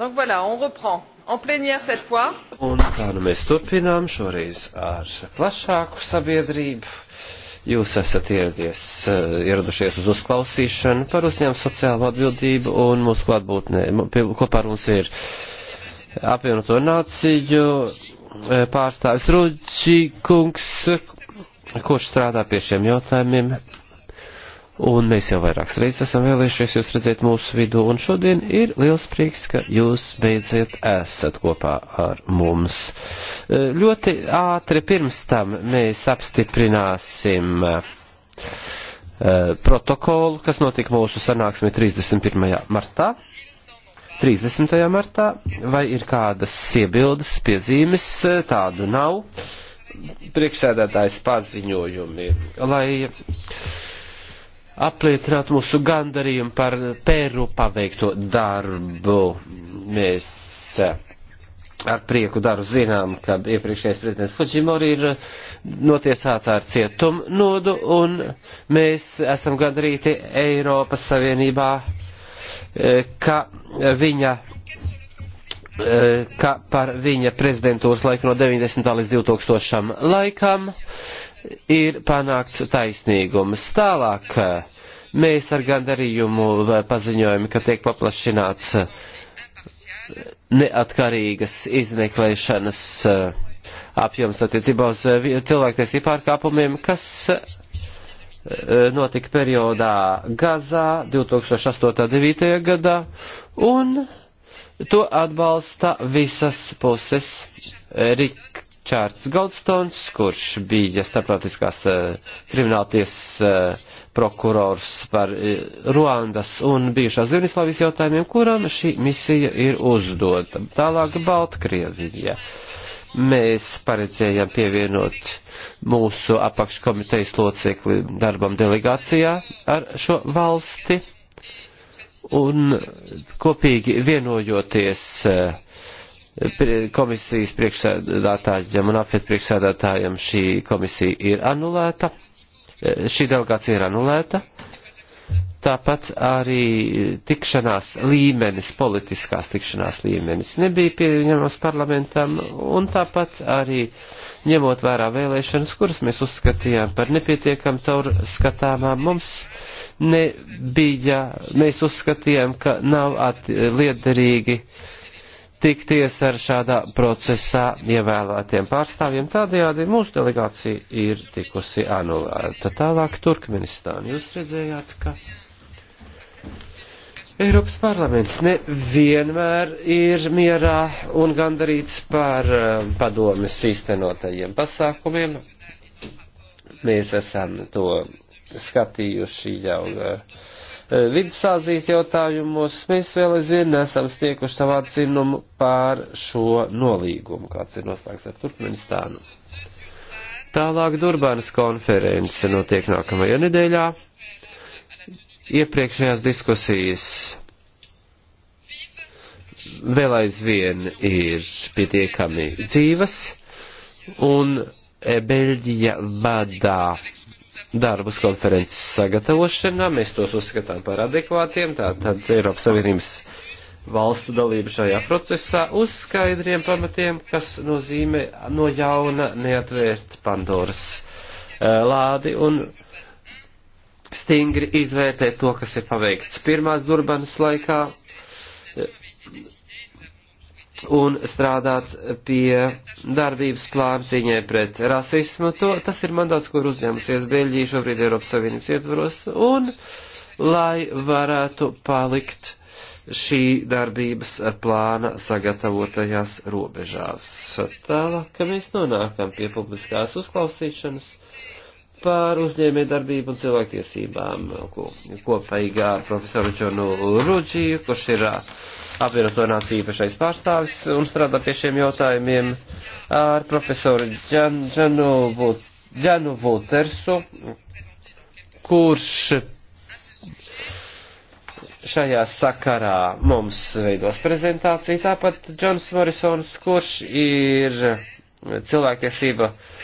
Donc voilà, on reprend. En plénière cette fois. Un tā nu mēs turpinām šoreiz ar plašāku sabiedrību. Jūs esat ieradies, eh, ieradušies uz uzklausīšanu par uzņēmumu sociālo atbildību un mūsu klātbūtnē. Kopā ar mums ir apvienoto nāciju eh, pārstāvis Rudžikungs, kurš strādā pie šiem jautājumiem un mēs jau vairākas reizes esam vēlējušies jūs redzēt mūsu vidū, un šodien ir liels prieks, ka jūs beidziet esat kopā ar mums. E, ļoti ātri pirms tam mēs apstiprināsim e, protokolu, kas notika mūsu sanāksmē 31. martā. 30. martā, vai ir kādas iebildes, piezīmes, e, tādu nav. Priekšsēdētājs paziņojumi, lai apliecināt mūsu gandarījumu par Pēru paveikto darbu. Mēs eh, ar prieku daru zinām, ka iepriekšējais prezidents Fujimori ir eh, notiesāts ar cietumu nodu, un mēs esam gandarīti Eiropas Savienībā, eh, ka viņa ka par viņa prezidentūras laiku no 90. līdz 2000. laikam ir panākts taisnīgums. Tālāk mēs ar gandarījumu paziņojam, ka tiek paplašināts neatkarīgas izmeklēšanas uh, apjoms attiecībā uz uh, cilvēktiesību pārkāpumiem, kas uh, notika periodā Gazā 2008.9. gadā, un to atbalsta visas puses. Rik Čārts Goldstons, kurš bija starptautiskās eh, krimināltiesas eh, prokurors par eh, Ruandas un bijušās Zivnislavijas jautājumiem, kuram šī misija ir uzdota. Tālāk Baltkrievija. Mēs paredzējām pievienot mūsu apakškomitejas locekli darbam delegācijā ar šo valsti un kopīgi vienojoties uh, komisijas priekšsēdētājiem un apiet priekšsēdētājiem šī komisija ir anulēta, e, šī delegācija ir anulēta. Tāpat arī tikšanās līmenis, politiskās tikšanās līmenis nebija pieņemams parlamentam, un tāpat arī ņemot vērā vēlēšanas, kuras mēs uzskatījām par nepietiekam caurskatāmām, mums nebija, mēs uzskatījām, ka nav liederīgi uh, tikties ar šādā procesā ievēlētiem pārstāvjiem. Tādējādi mūsu delegācija ir tikusi anulēta. Tālāk Turkmenistāna. Jūs redzējāt, ka Eiropas parlaments nevienmēr ir mierā un gandarīts par eh, padomis īstenotajiem pasākumiem. Mēs esam to skatījuši jau uh, Eh, Vidusāzijas jautājumos mēs vēl aizvien nesam sniekuši savu atzinumu pār šo nolīgumu, kāds ir noslēgts ar Turkmenistānu. Tālāk Durbanas konference notiek nākamajā nedēļā. Iepriekšējās diskusijas vēl aizvien ir pietiekami dzīvas, un eh, Beļģija vadā darbus konferences sagatavošanā. Mēs tos uzskatām par adekvātiem, tātad Eiropas Savienības valstu dalību šajā procesā uz skaidriem pamatiem, kas nozīmē no jauna neatvērt Pandoras eh, lādi un stingri izvērtēt to, kas ir paveikts pirmās durbanas laikā un strādāt pie darbības plāna cīņai pret rasismu. To, tas ir mandāts, kur uzņēmusies Beļģija šobrīd Eiropas Savienības ietvaros, un lai varētu palikt šī darbības plāna sagatavotajās robežās. Tālāk, ka mēs nonākam pie publiskās uzklausīšanas par uzņēmē darbību un cilvēktiesībām kopīgā ar profesoru Džonu Rudžiju, kurš ir apvienoto nāciju īpašais pārstāvis un strādā pie šiem jautājumiem ar profesoru Džanu, But, Džanu Butersu, kurš šajā sakarā mums veidos prezentāciju, tāpat Džons Morisons, kurš ir cilvēktiesība. Ja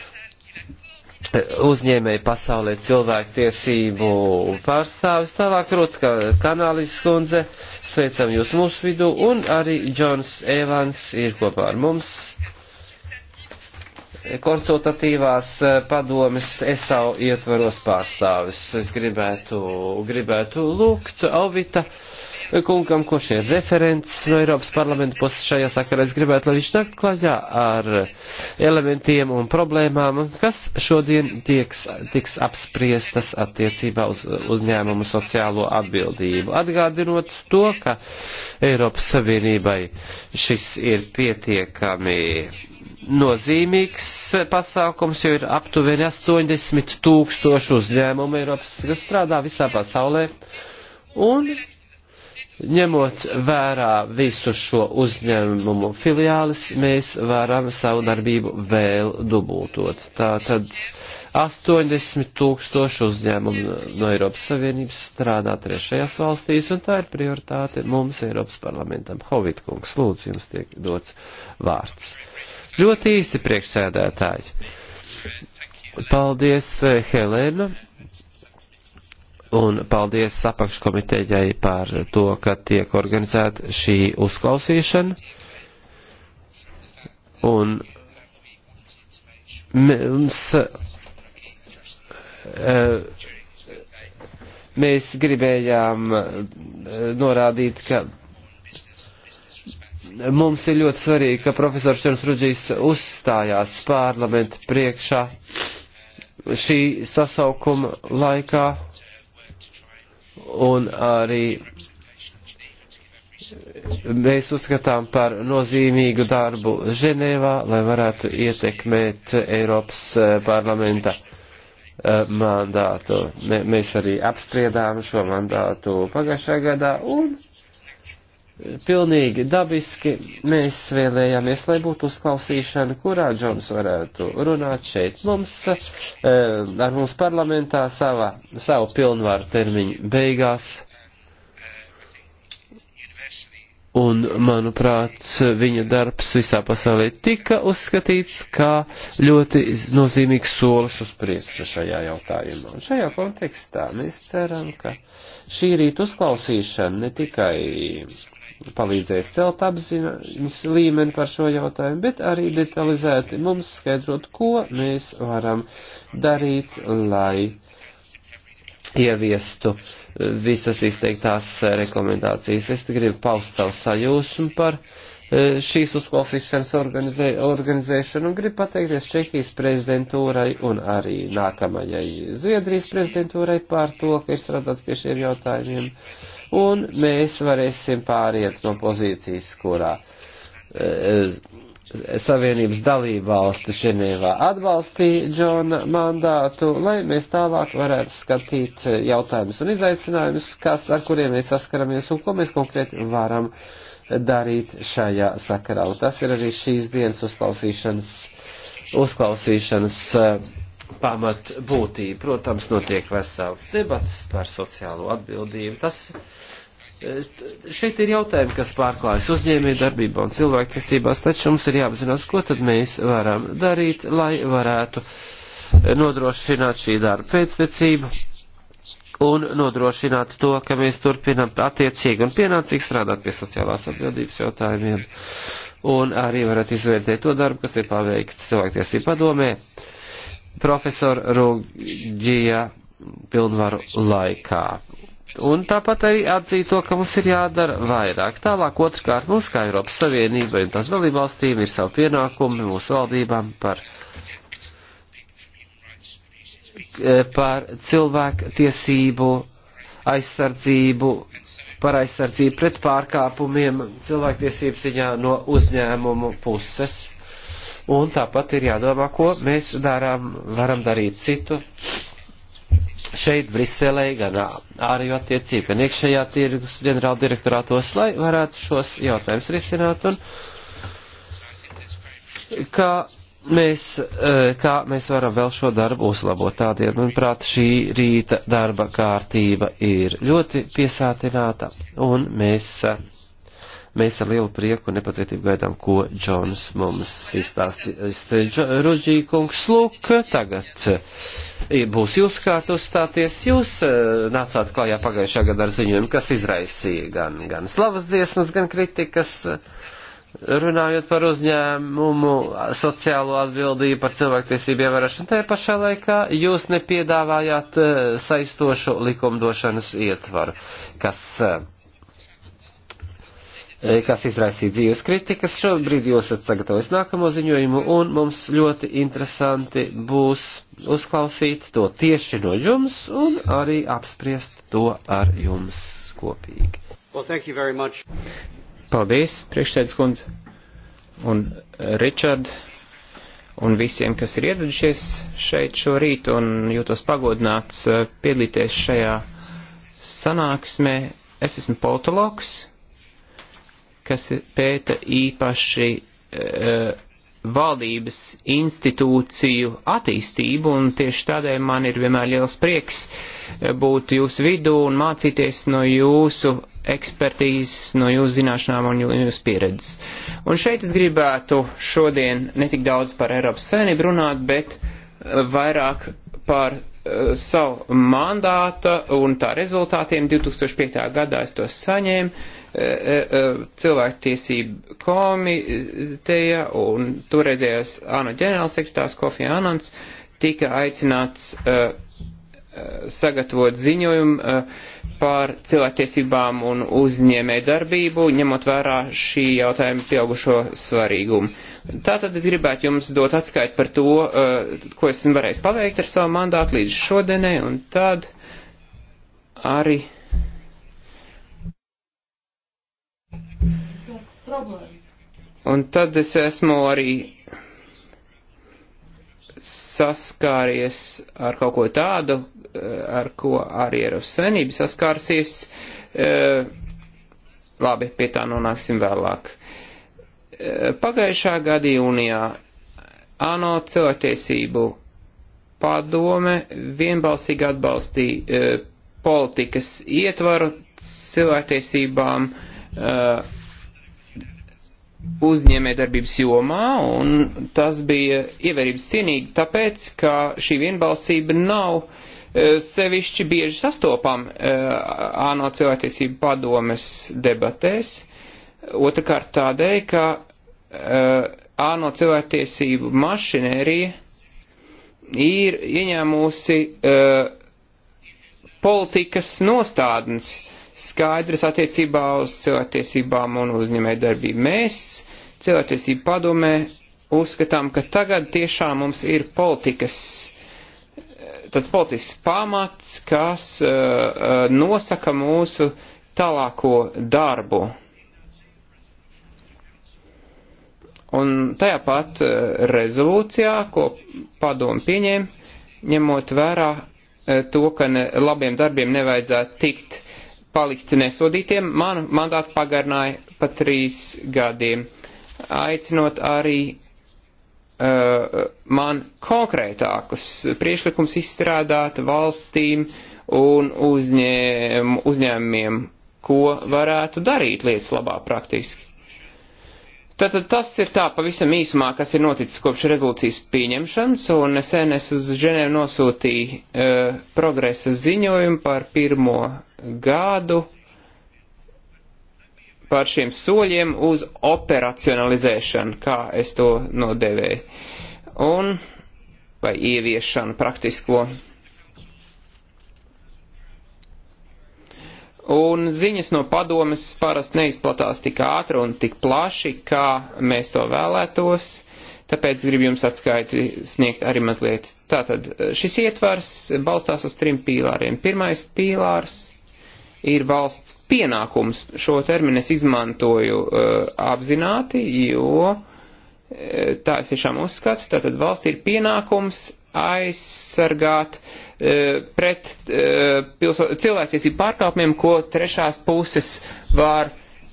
uzņēmēji pasaulē cilvēktiesību pārstāvis, tālāk Rutska Kanālis skundze, sveicam jūs mūsu vidū, un arī Džons Evans ir kopā ar mums. Konsultatīvās eh, padomes ESAU ietvaros pārstāvis. Es gribētu, gribētu lūgt Alvita kungam, kurš ir referents no Eiropas parlamenta puses šajā sakarā. Es gribētu, lai viņš nāk klaļā ar elementiem un problēmām, kas šodien tieks, tiks apspriestas attiecībā uz uzņēmumu sociālo atbildību. Atgādinot to, ka Eiropas Savienībai šis ir pietiekami nozīmīgs pasākums, jo ir aptuveni 80 tūkstoši uzņēmumu Eiropas, kas strādā visā pasaulē. Un Ņemot vērā visu šo uzņēmumu filiālis, mēs varam savu darbību vēl dubultot. Tātad 80 tūkstoši uzņēmumu no Eiropas Savienības strādā trešajās valstīs, un tā ir prioritāte mums Eiropas parlamentam. Hovitkungs, lūdzu, jums tiek dots vārds. Ļoti īsi priekšsēdētāji. Paldies, Helēna. Un paldies apakškomitejai par to, ka tiek organizēta šī uzklausīšana. Un mums, eh, mēs gribējām eh, norādīt, ka mums ir ļoti svarīgi, ka profesors Černs Rudžīs uzstājās parlamentu priekšā šī sasaukuma laikā un arī mēs uzskatām par nozīmīgu darbu Ženēvā, lai varētu ietekmēt Eiropas eh, parlamenta eh, mandātu. Mēs arī apspriedām šo mandātu pagājušajā gadā un pilnīgi dabiski mēs vēlējāmies, lai būtu uzklausīšana, kurā Džons varētu runāt šeit mums, eh, ar mums parlamentā sava, savu pilnvaru termiņu beigās. Un, manuprāt, viņa darbs visā pasaulē tika uzskatīts kā ļoti nozīmīgs solis uz priekšu šajā jautājumā. Un šajā kontekstā mēs ceram, ka šī rīta uzklausīšana ne tikai palīdzējis celt apziņas līmeni par šo jautājumu, bet arī detalizēti mums skaidrot, ko mēs varam darīt, lai ieviestu visas izteiktās rekomendācijas. Es gribu paust savu sajūsmu par e, šīs uzklausīšanas organizē, organizēšanu un gribu pateikties Čehijas prezidentūrai un arī nākamajai Zviedrijas prezidentūrai par to, ka ir strādāts pie šiem jautājumiem. Uh, un mēs varēsim pāriet no pozīcijas, kurā eh, Savienības dalība valsti Ženēvā atbalstīja Džona mandātu, lai mēs tālāk varētu skatīt eh, jautājumus un izaicinājumus, kas, ar kuriem mēs saskaramies un ko mēs konkrēti varam darīt šajā sakarā. Un tas ir arī šīs dienas uzklausīšanas, uzklausīšanas uh, pamat būtību. Protams, notiek vesels debats par sociālo atbildību. Tas eh, šeit ir jautājumi, kas pārklājas uzņēmēju darbībā un cilvēktiesībās, taču mums ir jāapzinās, ko tad mēs varam darīt, lai varētu eh, nodrošināt šī darba pēctecību un nodrošināt to, ka mēs turpinam attiecīgi un pienācīgi strādāt pie sociālās atbildības jautājumiem un arī varat izvērtēt to darbu, kas ir paveikts cilvēktiesību padomē. Uh, profesora Rūģija pilnvaru laikā. Un tāpat arī atzīt to, ka mums ir jādara vairāk. Tālāk otrkārt mums kā Eiropas Savienībai un tās dalībvalstīm ir savu pienākumu mūsu valdībām par, par cilvēku tiesību aizsardzību, par aizsardzību pret pārkāpumiem cilvēktiesību ziņā no uzņēmumu puses. Un tāpat ir jādomā, ko mēs darām, varam darīt citu šeit Briselē, gan ārējo attiecību, gan iekšējā tirgus ģenerāla direktorātos, lai varētu šos jautājumus risināt un kā mēs, eh, kā mēs varam vēl šo darbu uzlabot. Tādēļ, manuprāt, šī rīta darba kārtība ir ļoti piesātināta un mēs eh, Mēs ar lielu prieku un nepacietību gaidām, ko Džons mums izstāstīs. Rodžī kungs, lūk, tagad eh, būs jūs kārt uzstāties. Jūs eh, nācāt klājā pagājušā gada ar ziņojumu, kas izraisīja gan, gan slavas dziesmas, gan kritikas eh, runājot par uzņēmumu, sociālo atbildību, par cilvēktiesību ievērošanu, tajā pašā laikā jūs nepiedāvājāt saistošu likumdošanas ietvaru, kas uh, Eh, kas izraisīja dzīves kritikas. Šobrīd jūs esat sagatavojis nākamo ziņojumu, un mums ļoti interesanti būs uzklausīt to tieši no jums un arī apspriest to ar jums kopīgi. Well, Paldies, priekšsēdus kundze, un eh, Richard, un visiem, kas ir iedadušies šeit šorīt un jūtos pagodināts eh, piedalīties šajā sanāksmē. Es esmu politologs kas pēta īpaši e, valdības institūciju attīstību, un tieši tādēļ man ir vienmēr liels prieks e, būt jūsu vidū un mācīties no jūsu ekspertīzes, no jūsu zināšanām un jūsu pieredzes. Un šeit es gribētu šodien netik daudz par Eiropas Savienību runāt, bet e, vairāk par uh, savu mandātu un tā rezultātiem. 2005. gadā es to saņēmu E, e, cilvēktiesību komiteja un toreizējais ANO ģenerālsekretārs Kofi Anants tika aicināts uh, sagatavot ziņojumu uh, par cilvēktiesībām un uzņēmē darbību, ņemot vērā šī jautājuma pieaugušo svarīgumu. Tātad es gribētu jums dot atskaitu par to, uh, ko esmu varējis paveikt ar savu mandātu līdz šodienai, un tad arī Un tad es esmu arī saskāries ar kaut ko tādu, eh, ar ko arī Eiropas Savienība saskārsies. Eh, labi, pie tā nonāksim vēlāk. Eh, pagājušā gada jūnijā ANO cilvēktiesību padome vienbalsīgi atbalstīja politikas ietvaru cilvēktiesībām uh, Uh, uzņēmējdarbības jomā, un tas bija ievērības cienīgi, tāpēc, ka šī vienbalsība nav uh, sevišķi bieži sastopam uh, ANO cilvēktiesību padomes debatēs. Otrakārt tādēļ, ka ANO cilvēktiesību mašinērija ir ieņēmusi politikas nostādnes uh, skaidrs attiecībā uz cilvēktiesībām un uzņēmē darbību. Mēs cilvēktiesību padomē uzskatām, ka tagad tiešām mums ir politikas, tāds politisks pamats, kas uh, uh nosaka mūsu tālāko darbu. Un tajā pat uh, rezolūcijā, ko padomu pieņēma, ņemot vērā uh, to, ka ne, labiem darbiem nevajadzētu tikt palikt nesodītiem. Manu mandātu pagarināja pa trīs gadiem, aicinot arī uh, man konkrētākus priešlikums izstrādāt valstīm un uzņēm, uzņēmumiem, ko varētu darīt lietas labā praktiski. Tātad tas ir tā pavisam īsumā, kas ir noticis kopš rezolūcijas pieņemšanas, un SNS uz Ženēvu nosūtīja e, progresa ziņojumu par pirmo gadu par šiem soļiem uz operacionalizēšanu, kā es to nodevēju, un vai ieviešanu praktisko. un ziņas no padomes parasti neizplatās tik ātri un tik plaši, kā mēs to vēlētos, tāpēc gribu jums atskaiti sniegt arī mazliet. Tātad šis ietvars balstās uz trim pīlāriem. Pirmais pīlārs ir valsts pienākums. Šo terminu es izmantoju uh, apzināti, jo uh, tā es tiešām uzskatu. Tātad valsts ir pienākums aizsargāt eh, pret eh, cilvēktiesību pārkāpumiem, ko trešās puses var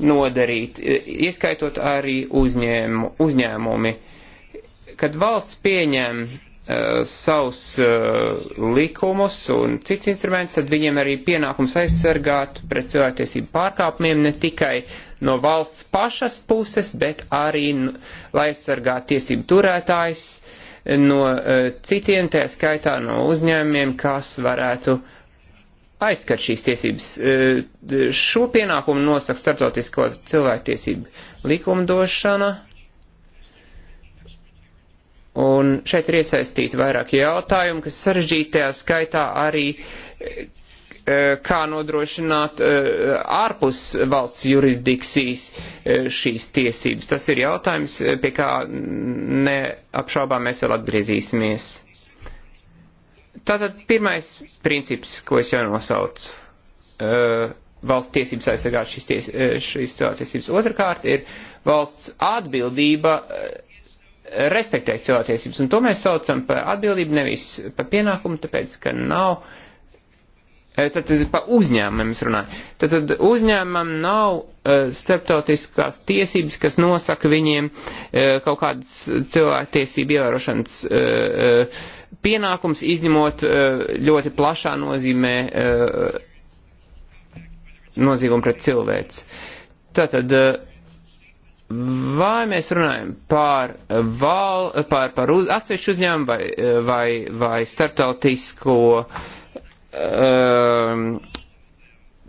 nodarīt, eh, ieskaitot arī uzņēmu, uzņēmumi. Kad valsts pieņem uh, savus uh, likumus un cits instruments, tad viņiem arī pienākums aizsargāt pret cilvēktiesību pārkāpumiem ne tikai no valsts pašas puses, bet arī, lai aizsargātu tiesību turētājs uh, no e, citiem, tā skaitā no uzņēmiem, kas varētu aizskat šīs tiesības. E, šo pienākumu nosaka starptautisko cilvēktiesību likumdošana. Un šeit ir iesaistīti vairāki jautājumi, kas sarežģītajā skaitā arī Eh, kā nodrošināt eh, ārpus valsts jurisdikcijas eh, šīs tiesības. Tas ir jautājums, pie kā neapšaubām mēs vēl atgriezīsimies. Tātad pirmais princips, ko es jau nosaucu, valsts tiesības aizsargāt šīs, ties, šīs cilvēktiesības. Otrakārt ir valsts atbildība respektēt cilvēktiesības, un to mēs saucam par atbildību, nevis par pienākumu, tāpēc, ka nav uh, Eh, tad par uzņēmumiem es runāju. Tad, tad uzņēmumam nav uh, starptautiskās tiesības, kas nosaka viņiem uh, kaut kādas cilvēktiesību ievērošanas uh, uh, pienākums, izņemot uh, ļoti plašā nozīmē uh, nozīgumu pret cilvēks. Tātad, vai mēs runājam par, val, par, par uz, atsevišķu uzņēmumu vai, vai, vai starptautisko um,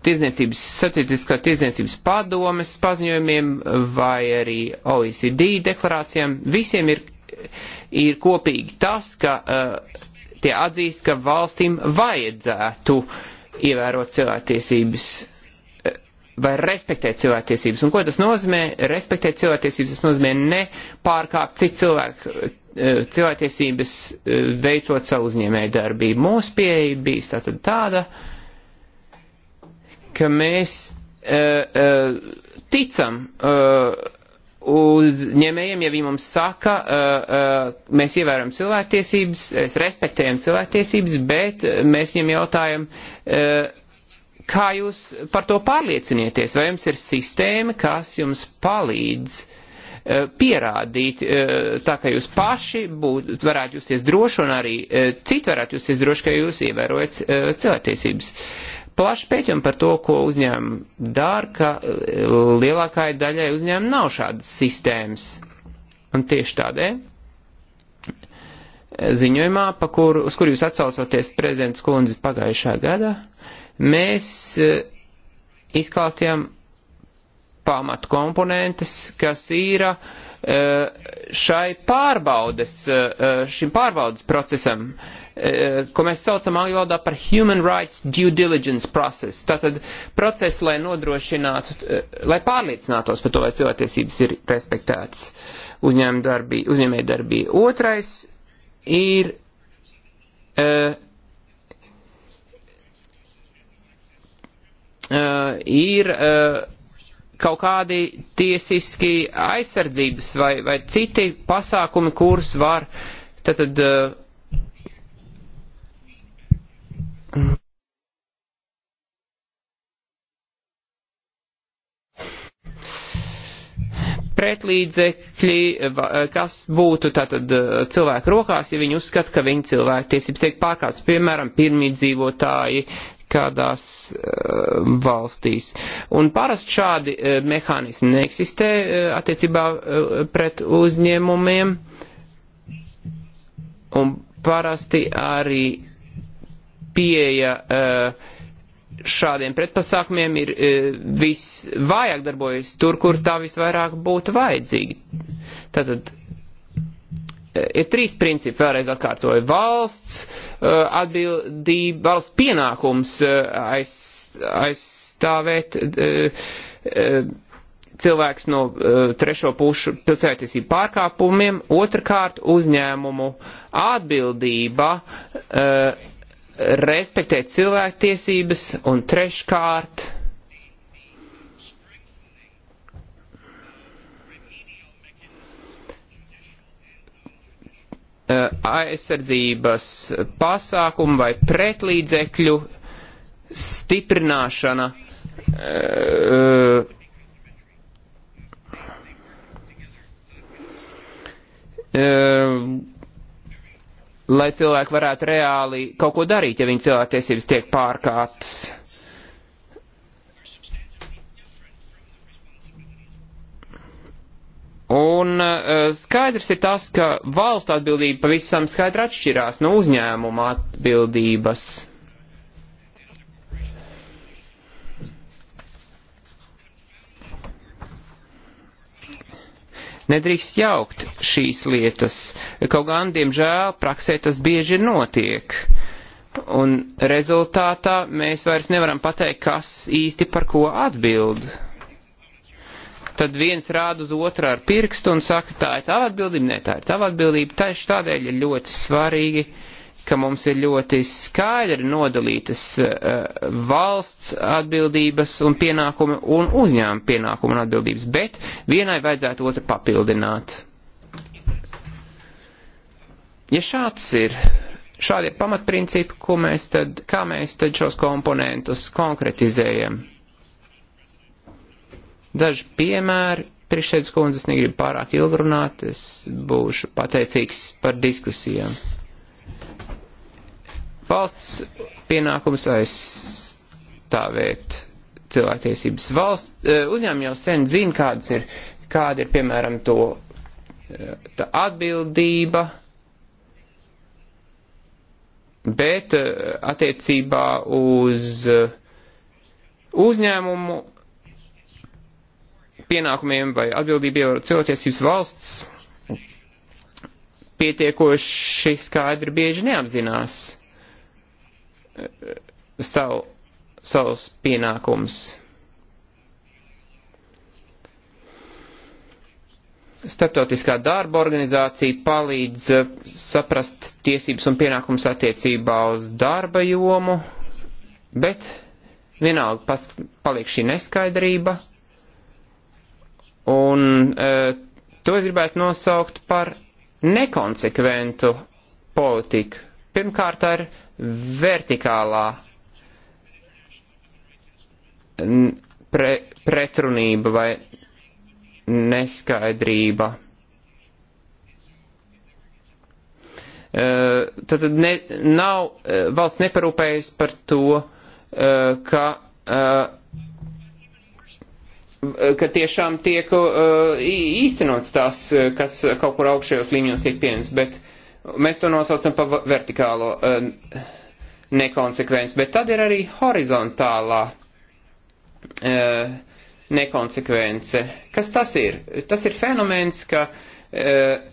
tirdzniecības, starptautiskā tirdzniecības padomes paziņojumiem vai arī OECD deklarācijām, visiem ir, ir kopīgi tas, ka uh, tie atzīst, ka valstīm vajadzētu ievērot cilvēktiesības vai respektēt cilvēktiesības. Un ko tas nozīmē? Respektēt cilvēktiesības, tas nozīmē nepārkāpt citu cilvēku e, cilvēktiesības e, veicot savu uzņēmēju darbību. Mūsu pieeja bija tātad tāda, ka mēs uh, uh, ticam uh, uzņēmējiem, ja viņi mums saka, mēs ievērojam cilvēktiesības, respektējam cilvēktiesības, bet mēs viņiem jautājam, Kā jūs par to pārliecinieties? Vai jums ir sistēma, kas jums palīdz eh, pierādīt, eh, tā ka jūs paši būt, varētu justies droši un arī eh, citi varētu justies droši, ka jūs ievērojat cilvēktiesības? plaši pētījumi par to, ko uzņēmumi dara, ka lielākai daļai uzņēmumi nav šādas sistēmas. Un tieši tādēļ ziņojumā, kur, uz kur jūs atsaucoties prezidents kundzi pagājušā gada, Mēs e, izklāstījām pamatu komponentes, kas ir e, šai pārbaudes, e, šim pārbaudes procesam, ko mēs saucam angļu valodā par human rights due diligence process. Tātad process, lai nodrošinātu, lai pārliecinātos par to, vai cilvēktiesības ir respektētas uzņēmējdarbī. Uzņēmē Otrais ir uh, Eh, ir eh, kaut kādi tiesiski aizsardzības vai, vai citi pasākumi, kurus var tātad. Eh, pretlīdzekļi, kas būtu tātad cilvēku rokās, ja viņi uzskata, ka viņu cilvēku tiesības tiek pārkāptas, piemēram, pirmīdzīvotāji, kādās uh, valstīs. Un parasti šādi uh, mehānismi neeksistē uh, attiecībā uh, pret uzņēmumiem. Un parasti arī pieeja uh, šādiem pretpasākumiem ir uh, visvājāk darbojas tur, kur tā visvairāk būtu vajadzīga. Tātad ir trīs principi, vēlreiz atkārtoju. Valsts uh, atbildība, valsts pienākums uh, aiz, aizstāvēt uh, cilvēks no trešo pušu pilsētiesību pārkāpumiem, otrkārt uzņēmumu atbildība respektēt cilvēktiesības un treškārt Eh, aizsardzības pasākumu vai pretlīdzekļu stiprināšana eh, eh, lai cilvēki varētu reāli kaut ko darīt, ja viņu cilvēktiesības tiek pārkāptas. skaidrs ir tas, ka valsts atbildība pavisam skaidri atšķirās no uzņēmuma atbildības. Nedrīkst jaukt šīs lietas, kaut gan, diemžēl, praksē tas bieži notiek. Un rezultātā mēs vairs nevaram pateikt, kas īsti par ko atbild tad viens rāda uz otru ar pirkstu un saka, tā ir tava atbildība, ne tā ir tava atbildība. Taču tādēļ ir ļoti svarīgi, ka mums ir ļoti skaidri nodalītas uh, valsts atbildības un pienākumi un uzņēmuma pienākumi un atbildības, bet vienai vajadzētu otru papildināt. Ja šāds ir šādi ir pamatprincipi, ko mēs tad, kā mēs tad šos komponentus konkretizējam. Daži piemēri, priekšsēdus kundzes negribu pārāk ilgi runāt, es būšu pateicīgs par diskusijām. Valsts pienākums aizstāvēt cilvēktiesības valsts. Eh, uzņēmumi jau sen zina, kādas ir, kāda ir, piemēram, to eh, atbildība, bet eh, attiecībā uz uzņēmumu pienākumiem vai atbildību ievērot cilvēktiesības valsts pietiekoši skaidri bieži neapzinās eh, savu, savus pienākumus. Startautiskā darba organizācija palīdz eh, saprast tiesības un pienākumus attiecībā uz darba jomu, bet vienalga paliek šī neskaidrība Un e, to es gribētu nosaukt par nekonsekventu politiku. Pirmkārt ar vertikālā pre, pretrunība vai neskaidrība. E, tad ne, nav e, valsts neparūpējis par to, ka ka tiešām tiek uh, īstenots tas, uh, kas kaut kur augšējos līmeņos tiek pieņemts, bet mēs to nosaucam par vertikālo uh, nekonsekvenci, bet tad ir arī horizontālā uh, nekonsekvence. Kas tas ir? Tas ir fenomens, ka uh,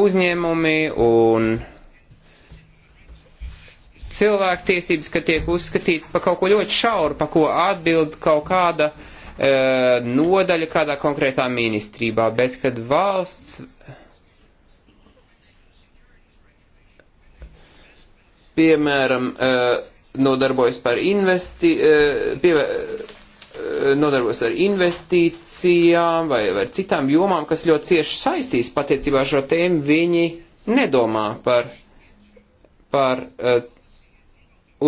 uzņēmumi un uh, cilvēktiesības, ka tiek uzskatīts par kaut ko ļoti šauru, par ko atbild kaut kāda e, nodaļa kādā konkrētā ministrībā, bet kad valsts piemēram e, nodarbojas par investi, e, pie, e, nodarbojas ar investīcijām vai, vai citām jomām, kas ļoti cieši saistīs patiecībā šo tēmu, viņi nedomā par, par e,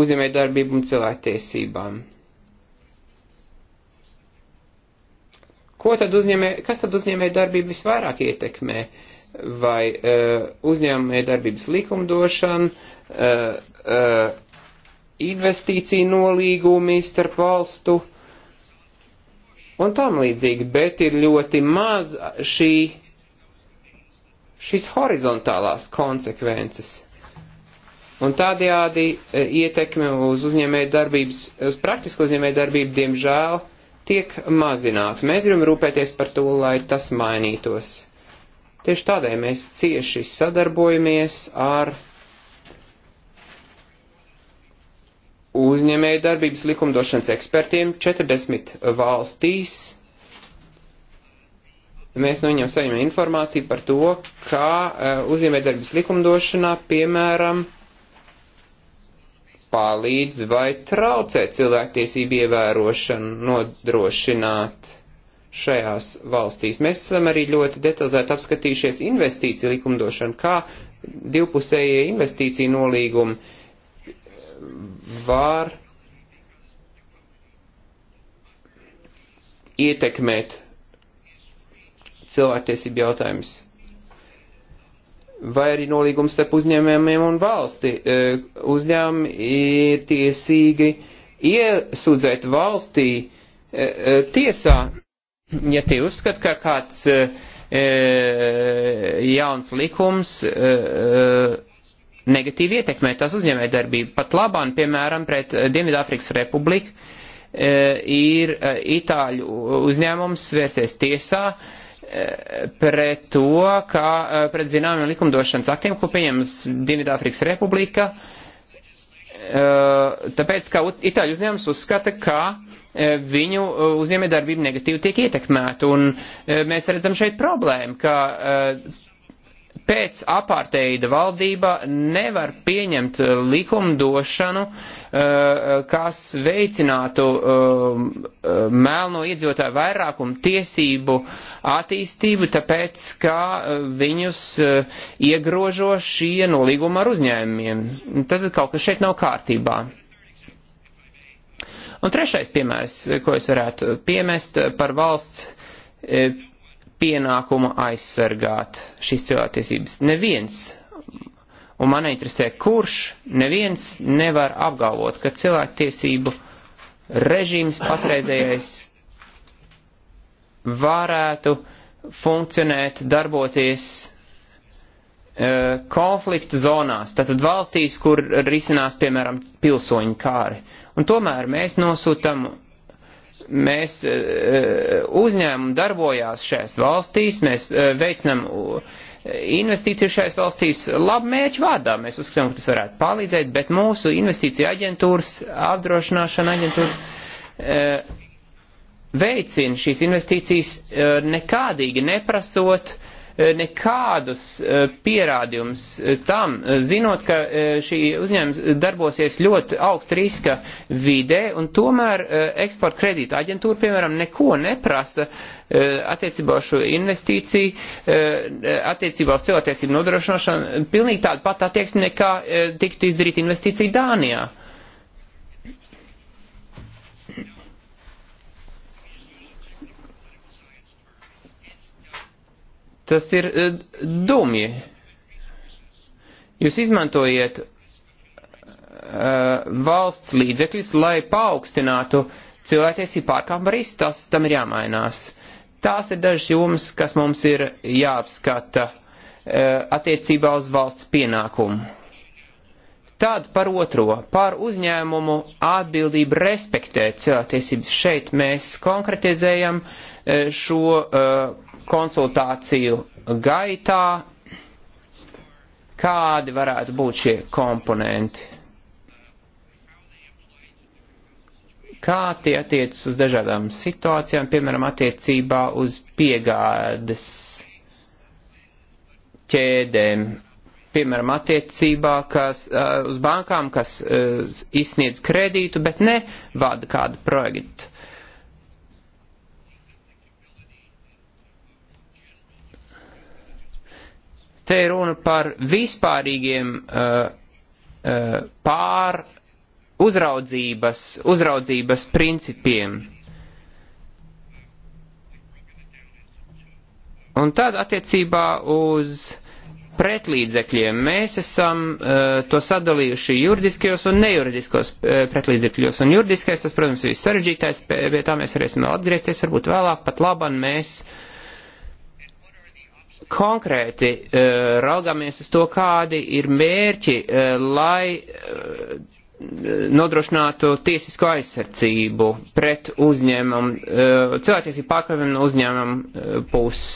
uzņēmējdarbību un cilvēktiesībām. Ko tad uzņēmē, kas tad uzņēmējdarbību visvairāk ietekmē? Vai uh, uzņēmējdarbības likumdošana, uh, uh, investīcija nolīgumi starp valstu un tam līdzīgi, bet ir ļoti maz šī, šīs horizontālās konsekvences. Un tādējādi e, ietekme uz uzņēmēju darbības, uz praktisku uzņēmēju darbību, diemžēl, tiek mazināta. Mēs gribam rūpēties par to, lai tas mainītos. Tieši tādēļ mēs cieši sadarbojamies ar uzņēmēju darbības likumdošanas ekspertiem 40 valstīs. Mēs no viņiem saņemam informāciju par to, kā e, uzņēmējdarbības likumdošanā, piemēram, palīdz vai traucē cilvēktiesību ievērošanu nodrošināt šajās valstīs. Mēs esam arī ļoti detalizēti apskatījušies investīciju likumdošanu, kā divpusējie investīciju nolīgumi var ietekmēt cilvēktiesību jautājumus vai arī nolīgums starp uzņēmējiem un valsti. E, uzņēmumi ir tiesīgi iesūdzēt valstī e, e, tiesā, ja tie uzskat, ka kāds jauns likums negatīvi ietekmē tās uzņēmējdarbību. Pat labāk, piemēram, pret Dienvidāfrikas republiku ir itāļu uzņēmums svēsies tiesā, pret to, ka eh, pret zināmiem likumdošanas aktiem, ko pieņems Dienvidāfrikas Republika, eh, tāpēc, ka Itāļu uzņēmums uzskata, ka eh, viņu uzņēmē darbība negatīvi tiek ietekmēta, un mēs redzam šeit problēmu, ka pēc apārteida valdība nevar pieņemt uh, likumdošanu, uh, kas veicinātu um, uh, melno iedzīvotāju vairākumu tiesību attīstību, tāpēc, ka viņus iegrožo šie nolīguma ar uzņēmumiem. Tad kaut kas šeit nav kārtībā. Un trešais piemērs, ko es varētu piemest par valsts eh, pienākumu aizsargāt šīs cilvēktiesības. Neviens, un man interesē, kurš, neviens nevar apgalvot, ka cilvēktiesību režīms patreizējais varētu funkcionēt, darboties e, konflikta zonās, tātad valstīs, kur risinās, piemēram, pilsoņu kāri. Un tomēr mēs nosūtam mēs e, e, uzņēmumu darbojās šajās valstīs, mēs e, veicinām investīciju šajās valstīs labu mērķu vārdā. Mēs uzskatām, ka tas varētu palīdzēt, bet mūsu investīcija aģentūras, apdrošināšana aģentūras veicina šīs investīcijas nekādīgi neprasot uh, Eh, nekādus eh, pierādījumus eh, tam, zinot, ka šī uzņēmums darbosies ļoti augsta riska vidē, un tomēr eksporta kredīta aģentūra, piemēram, neko neprasa attiecībā uz šo investīciju, attiecībā uz cilvēktiesību nodrošināšanu, pilnīgi tāda pat attieksme nekā tiktu izdarīta investīcija Dānijā. Tas ir e, dumji. Jūs izmantojiet uh, e, valsts līdzekļus, lai paaugstinātu cilvēktiesību pārkāpumu risku. Tas tam ir jāmainās. Tās ir dažas jomas, kas mums ir jāapskata uh, attiecībā uz valsts pienākumu Tad par otro, par uzņēmumu atbildību respektēt cilvēktiesības. Šeit mēs konkretizējam e, šo e, konsultāciju gaitā, kādi varētu būt šie komponenti. Kā tie attiecas uz dažādām situācijām, piemēram, attiecībā uz piegādes ķēdēm piemēram, attiecībā kas, uh, uz bankām, kas uh, izsniedz kredītu, bet ne vada kādu projektu. Te ir runa par vispārīgiem uh, uh, pār uzraudzības, uzraudzības principiem. Un tad attiecībā uz pretlīdzekļiem. Mēs esam uh, to sadalījuši juridiskajos un nejuridiskos uh, pretlīdzekļos. Un juridiskais, tas, protams, ir sarežģītais, pie tā mēs varēsim vēl atgriezties, varbūt vēlāk, pat laban mēs konkrēti uh, eh, raugāmies uz to, kādi ir mērķi, uh, lai uh, nodrošinātu tiesisko aizsardzību pret uzņēmumu, uh, cilvēktiesību pārkāpumiem no uzņēmumu uh, puses.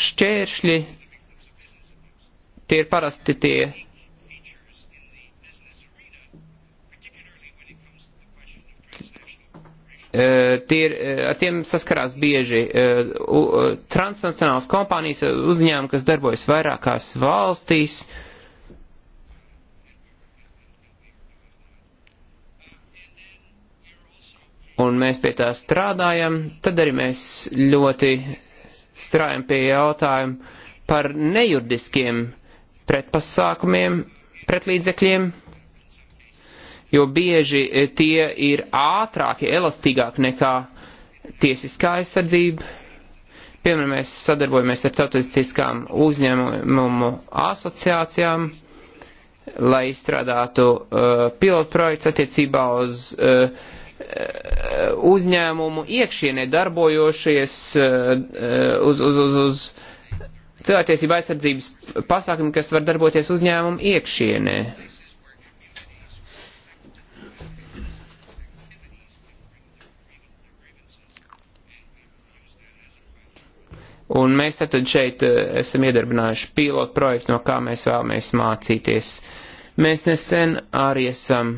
šķēršļi, tie ir parasti tie eh, tie ir, eh, ar tiem saskarās bieži eh, transnacionālas kompānijas, uzņēmumi, kas darbojas vairākās valstīs. Un mēs pie tā strādājam, tad arī mēs ļoti strādājam pie jautājumu par nejurdiskiem pretpasākumiem, pretlīdzekļiem, jo bieži tie ir ātrāki, elastīgāki nekā tiesiskā aizsardzība. Piemēram, mēs sadarbojamies ar tautiskām uzņēmumu asociācijām, lai izstrādātu uh, pilotprojekts attiecībā uz uh, Uh, uzņēmumu iekšienē darbojošies uh, uz, uz, uz, uz cilvēktiesība aizsardzības pasākumu, kas var darboties uzņēmumu iekšienē. Un mēs tad šeit uh, esam iedarbinājuši pilotu projektu, no kā mēs vēlamies mācīties. Mēs nesen arī esam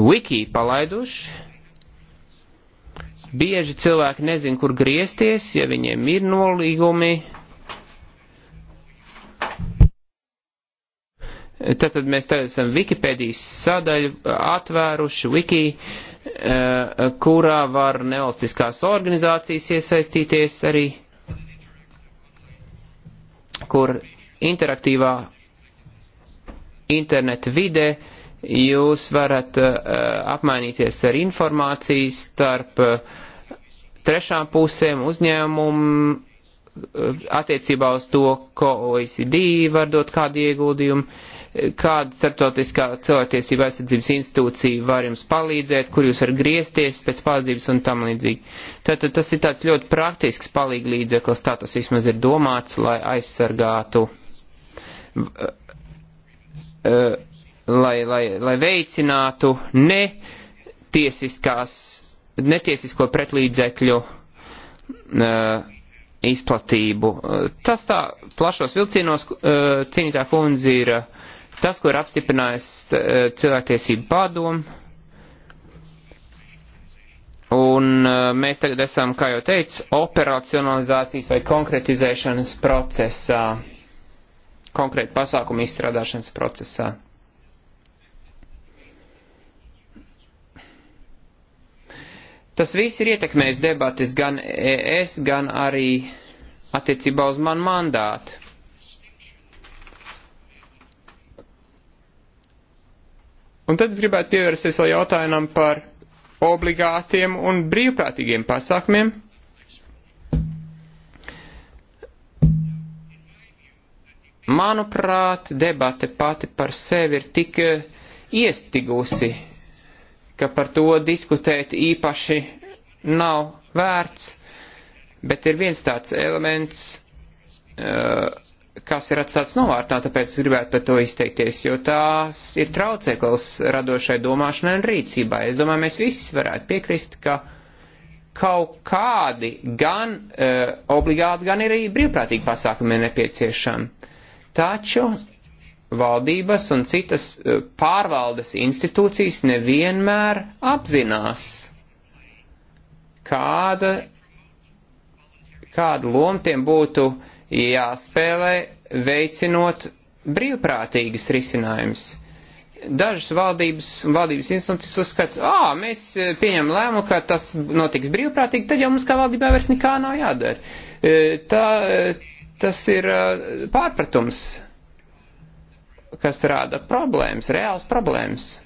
wiki palaiduši. Bieži cilvēki nezin, kur griezties, ja viņiem ir nolīgumi. Tātad mēs tagad esam Wikipēdijas sadaļu eh, atvēruši, wiki, eh, kurā var nevalstiskās organizācijas iesaistīties arī, kur interaktīvā interneta vide uh, jūs varat eh, apmainīties ar informāciju starp eh, trešām pusēm uzņēmumu eh, attiecībā uz to, ko OECD var dot kādu ieguldījumu, kāda starptautiskā cilvēktiesība aizsardzības institūcija var jums palīdzēt, kur jūs varat griezties pēc palīdzības un tam līdzīgi. Tātad tas ir tāds ļoti praktisks palīgi līdzeklis, tā tas vismaz ir domāts, lai aizsargātu. Uh, uh, lai, lai, lai veicinātu netiesiskās, netiesisko pretlīdzekļu uh, izplatību. Uh, tas tā plašos vilcienos, uh, cīnītā kundze, ir uh, tas, ko ir apstiprinājis uh, cilvēktiesību padomu. Un uh, mēs tagad esam, kā jau teicu, operacionalizācijas vai konkretizēšanas procesā, konkrēti pasākumu izstrādāšanas procesā. Tas viss ir ietekmējis debatis gan ES, gan arī attiecībā uz manu mandātu. Un tad es gribētu pievērsties vēl jautājumam par obligātiem un brīvprātīgiem pasākumiem. Manuprāt, debate pati par sevi ir tik iestigusi ka par to diskutēt īpaši nav vērts, bet ir viens tāds elements, eh, kas ir atstāts novārtā, tāpēc es gribētu par to izteikties, jo tās ir trauceklis radošai domāšanai un rīcībai. Es domāju, mēs visi varētu piekrist, ka kaut kādi gan uh, obligāti, gan arī brīvprātīgi pasākumi ir nepieciešami. Taču valdības un citas eh, pārvaldes institūcijas nevienmēr apzinās, kāda, kāda loma tiem būtu jāspēlē veicinot brīvprātīgas risinājumus. Dažas valdības, valdības institūcijas uzskata, ā, mēs eh, pieņem lēmumu, ka tas notiks brīvprātīgi, tad jau mums kā valdībā vairs nekā nav jādara. Eh, tā, tas ir pārpratums kas rada problēmas, reāls problēmas.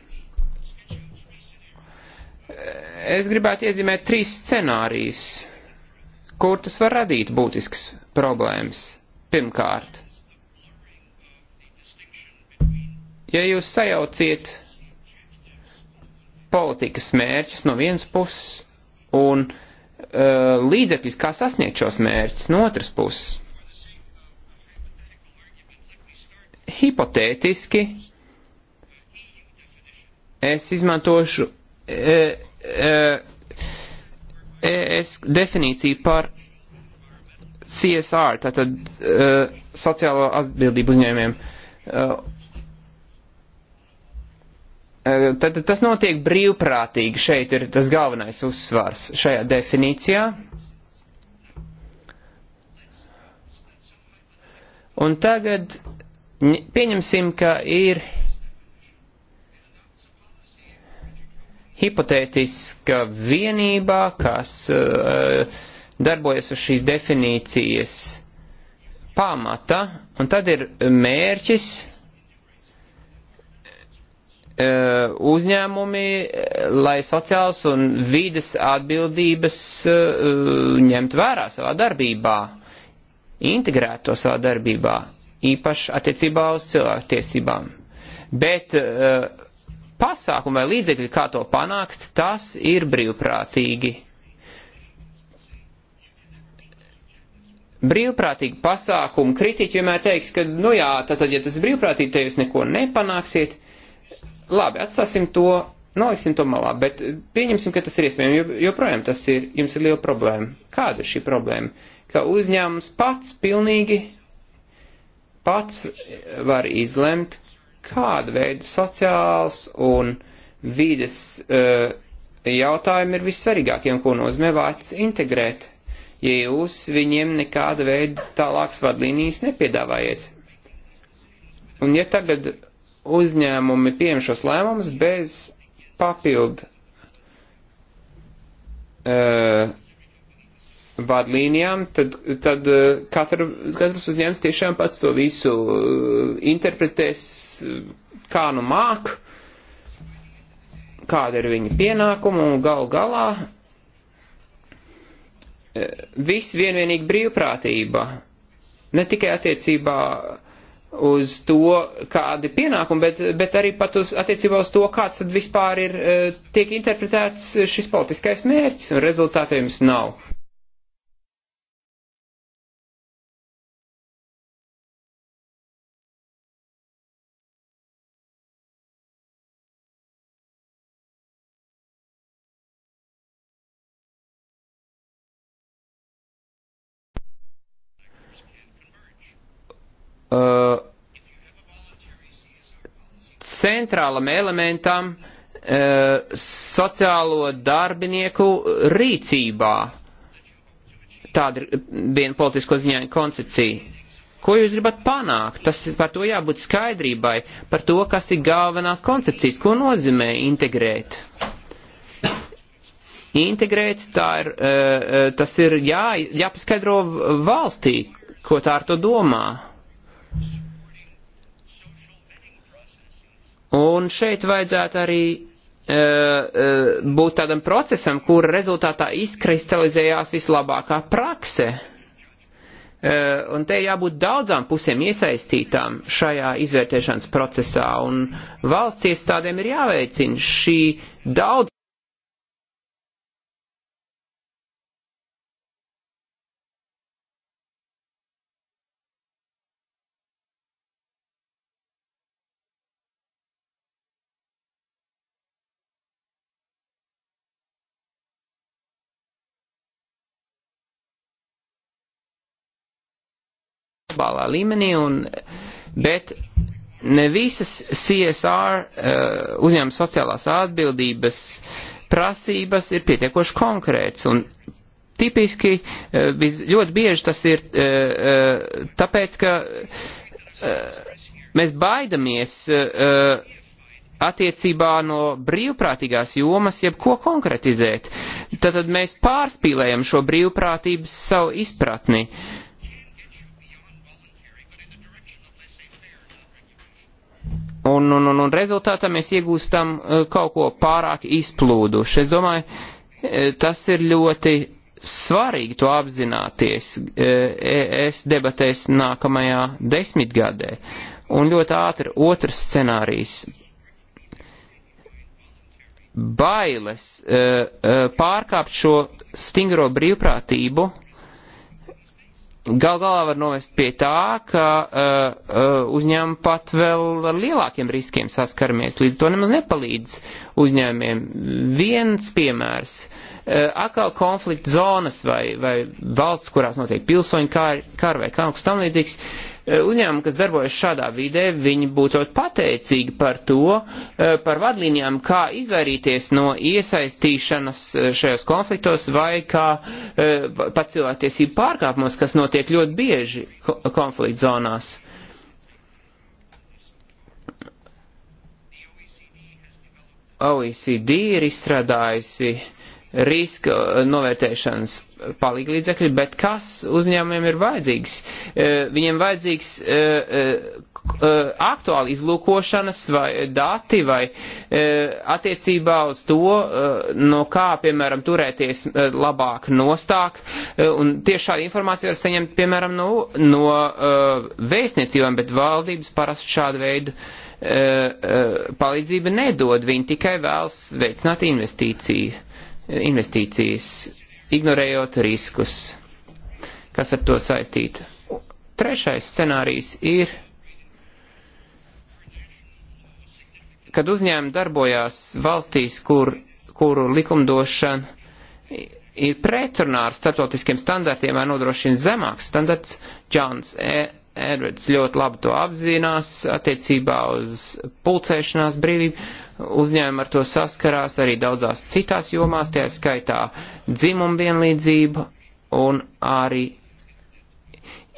Es gribētu iezīmēt trīs scenārijus, kur tas var radīt būtisks problēmas. Pirmkārt, ja jūs sajauciet politikas mērķus no vienas puses un uh, līdzekļus, kā sasniegt šos mērķus no otras puses, hipotētiski es izmantošu e, e, e ES definīciju par CSR, tātad e, sociālo atbildību uzņēmiem. E, e, Tad tas notiek brīvprātīgi, šeit ir tas galvenais uzsvars šajā definīcijā. Un tagad Pieņemsim, ka ir hipotētiska vienībā, kas uh, darbojas uz šīs definīcijas pamata, un tad ir mērķis uh, uzņēmumi, eh, lai sociāls un vides atbildības uh, ņemt vērā savā darbībā, integrēt to savā darbībā īpaši attiecībā uz cilvēktiesībām. Bet uh, pasākumi vai līdzekļi, kā to panākt, tas ir brīvprātīgi. Brīvprātīgi pasākumi kritiķi vienmēr teiks, ka, nu jā, tad, ja tas brīvprātīgi, te jūs neko nepanāksiet. Labi, atstāsim to, noliksim to malā, bet pieņemsim, ka tas ir iespējams, jo, joprojām tas ir, jums ir liela problēma. Kāda ir šī problēma? Ka uzņēmums pats pilnīgi pats var izlemt, kāda veida sociāls un vīdes uh, eh, jautājumi ir vissvarīgākie un ko nozīmē vārds integrēt, ja jūs viņiem nekāda veida tālākas vadlīnijas nepiedāvājiet. Un ja tagad uzņēmumi pieņem šos lēmumus bez papildu uh, vadlīnijām, tad, tad eh, katru, katrs uzņēmums tiešām pats to visu eh, interpretēs, eh, kā nu māk, kāda ir viņa pienākuma un gal galā viss vienvienīgi brīvprātība, ne tikai attiecībā uz to, kādi pienākumi, bet, bet arī pat uz attiecībā uz to, kāds tad vispār ir, tiek interpretēts šis politiskais mērķis, un rezultātu jums nav. uh, centrālam elementam uh, sociālo darbinieku rīcībā. Tāda ir viena politisko ziņā koncepcija. Ko jūs gribat panākt? Tas par to jābūt skaidrībai, par to, kas ir galvenās koncepcijas, ko nozīmē integrēt. Integrēt, tā ir, uh, uh, tas ir jā, jāpaskaidro valstī, ko tā ar to domā. Un šeit vajadzētu arī uh, būt tādam procesam, kur rezultātā izkristalizējās vislabākā prakse. Uh, un te jābūt daudzām pusēm iesaistītām šajā izvērtēšanas procesā, un valsts iestādēm ir jāveicina šī daudz globālā līmenī, un, bet ne visas CSR uh, uzņēmuma sociālās atbildības prasības ir pietiekoši konkrēts. Un tipiski uh, ļoti bieži tas ir uh, uh, tāpēc, ka uh, mēs baidamies. Uh, uh, attiecībā no brīvprātīgās jomas jebko konkretizēt. Tad mēs pārspīlējam šo brīvprātības savu izpratni. Uh, Un, un, un, un rezultātā mēs iegūstam eh, kaut ko pārāk izplūdušu. Es domāju, eh, tas ir ļoti svarīgi to apzināties eh, es debatēs nākamajā desmitgadē. Un ļoti ātri otrs scenārijs. Bailes pārkāpt šo stingro brīvprātību gal galā var novest pie tā, ka uh, uh, uzņēmumi pat vēl ar lielākiem riskiem saskaramies, līdz to nemaz nepalīdz uzņēmumiem. Viens piemērs. Uh, Eh, atkal konflikta zonas vai, vai valsts, kurās notiek pilsoņu kari kar vai kaut kas tam līdzīgs, eh, uzņēmumi, kas darbojas šādā vidē, viņi būtu pateicīgi par to, eh, par vadlīnijām, kā izvairīties no iesaistīšanas šajos konfliktos vai kā pat cilvēktiesību pārkāpumos, kas notiek ļoti bieži konflikta zonās. OECD ir izstrādājusi uh, riska eh, novērtēšanas palīglīdzekļi, bet kas uzņēmumiem ir vajadzīgs? Eh, viņiem vajadzīgs eh, aktuāli izlūkošanas vai dati vai attiecībā uz to, no kā, piemēram, turēties labāk nostāk. Un tieši šādu informāciju var saņemt, piemēram, no, no vēstniecībām, bet valdības parasti šādu veidu palīdzību nedod. Viņi tikai vēlas veicināt investīciju investīcijas, ignorējot riskus, kas ar to saistītu. Trešais scenārijs ir, kad uzņēmumi darbojās valstīs, kur, kuru likumdošana ir pretrunā ar starptautiskiem standartiem vai nodrošina zemāks standarts. Džons e. Edvards ļoti labi to apzinās attiecībā uz pulcēšanās brīvību uzņēmumi ar to saskarās arī daudzās citās jomās, tie skaitā dzimuma vienlīdzība un arī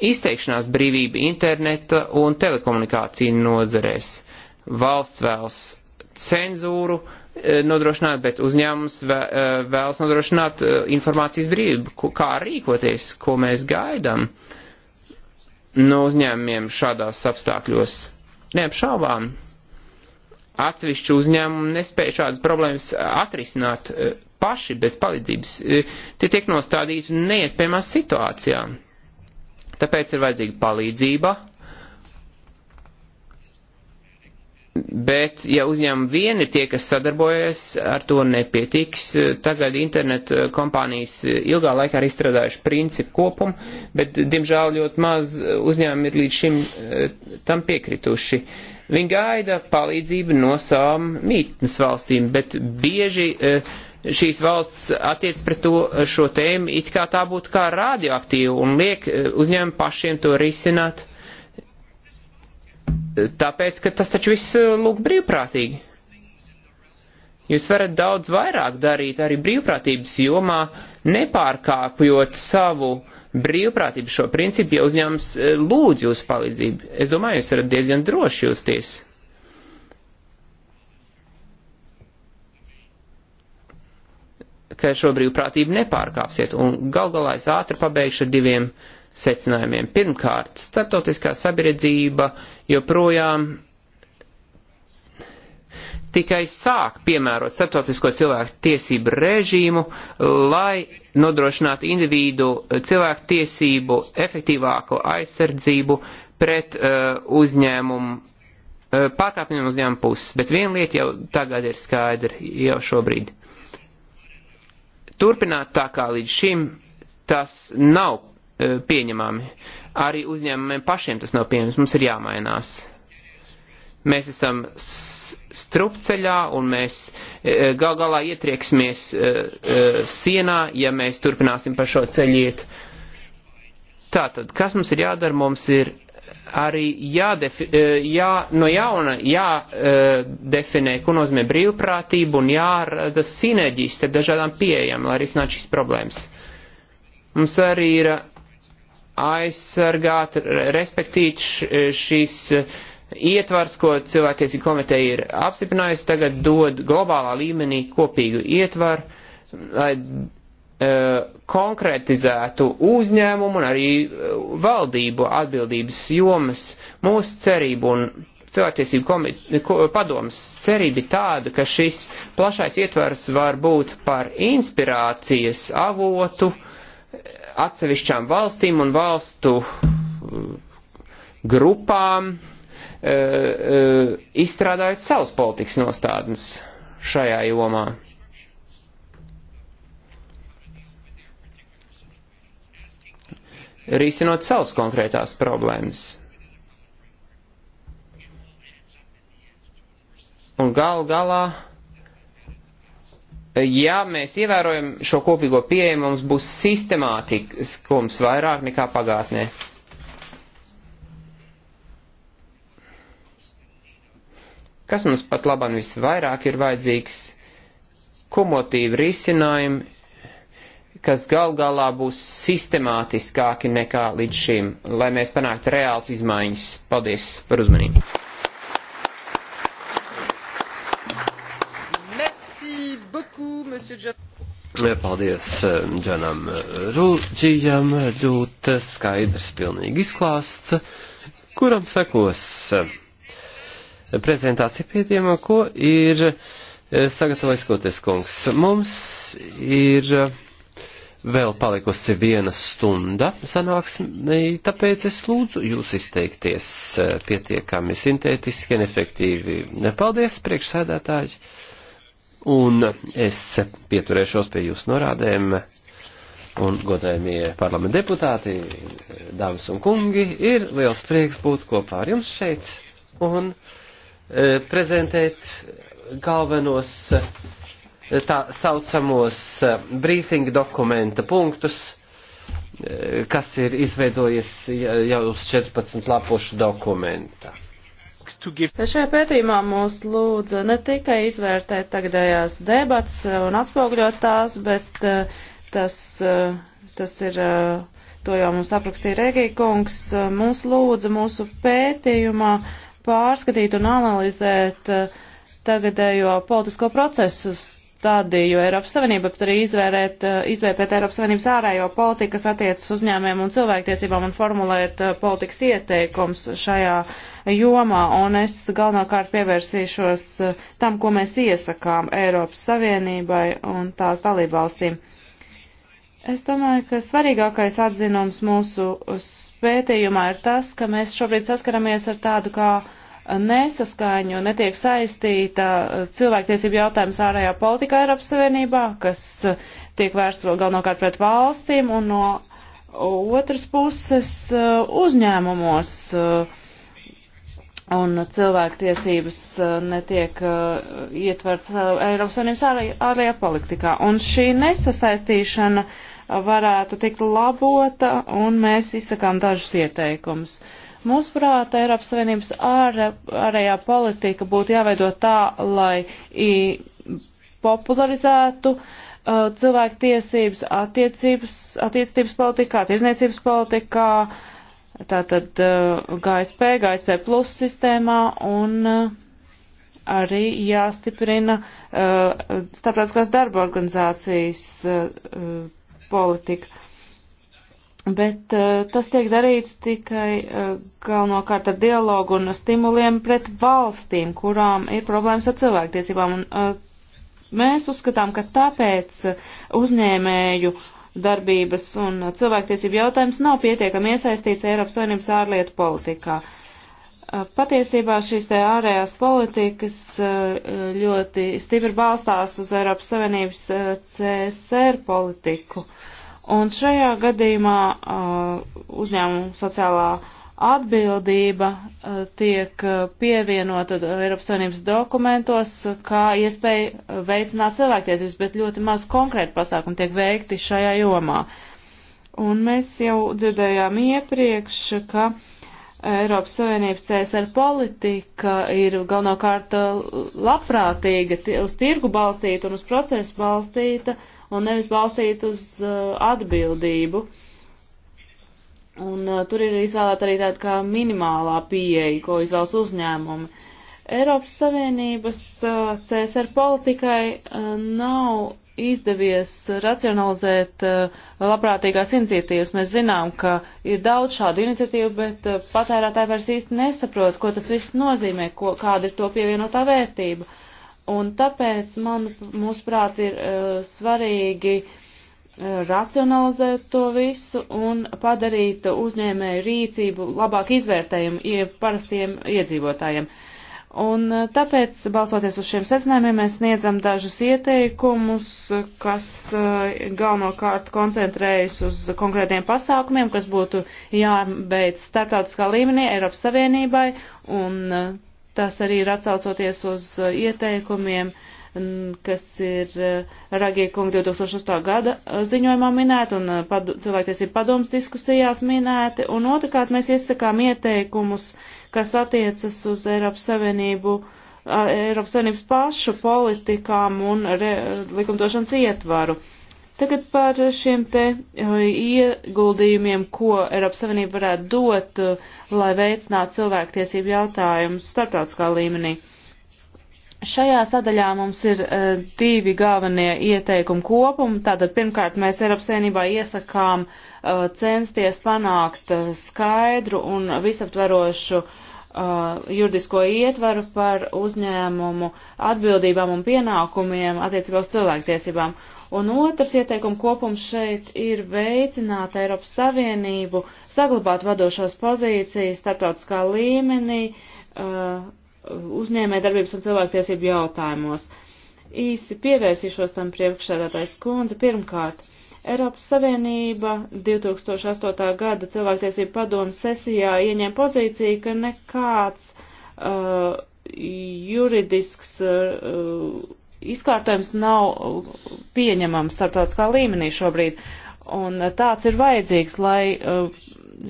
izteikšanās brīvība interneta un telekomunikācija nozarēs. Valsts vēlas cenzūru e, nodrošināt, bet uzņēmums e, vēlas nodrošināt e, informācijas brīvību, kā rīkoties, ko mēs gaidām no uzņēmumiem šādās apstākļos. Neapšaubām, Atsevišķi uzņēmumi nespēja šādas problēmas eh, atrisināt eh, paši bez palīdzības. Eh, tie tiek nostādīti neiespējamā situācijā. Tāpēc ir vajadzīga palīdzība. Bet, ja uzņēmumi vien ir tie, kas sadarbojas, ar to nepietiks. Tagad internet kompānijas ilgā laikā ir izstrādājuši principu kopumu, bet, diemžēl, ļoti maz uzņēmumi ir līdz šim tam piekrituši. Uh, Viņi gaida palīdzību no savām mītnes valstīm, bet bieži e, šīs valsts attiec pret to, šo tēmu it kā tā būtu kā radioaktīva un liek e, uzņēmumu pašiem to risināt, e, tāpēc, ka tas taču viss lūk brīvprātīgi. Jūs varat daudz vairāk darīt arī brīvprātības jomā, nepārkāpjot savu uh, brīvprātību šo principu, ja uzņēmums e, lūdz jūsu palīdzību. Es domāju, jūs varat diezgan droši justies. ka šo brīvprātību nepārkāpsiet, un gal galā es ātri pabeigšu ar diviem secinājumiem. Pirmkārt, starptautiskā sabiedrība joprojām tikai sāk piemērot starptautisko cilvēku tiesību režīmu, lai nodrošinātu individu eh, cilvēku tiesību efektīvāku aizsardzību pret uh, uzņēmumu uh, pārkāpumiem uzņēmumu puses. Bet viena lieta jau tagad ir skaidra, jau šobrīd. Turpināt tā kā līdz šim, tas nav uh, pieņemami. Arī uzņēmumiem pašiem tas nav pieņemams, mums ir jāmainās Mēs esam strupceļā un mēs e, gal galā ietrieksimies e, e, sienā, ja mēs turpināsim pa šo ceļu iet. Tātad, kas mums ir jādara? Mums ir arī jādefi, jā, no jauna jādefinē, ko nozīmē brīvprātība un jārada sinerģijas starp dažādām pieejām, lai risinātu šīs problēmas. Mums arī ir aizsargāt, respektīt šīs Ietvars, ko cilvēktiesība komiteja ir apstiprinājusi, tagad dod globālā līmenī kopīgu ietvaru, lai e, konkretizētu uzņēmumu un arī e, valdību atbildības jomas mūsu cerību un cilvēktiesību padomas cerība ir tāda, ka šis plašais ietvars var būt par inspirācijas avotu e, atsevišķām valstīm un valstu grupām, E, e, izstrādājot savus politikas nostādnes šajā jomā. Risinot savus konkrētās problēmas. Un gal galā, ja mēs ievērojam šo kopīgo pieeju, mums būs sistemātiskums vairāk nekā pagātnē. Kas mums pat labam visvairāk ir vajadzīgs? Kumotīvi risinājumi, kas gal galā būs sistemātiskāki nekā līdz šim, lai mēs panāktu reāls izmaiņas. Paldies par uzmanību. Merci beaucoup, monsieur Japan. Paldies eh, Džanam Rūģijam, ļoti skaidrs pilnīgi izklāsts, kuram sekos eh, prezentāciju pētījumā, ko ir eh, sagatavojis Koties kungs. Mums ir eh, vēl palikusi viena stunda sanāksmei, tāpēc es lūdzu jūs izteikties eh, pietiekami sintētiski un efektīvi. Paldies, priekšsēdētāji, un es pieturēšos pie jūsu norādēm. Un godējumie parlamenta deputāti, dāmas un kungi, ir liels prieks būt kopā ar jums šeit. Un E, prezentēt galvenos e, tā saucamos e, brīfinga dokumenta punktus, kas ir izveidojies jau uz 14 lapušu dokumentā. Šajā pētījumā mūs lūdza ne tikai izvērtēt tagadējās debats un atspoguļot tās, bet tas, tas ir, to jau mums aprakstīja Regija kungs, mūs lūdza mūsu pētījumā uh, pārskatīt un analizēt eh, tagadējo politisko procesu stadiju Eiropas Savienība, bet arī izvērēt, eh, izvērtēt Eiropas Savienības ārējo politiku, kas attiecas uzņēmiem un cilvēktiesībām un formulēt eh, politikas ieteikums šajā jomā. Un es galvenokārt pievērsīšos tam, ko mēs iesakām Eiropas Savienībai un tās dalībvalstīm. valstīm Es domāju, ka svarīgākais atzinums mūsu pētījumā ir tas, ka mēs šobrīd saskaramies ar tādu kā nesaskaņu, netiek saistīta cilvēktiesību jautājums ārējā politikā Eiropas Savienībā, kas tiek vērsts galvenokārt pret valstīm un no otras puses uzņēmumos un cilvēktiesības netiek uh, ietverts uh, Eiropas Savienības ārējā politikā. Un šī nesasaistīšana uh, varētu tikt labota, un mēs izsakām dažus ieteikumus. Mūsuprāt, Eiropas Savienības ārējā ar, politika būtu jāveido tā, lai popularizētu uh, cilvēku tiesības attiecības, attiecības politikā, tiesniecības politikā, tātad uh, GSP, GSP plus sistēmā un uh, arī jāstiprina uh, starptautiskās darba organizācijas uh, uh, politika. Bet uh, tas tiek darīts tikai uh, galvenokārt ar dialogu un stimuliem pret valstīm, kurām ir problēmas ar cilvēktiesībām. Un, uh, mēs uzskatām, ka tāpēc uh, uzņēmēju darbības un cilvēktiesību jautājums nav pietiekami iesaistīts Eiropas Savienības ārlietu politikā. Uh, Patiesībā šīs te ārējās politikas uh, ļoti stipri balstās uz Eiropas Savienības uh, CSR politiku. Un šajā gadījumā uh, uzņēmuma sociālā atbildība uh, tiek uh, pievienota Eiropas Savienības dokumentos, kā iespēja uh, veicināt cilvēktiesības, bet ļoti maz konkrēti pasākumi tiek veikti šajā jomā. Un mēs jau dzirdējām iepriekš, ka Eiropas Savienības CSR politika ir galvenokārt uh, labprātīga, uz tirgu balstīta un uz procesu balstīta. Uh, un nevis balstīt uz uh, atbildību. Un uh, tur ir izvēlēta arī tāda kā minimālā pieeja, ko izvēlas uzņēmumi. Eiropas Savienības uh, CSR politikai uh, nav izdevies racionalizēt uh, labprātīgās iniciatīvas. Mēs zinām, ka ir daudz šādu iniciatīvu, bet uh, patērētāji vairs īsti nesaprot, ko tas viss nozīmē, ko, kāda ir to pievienotā vērtība. Un tāpēc, man, mūsuprāt, ir uh, svarīgi e, racionalizēt to visu un padarīt uzņēmēju rīcību labāk izvērtējumu parastiem iedzīvotājiem. Un e, tāpēc, balsoties uz šiem secinājumiem, mēs sniedzam dažus ieteikumus, kas galvenokārt koncentrējas uz konkrētiem pasākumiem, kas būtu jābeidz starptautiskā līmenī Eiropas Savienībai un Tas arī ir atsaucoties uz uh, ieteikumiem, kas ir uh, Ragie kunga 2008. gada uh, ziņojumā minēti un pad cilvēktiesību padomas diskusijās minēti. Un otrkārt mēs iesakām ieteikumus, kas attiecas uz Eiropas Savienību, Eiropas Savienības pašu politikām un likumdošanas ietvaru. Uh, Tagad par šiem te eh, ieguldījumiem, ko Eiropas Savienība varētu dot, eh, lai veicinātu cilvēktiesību jautājumus starptautiskā līmenī. Šajā sadaļā mums ir uh, divi galvenie ieteikumi kopumi. Tātad pirmkārt mēs Eiropas Savienībā iesakām uh, censties panākt uh, skaidru un visaptverošu uh, juridisko ietvaru par uzņēmumu atbildībām un pienākumiem attiecībā uz cilvēktiesībām. Un otrs ieteikuma kopums šeit ir veicināt Eiropas Savienību, saglabāt vadošās pozīcijas starptautiskā līmenī uh, uzņēmē darbības un cilvēktiesību jautājumos. Īsi pievērsīšos tam priekšsēdētājs kundze. Pirmkārt, Eiropas Savienība 2008. gada cilvēktiesību padomu sesijā ieņēma pozīciju, ka nekāds uh, juridisks uh, izkārtojums nav pieņemams starptautiskā līmenī šobrīd. Un tāds ir vajadzīgs, lai uh,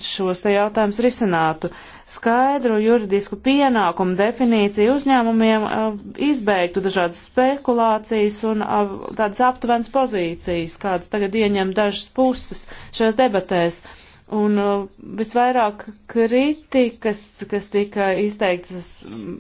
šos te jautājumus risinātu. Skaidru juridisku pienākumu definīciju uzņēmumiem uh, izbeigtu dažādas spekulācijas un uh, tādas aptuvenas pozīcijas, kādas tagad ieņem dažas puses šajās debatēs. Uh, Un uh, visvairāk kritikas, kas tika izteiktas um,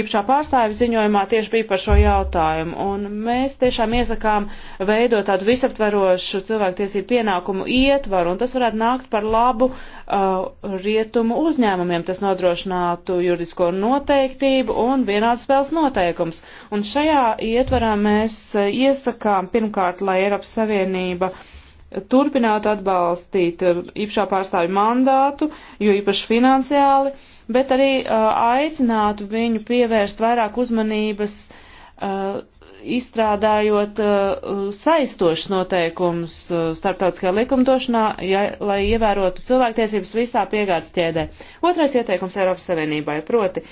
īpašā pārstāvja ziņojumā, tieši bija par šo jautājumu. Un mēs tiešām iesakām veidot tādu visaptverošu cilvēktiesību pienākumu ietvaru, un tas varētu nākt par labu uh, rietumu uzņēmumiem. Tas nodrošinātu juridisko noteiktību un vienādu spēles noteikums. Un šajā ietvarā mēs uh, iesakām pirmkārt, lai Eiropas Savienība uh, turpināt atbalstīt uh, īpašā pārstāvju mandātu, jo īpaši finansiāli, bet arī uh, aicinātu viņu pievērst vairāk uzmanības, uh, izstrādājot uh, saistošas noteikumus uh, starptautiskajā likumdošanā, ja, lai ievērotu cilvēktiesības visā piegādes ķēdē. Otrais ieteikums Eiropas Savienībai proti,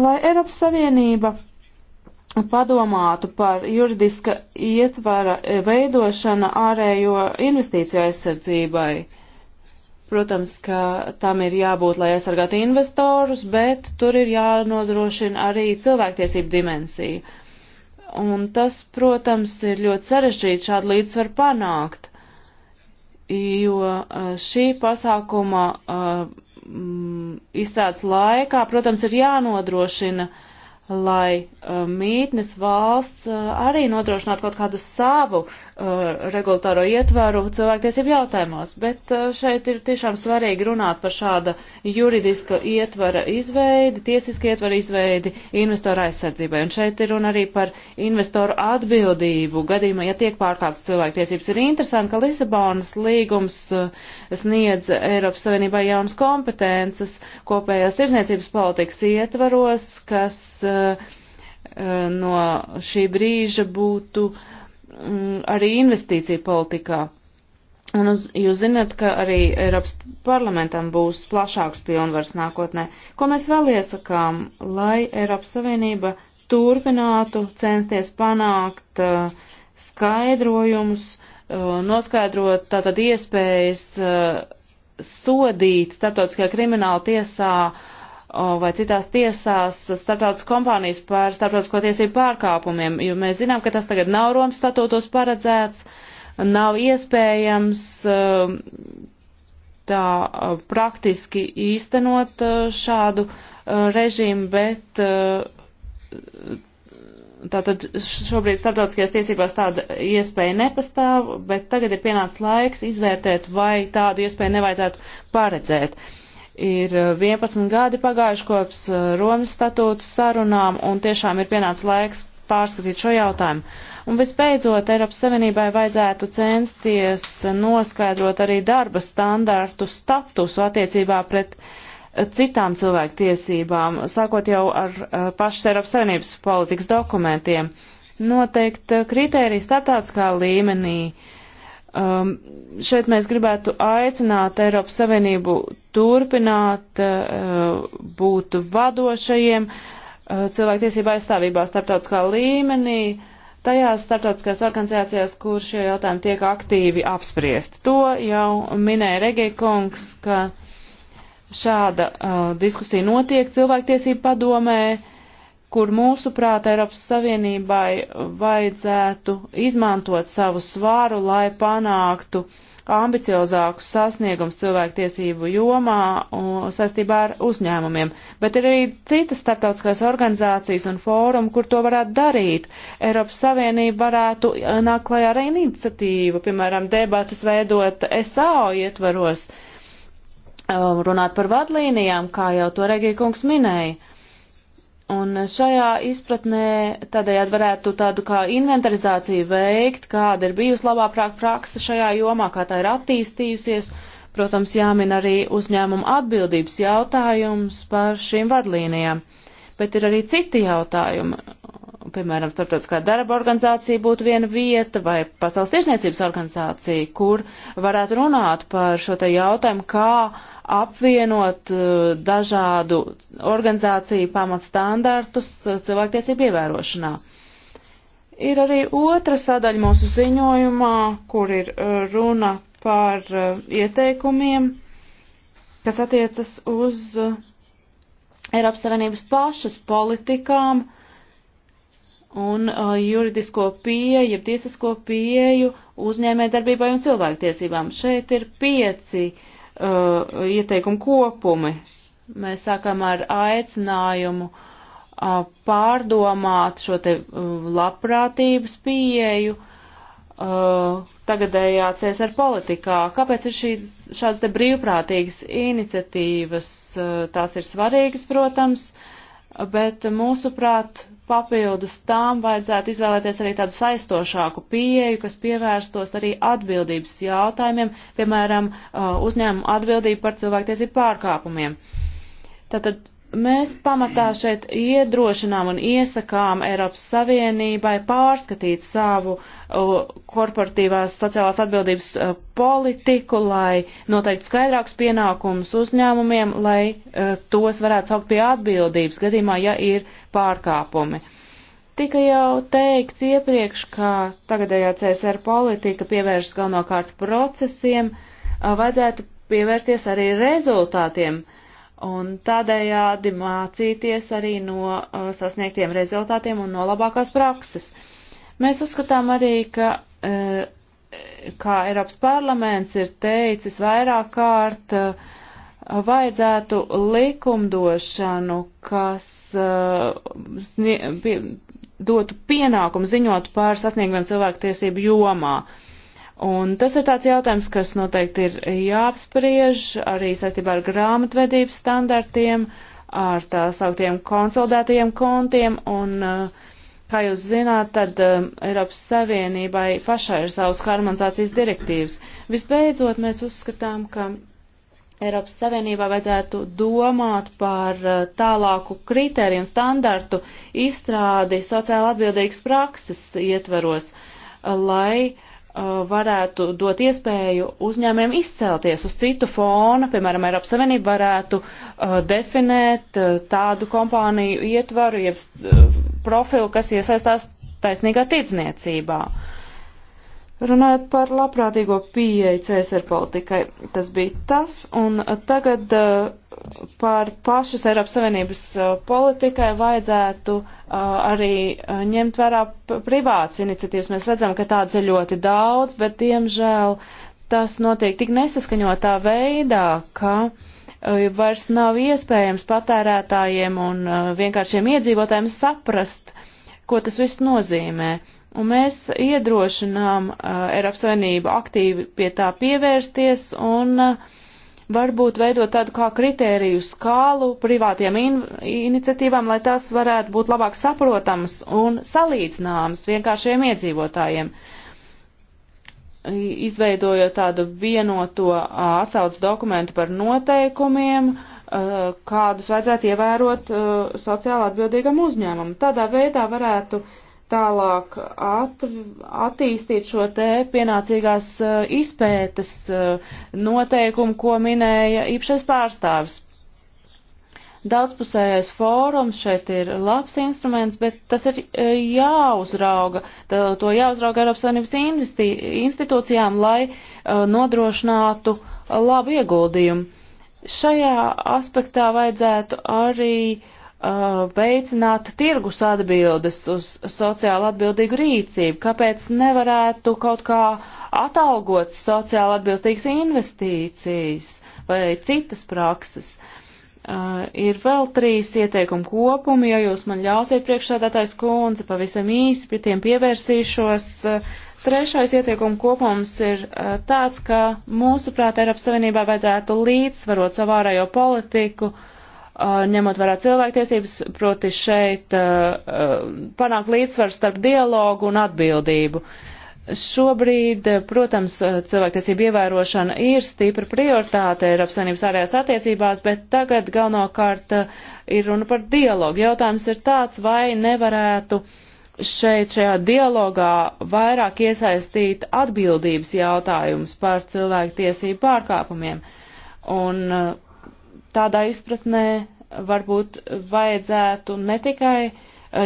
lai Eiropas Savienība padomātu par juridiska ietvara e, veidošana ārējo investīciju aizsardzībai. Protams, ka tam ir jābūt, lai aizsargātu investorus, bet tur ir jānodrošina arī cilvēktiesību dimensija. Un tas, protams, ir ļoti sarežģīti šādu līdzsvaru panākt, jo e, šī pasākuma uh, izstrādes laikā, protams, ir jānodrošina uh, lai uh, mītnes valsts uh, arī nodrošinātu kaut kādu savu uh, regulāro ietvaru cilvēktiesību jautājumos, bet uh, šeit ir tiešām svarīgi runāt par šāda juridiska ietvara izveidi, tiesiska ietvara izveidi investoru aizsardzībai. Un šeit ir runa arī par investoru atbildību. Gadījumā, ja tiek pārkāptas cilvēktiesības, ir interesanti, ka Lisabonas līgums uh, sniedz Eiropas Savienībai jaunas kompetences kopējās tirzniecības politikas ietvaros, kas uh, Eh, eh, no šī brīža būtu mm, arī investīcija politikā. Un uz, jūs zināt, ka arī Eiropas parlamentam būs plašāks pilnvars nākotnē. Ko mēs vēl iesakām, lai Eiropas Savienība turpinātu censties panākt uh, skaidrojumus, uh, noskaidrot tātad iespējas uh, sodīt starptautiskajā krimināla tiesā uh, vai citās tiesās starptautas kompānijas par starptautisko tiesību pārkāpumiem, jo mēs zinām, ka tas tagad nav Romas statūtos paredzēts, nav iespējams e, tā e, praktiski īstenot e, šādu režīmu, bet tātad šobrīd starptautiskajās tiesībās tāda iespēja nepastāv, bet tagad ir pienācis laiks izvērtēt, vai tādu iespēju nevajadzētu paredzēt. Uh, Ir 11 eh, gadi pagājuši kops eh, Romas statūtu sarunām, un tiešām ir pienācis laiks pārskatīt šo jautājumu. Un visbeidzot, Eiropas Savienībai vajadzētu censties noskaidrot arī darba standārtu statusu attiecībā pret eh, citām cilvēku tiesībām, sākot jau ar pašas Eiropas Savienības politikas dokumentiem. Noteikti kritērijas starptautiskā līmenī uh, Um, šeit mēs gribētu aicināt Eiropas Savienību turpināt uh, būt vadošajiem uh, cilvēktiesība aizstāvībā starptautiskā līmenī, tajās starptautiskās organizācijās, kur šie jautājumi tiek aktīvi apspriesti. To jau minēja Regija Kungs, ka šāda uh, diskusija notiek cilvēktiesība padomē. Uh, kur mūsuprāt Eiropas Savienībai vajadzētu izmantot savu svāru, lai panāktu ambiciozākus sasniegums cilvēktiesību jomā un saistībā ar uzņēmumiem, bet ir arī citas starptautiskās organizācijas un fórumi, kur to varētu darīt. Eiropas Savienība varētu e, nākt klajā ar iniciatīvu, piemēram, debatas veidot SAO ietvaros, e, runāt par vadlīnijām, kā jau to Regija kungs minēja Un šajā izpratnē tādējādi varētu tādu kā inventarizāciju veikt, kāda ir bijusi labā praksa šajā jomā, kā tā ir attīstījusies. Protams, jāmin arī uzņēmuma atbildības jautājums par šīm vadlīnijām. Bet ir arī citi jautājumi. Piemēram, starptautiskā darba organizācija būtu viena vieta vai pasaules tiešniecības organizācija, kur varētu runāt par šo te jautājumu, kā uh, apvienot uh, dažādu organizāciju pamatstandartus uh, cilvēktiesību ievērošanā. Ir arī otra sadaļa mūsu ziņojumā, kur ir uh, runa par ieteikumiem, kas attiecas uz Eiropas Savienības pašas politikām un uh, juridisko pieeju, jeb tiesisko pieeju uzņēmē darbībai un cilvēktiesībām. Šeit ir pieci uh, uh, ieteikumu kopumi. Mēs sākam ar aicinājumu uh, pārdomāt šo te uh, labprātības pieeju uh, tagadējā CSR politikā. Kāpēc ir šī, šāds te brīvprātīgas iniciatīvas? Uh, tās ir svarīgas, protams, bet mūsuprāt papildus tām vajadzētu izvēlēties arī tādu saistošāku pieeju, kas pievērstos arī atbildības jautājumiem, piemēram, uh, uzņēmumu atbildību par cilvēktiesību pārkāpumiem. Tātad Mēs pamatā šeit iedrošinām un iesakām Eiropas Savienībai pārskatīt savu uh, korporatīvās sociālās atbildības uh, politiku, lai noteiktu skaidrākus pienākumus uzņēmumiem, lai uh, tos varētu saukt pie atbildības gadījumā, ja ir pārkāpumi. Tika jau teikts iepriekš, ka tagadējā CSR politika pievēršas galvenokārt procesiem, vajadzētu pievērsties arī rezultātiem. Uh, un tādējādi mācīties arī no uh, sasniegtiem rezultātiem un no labākās prakses. Mēs uzskatām arī, ka, uh, kā Eiropas parlaments ir teicis vairāk kārt, uh, vajadzētu likumdošanu, kas uh, snie, pie, dotu pienākumu ziņot par sasniegumiem cilvēku tiesību jomā. Uh, Un tas ir tāds jautājums, kas noteikti ir jāapspriež arī saistībā ar grāmatvedības standartiem, ar tā sauktiem konsolidētajiem kontiem, un, eh, kā jūs zināt, tad eh, Eiropas Savienībai pašai ir savas harmonizācijas direktīvas. Visbeidzot, mēs uzskatām, ka Eiropas Savienībā vajadzētu domāt par eh, tālāku kritēriju un standartu izstrādi sociāli atbildīgas prakses ietveros, lai uh, Uh, varētu dot iespēju uzņēmiem izcelties uz citu fona, piemēram, Eiropas Savienība varētu uh, definēt uh, tādu kompāniju ietvaru, jeb uh, profilu, kas iesaistās taisnīgā tirdzniecībā. Uh, Runājot par labprātīgo pieeju CSR politikai, tas bija tas, un tagad uh, par pašas Eiropas Savienības uh, politikai vajadzētu uh, arī uh, ņemt vērā privātas iniciatīvas. Mēs redzam, ka tādas ir ļoti daudz, bet, diemžēl, tas notiek tik nesaskaņotā veidā, ka uh, vairs nav iespējams patērētājiem un uh, vienkāršiem iedzīvotājiem saprast, ko tas viss nozīmē. Un mēs iedrošinām uh, Eiropas Savienību aktīvi pie tā pievērsties un uh, varbūt veidot tādu kā kritēriju skālu privātiem in iniciatīvām, lai tās varētu būt labāk saprotamas un salīdzināmas vienkāršiem iedzīvotājiem. Izveidojot tādu vienoto uh, atsaucas dokumentu par noteikumiem, uh, kādus vajadzētu ievērot uh, sociāli atbildīgam uzņēmumam. Tādā veidā varētu uh, tālāk at, attīstīt šo te pienācīgās uh, izpētes uh, noteikumu, ko minēja īpašais pārstāvis. Daudzpusējais fórums šeit ir labs instruments, bet tas ir uh, jāuzrauga, tā, to jāuzrauga Eiropas Savienības institūcijām, lai nodrošinātu labu ieguldījumu. Šajā aspektā vajadzētu arī uh, Uh, veicināt tirgus atbildes uz sociāli atbildīgu rīcību, kāpēc nevarētu kaut kā atalgot sociāli atbilstīgas investīcijas vai citas prakses. Uh, ir vēl trīs ieteikumu kopumi, ja jūs man ļausiet priekšsēdētājs kundze, pavisam īsi pie tiem pievērsīšos. Uh, Trešais ieteikumu kopums ir uh, tāds, ka mūsuprāt Eiropas Savienībā vajadzētu līdzsvarot savu ārējo politiku uh, Uh, ņemot vērā cilvēktiesības, proti šeit uh, uh, panākt līdzsvaru starp dialogu un atbildību. Šobrīd, protams, cilvēktiesība ievērošana ir stipra prioritāte Eiropas Savienības ārējās attiecībās, bet tagad galvenokārt ir runa par dialogu. Jautājums ir tāds, vai nevarētu šeit šajā dialogā vairāk iesaistīt atbildības jautājumus par cilvēktiesību pārkāpumiem. Un uh, tādā izpratnē varbūt vajadzētu ne tikai eh,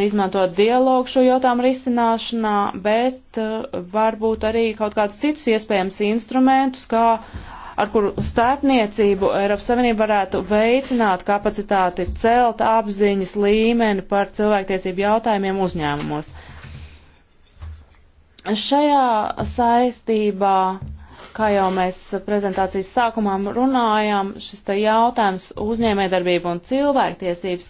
izmantot dialogu šo jautājumu risināšanā, bet eh, varbūt arī kaut kādus citus iespējams instrumentus, kā ar kuru starpniecību Eiropas Savienība varētu veicināt kapacitāti celt apziņas līmeni par cilvēktiesību jautājumiem uzņēmumos. Šajā saistībā Kā jau mēs prezentācijas sākumā runājām, šis te jautājums uzņēmējdarbība un cilvēktiesības,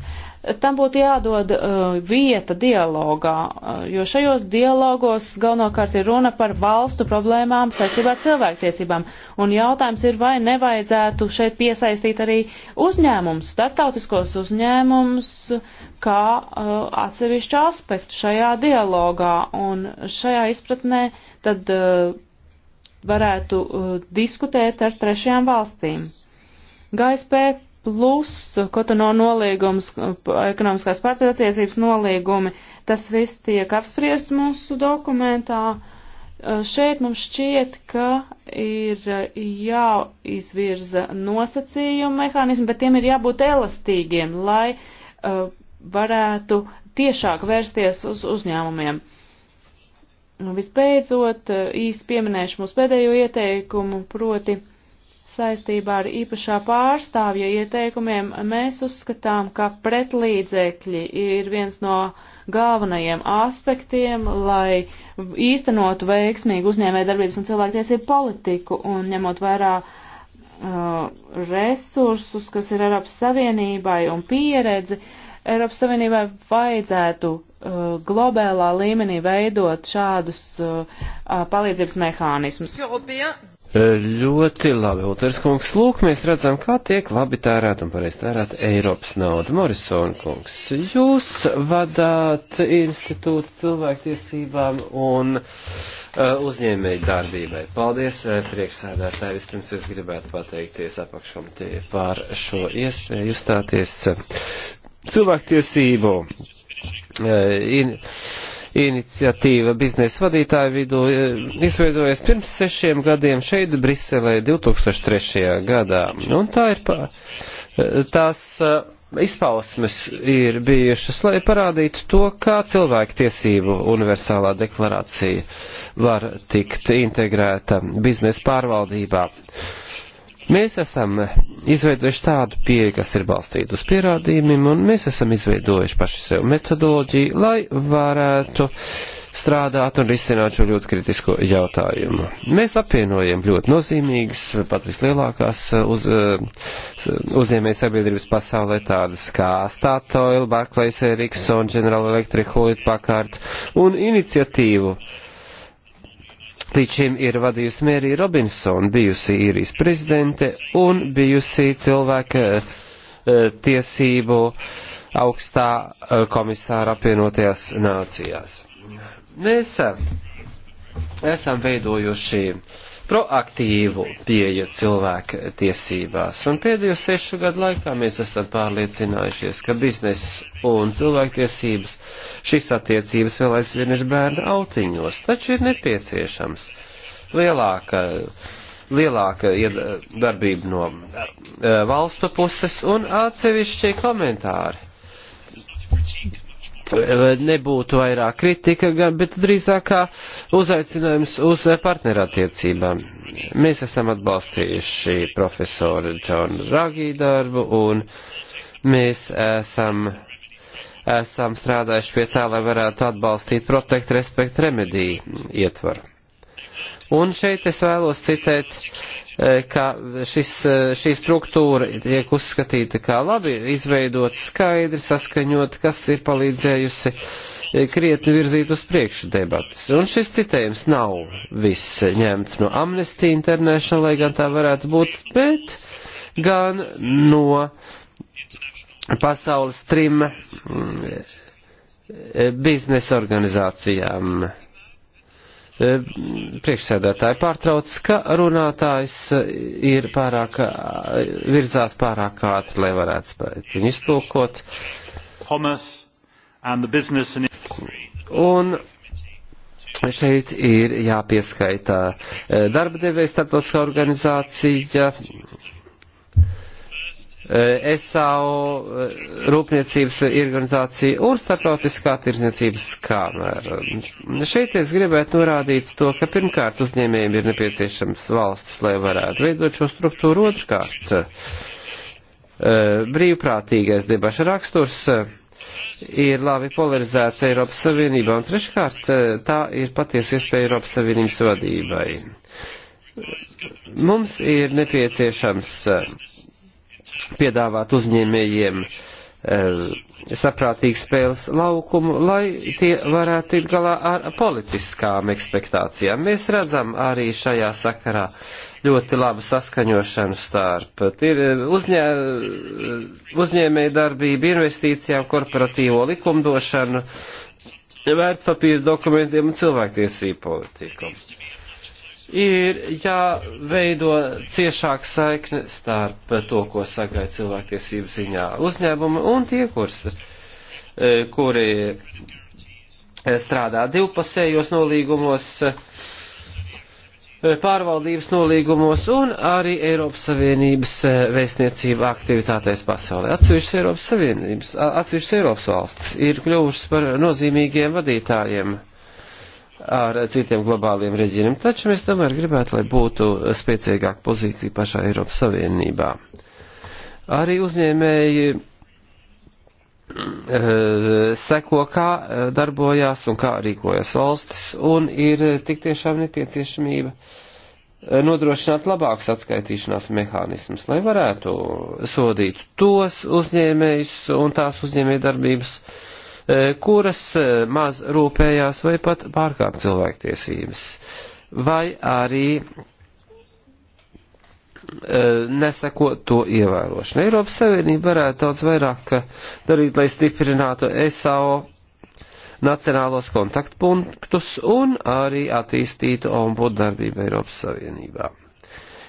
tam būtu jādod uh, vieta dialogā, uh, jo šajos dialogos galvenokārt ir runa par valstu problēmām saistībā ar cilvēktiesībām. Un jautājums ir, vai nevajadzētu šeit piesaistīt arī uzņēmumus, starptautiskos uzņēmumus, kā uh, atsevišķu aspektu šajā dialogā. Un šajā izpratnē tad. Uh, varētu uh, diskutēt ar trešajām valstīm. GSP plus kotono nolīgums, uh, ekonomiskās partnerattiecības nolīgumi, tas viss tiek apspriests mūsu dokumentā. Uh, šeit mums šķiet, ka ir uh, jāizvirza nosacījumu mehānismi, bet tiem ir jābūt elastīgiem, lai varētu tiešāk vērsties uz uzņēmumiem. Uh, Un nu, visbeidzot, eh, īsti pieminēšu mūsu pēdējo ieteikumu, proti saistībā ar īpašā pārstāvja ieteikumiem, mēs uzskatām, ka pretlīdzekļi ir viens no galvenajiem aspektiem, lai īstenotu veiksmīgu uzņēmē darbības un cilvēktiesību politiku un ņemot vairāk Uh, eh, resursus, kas ir Eiropas Savienībai un pieredzi, Eiropas Savienībai vajadzētu Uh, globālā līmenī veidot šādus uh, palīdzības mehānismus. E, ļoti labi, Ulters kungs. Lūk, mēs redzam, kā tiek labi tērēt un pareizi tērēt Eiropas naudu. Morison kungs, jūs vadāt institūtu cilvēktiesībām un uh, uzņēmēju darbībai. Paldies, e, priekšsēdētāji. Vispirms es gribētu pateikties apakškomitē par šo iespēju uzstāties cilvēktiesību Eh, in, iniciatīva biznesa vadītāju vidū eh, izveidojas pirms sešiem gadiem šeit Briselē 2003. gadā. Un tā ir pa, eh, tās izpausmes ir bijušas, lai parādītu to, kā cilvēktiesību universālā deklarācija var tikt integrēta biznesa pārvaldībā. Uh, Mēs esam izveidojuši tādu pieeju, kas ir balstīta uz pierādījumiem, un mēs esam izveidojuši paši sev metodoloģiju, lai varētu strādāt un risināt šo ļoti kritisko jautājumu. Mēs apvienojam ļoti nozīmīgas, pat vislielākās uz, eh, uzņēmējas sabiedrības pasaulē tādas kā Statoil, Barclays, Ericsson, General Electric, Holit Packard un iniciatīvu līdz šim ir vadījusi Mērija Robinsona, bijusi īrijas prezidente un bijusi cilvēka eh, tiesību augstā eh, komisāra apvienotajās nācijās. Mēs eh, esam veidojuši uh, proaktīvu pieju cilvēku tiesībās. Un pēdējo sešu gadu laikā mēs esam pārliecinājušies, ka bizness un cilvēktiesības šīs attiecības vēl aizvien ir bērnu autiņos, taču ir nepieciešams lielāka lielāka darbība no eh, valstu puses un atsevišķi komentāri nebūtu vairāk kritika, gan, bet drīzākā uzaicinājums uz partnerattiecībām. Mēs esam atbalstījuši profesoru Džonu Ragī darbu un mēs esam, esam strādājuši pie tā, lai varētu atbalstīt Protect Respect Remedy ietvaru. Un šeit es vēlos citēt Eh, ka šis, eh, šī struktūra tiek uzskatīta kā labi izveidot, skaidri saskaņot, kas ir palīdzējusi eh, krietni virzīt uz priekšu debatas. Un šis citējums nav viss ņemts no Amnesty International, lai gan tā varētu būt, bet gan no pasaules trim mm, biznesa organizācijām E, priekšsēdētāji pārtrauc, ka runātājs ir pārāk, virzās pārāk ātri, lai varētu spēt viņu iztulkot. Un šeit ir jāpieskaitā e, darba devēja starptautiskā organizācija, ESAO eh, eh, rūpniecības organizācija un starptautiskā tirzniecības kāmera. Šeit es gribētu norādīt to, ka pirmkārt uzņēmējiem ir nepieciešams valstis, lai varētu veidot šo struktūru, otrkārt eh, brīvprātīgais debaša raksturs ir labi polarizēts Eiropas Savienībā un treškārt tā ir patiesa iespēja Eiropas Savienības vadībai. Mums ir nepieciešams piedāvāt uzņēmējiem eh, saprātīgu spēles laukumu, lai tie varētu tikt galā ar politiskām ekspektācijām. Mēs redzam arī šajā sakarā ļoti labu saskaņošanu starp uzņē, uzņēmēju darbību, investīcijām, korporatīvo likumdošanu, vērtspapīru dokumentiem un cilvēktiesību politiku ir jāveido ciešāk saikne starp to, ko sagaida cilvēktiesību ziņā uzņēmumi un tie, kurs, e, kuri e, strādā divpasējos nolīgumos, e, pārvaldības nolīgumos un arī Eiropas Savienības vēstniecība aktivitātēs pasaulē. Atsevišķas Eiropas Savienības, atsevišķas Eiropas valstis ir kļuvušas par nozīmīgiem vadītājiem ar citiem globāliem reģioniem, taču mēs tomēr gribētu, lai būtu spēcīgāka pozīcija pašā Eiropas Savienībā. Arī uzņēmēji eh, seko, kā eh, darbojās un kā rīkojas valstis, un ir tik tiešām nepieciešamība eh, nodrošināt labākus atskaitīšanās mehānismus, lai varētu sodīt tos uzņēmējus un tās uzņēmējdarbības darbības E, kuras e, maz rūpējās vai pat pārkāp cilvēktiesības. Vai arī e, nesakot to ievērošanu. Eiropas Savienība varētu daudz vairāk darīt, lai stiprinātu SAO nacionālos kontaktpunktus un arī attīstītu ombudu darbību Eiropas Savienībā.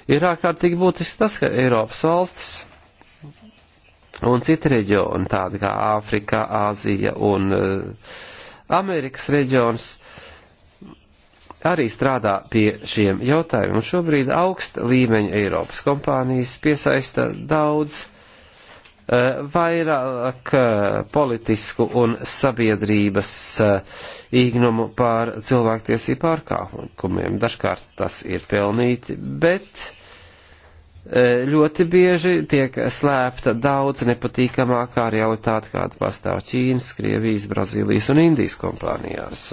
Ir ārkārtīgi būtiski tas, ka Eiropas valstis un citi reģioni, tādi kā Āfrika, Āzija un uh, Amerikas reģions, arī strādā pie šiem jautājumiem. Un šobrīd augsta līmeņa Eiropas kompānijas piesaista daudz uh, vairāk uh, politisku un sabiedrības īgnumu pār cilvēktiesību pārkāpumiem. Dažkārt tas ir pelnīti, bet E, ļoti bieži tiek slēpta daudz nepatīkamākā realitāte, kāda pastāv Ķīnas, Krievijas, Brazīlijas un Indijas kompānijās,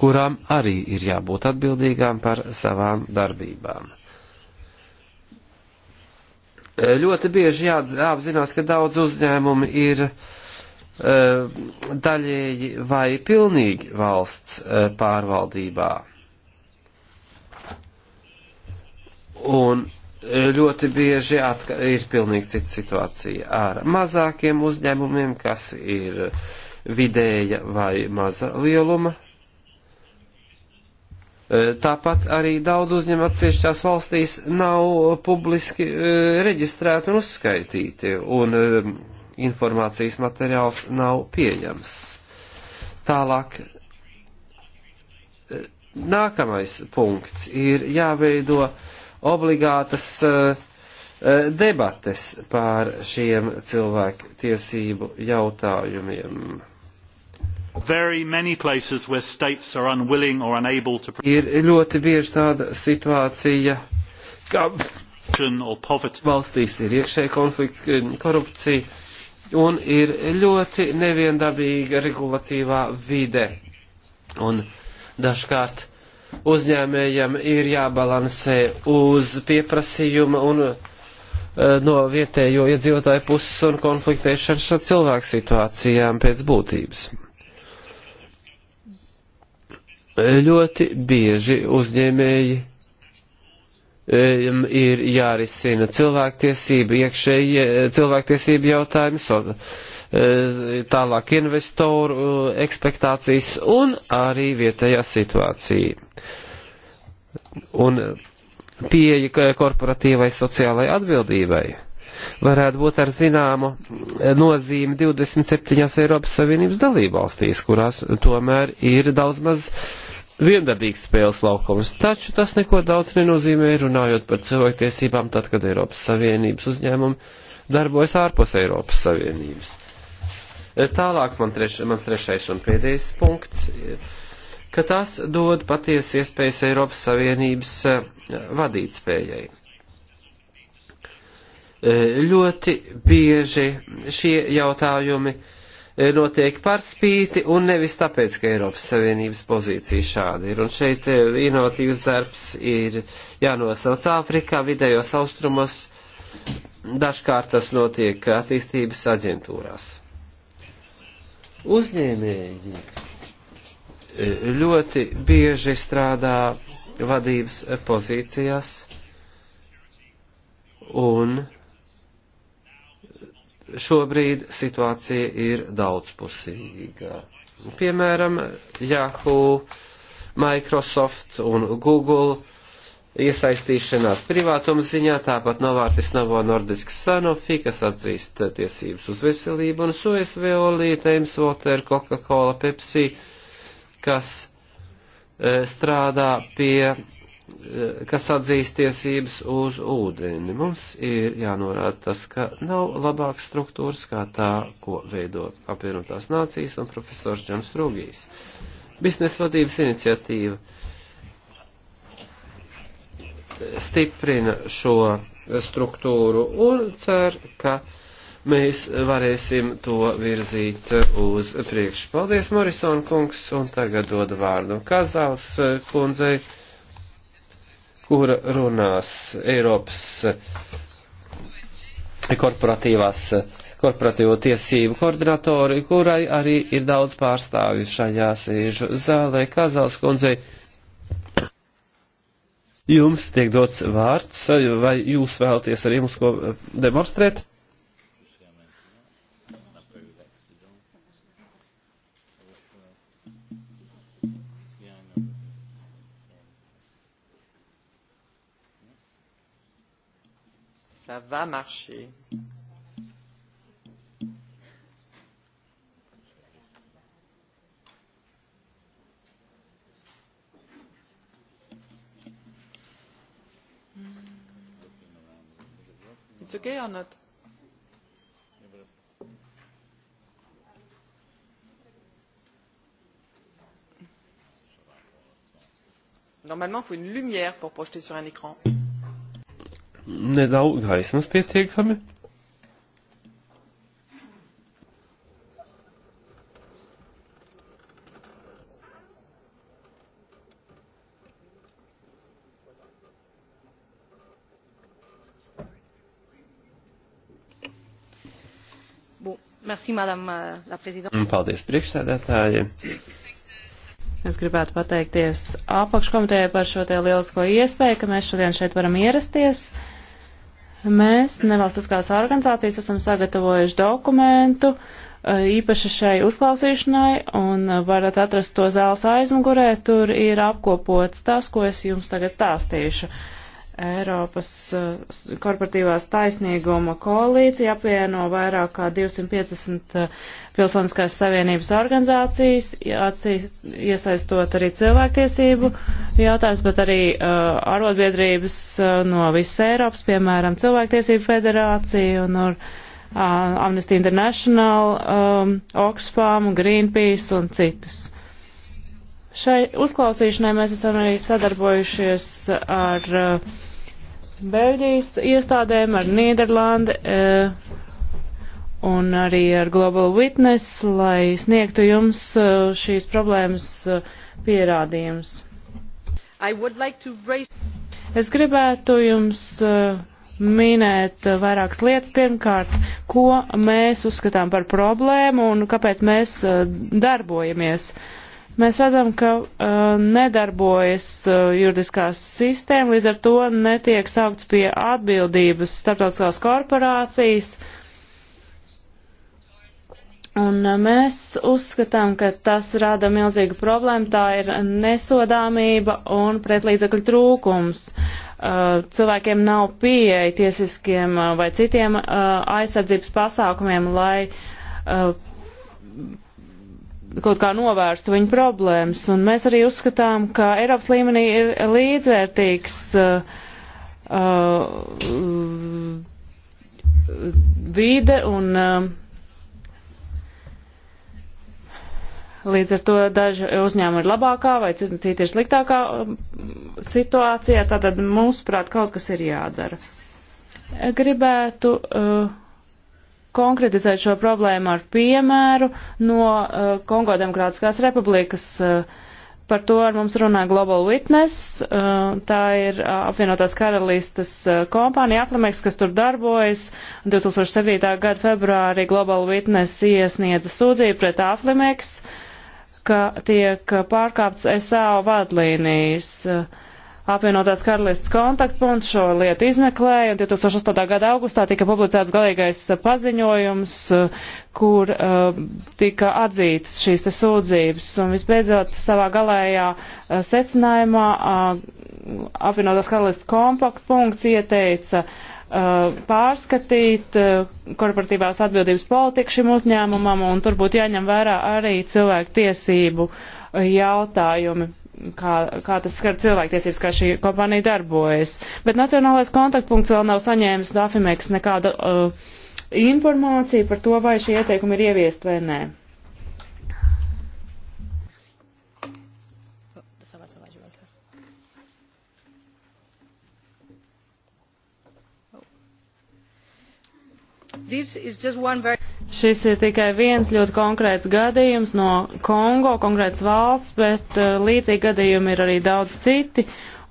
kurām arī ir jābūt atbildīgām par savām darbībām. E, ļoti bieži jāapzinās, ka daudz uzņēmumi ir e, daļēji vai pilnīgi valsts pārvaldībā. Un ļoti bieži atka, ir pilnīgi cita situācija ar mazākiem uzņēmumiem, kas ir vidēja vai maza lieluma. E, tāpat arī daudz uzņēmumu atsevišķās valstīs nav publiski e, reģistrēti un uzskaitīti, un e, informācijas materiāls nav pieejams. Tālāk nākamais punkts ir jāveido uh, obligātas eh, eh, debates pār šiem cilvēku tiesību jautājumiem. To... Ir ļoti bieži tāda situācija, ka valstīs ir iekšēji konflikti, korupcija un ir ļoti neviendabīga regulatīvā vide. Un dažkārt uzņēmējam ir jābalansē uz pieprasījuma un e, no vietējo iedzīvotāju puses un konfliktēšanu ar cilvēku situācijām pēc būtības. Ļoti bieži uzņēmēji ir jārisina cilvēktiesība, iekšējie cilvēktiesība jautājumi, so, e, tālāk investoru e, ekspektācijas un arī vietējā situācija un pieeja korporatīvai sociālai atbildībai varētu būt ar zināmu eh, nozīmi 27 Eiropas Savienības dalībvalstīs, kurās tomēr ir daudz maz viendabīgs spēles laukums. Taču tas neko daudz nenozīmē, runājot par cilvēktiesībām, tad, kad Eiropas Savienības uzņēmumi darbojas ārpus Eiropas Savienības. Eh, tālāk man treš, mans trešais un pēdējais punkts. Ir, eh, ka tas dod patiesi iespējas Eiropas Savienības eh, vadītspējai. Eh, ļoti bieži šie jautājumi eh, notiek par spīti un nevis tāpēc, ka Eiropas Savienības pozīcija šāda ir. Un šeit inovatīvs darbs ir jānosauc Āfrikā, vidējos austrumos, dažkārt tas notiek attīstības aģentūrās. Uzņēmēji ļoti bieži strādā vadības pozīcijās un šobrīd situācija ir daudzpusīga. Piemēram, Yahoo, Microsoft un Google iesaistīšanās privātums ziņā, tāpat Novārtis Novo Nordisks Sanofi, kas atzīst tiesības uz veselību, un Suez Violīte, Thames Water, Coca-Cola, Pepsi, uh, kas e, strādā pie, e, kas atzīst tiesības uz ūdeni. Mums ir jānorāda tas, ka nav labāks struktūras kā tā, ko veido apvienotās nācijas un profesors Džams Rūgijs. Biznesa vadības iniciatīva stiprina šo struktūru un cer, ka uh, mēs varēsim to virzīt uz priekšu. Paldies, Morison kungs, un tagad dodu vārdu Kazāls kundzei, kura runās Eiropas korporatīvās, korporatīvo tiesību koordinatori, kurai arī ir daudz pārstāvju šajā sēžu zālē. Kazāls kundzei, jums tiek dots vārds, vai jūs vēlaties arī mums ko demonstrēt? ça va marcher. It's okay or not? Normalement, il faut une lumière pour projeter sur un écran. Mm nedaudz gaismas pietiekami. Euh, mm, paldies priekšsēdētāji. Es gribētu pateikties apakškomitejai par šo te lielisko iespēju, ka mēs šodien šeit varam ierasties. Uh, Mēs, nevalstiskās organizācijas, esam sagatavojuši dokumentu eh, īpaši šai uzklausīšanai un eh, varat atrast to zāles aizmugurē. Tur ir apkopots tas, ko es jums tagad stāstīšu. Eiropas eh, korporatīvās taisnīguma koalīcija apvieno vairāk kā 250 eh, pilsoniskās savienības organizācijas, atsīs, iesaistot arī cilvēktiesību jautājums, bet arī uh, arotbiedrības uh, no visas Eiropas, piemēram, Cilvēktiesību federācija un ar, uh, Amnesty International, um, Oxfam, Greenpeace un citus. Šai uzklausīšanai mēs esam arī sadarbojušies ar uh, Beļģijas iestādēm, ar Nīderlandi eh, un arī ar Global Witness, lai sniegtu jums eh, šīs problēmas eh, pierādījumus. Like raise... Es gribētu jums minēt vairākas lietas. Pirmkārt, ko mēs uzskatām par problēmu un kāpēc mēs darbojamies. Uh, Mēs redzam, ka uh, nedarbojas uh, juridiskās sistēma, līdz ar to netiek saukts pie atbildības starptautiskās korporācijas. Un uh, mēs uzskatām, ka tas rada milzīgu problēmu, tā ir nesodāmība un pretlīdzekļu trūkums. Uh, cilvēkiem nav pieeja tiesiskiem uh, vai citiem uh, aizsardzības pasākumiem, lai uh, kaut kā novērstu viņu problēmas. Un mēs arī uzskatām, ka Eiropas līmenī ir līdzvērtīgs uh, uh, vide un uh, līdz ar to daži uzņēmumi ir labākā vai citi ir sliktākā um, situācijā. Tātad mūsuprāt kaut kas ir jādara. Gribētu. Uh, konkretizēt šo problēmu ar piemēru no uh, Kongo Demokrātiskās republikas. Uh, par to ar mums runā Global Witness, uh, tā ir uh, apvienotās karalistas uh, kompānija Aplamex, kas tur darbojas. 2007. gada februārī Global Witness iesniedza sūdzību pret Aplamex, ka tiek pārkāpts SAO vadlīnijas. Uh, apvienotās karalistas kontaktpunkts šo lietu izmeklēja, un 2008. gada augustā tika publicēts galīgais paziņojums, kur uh, tika atzītas šīs te sūdzības, un visbeidzot savā galējā uh, secinājumā uh, apvienotās karalistas kontaktpunkts ieteica pārskatīt korporatīvās atbildības politiku šim uzņēmumam, un tur būtu jāņem vērā arī cilvēku tiesību jautājumi kā, kā tas skar cilvēktiesības, kā šī kompānija darbojas. Bet Nacionālais kontaktpunkts vēl nav saņēmis Dafimeks nekāda uh, informācija par to, vai šie ieteikumi ir ieviest vai nē. Very... Šis ir tikai viens ļoti konkrēts gadījums no Kongo, konkrēts valsts, bet uh, līdzīgi gadījumi ir arī daudz citi,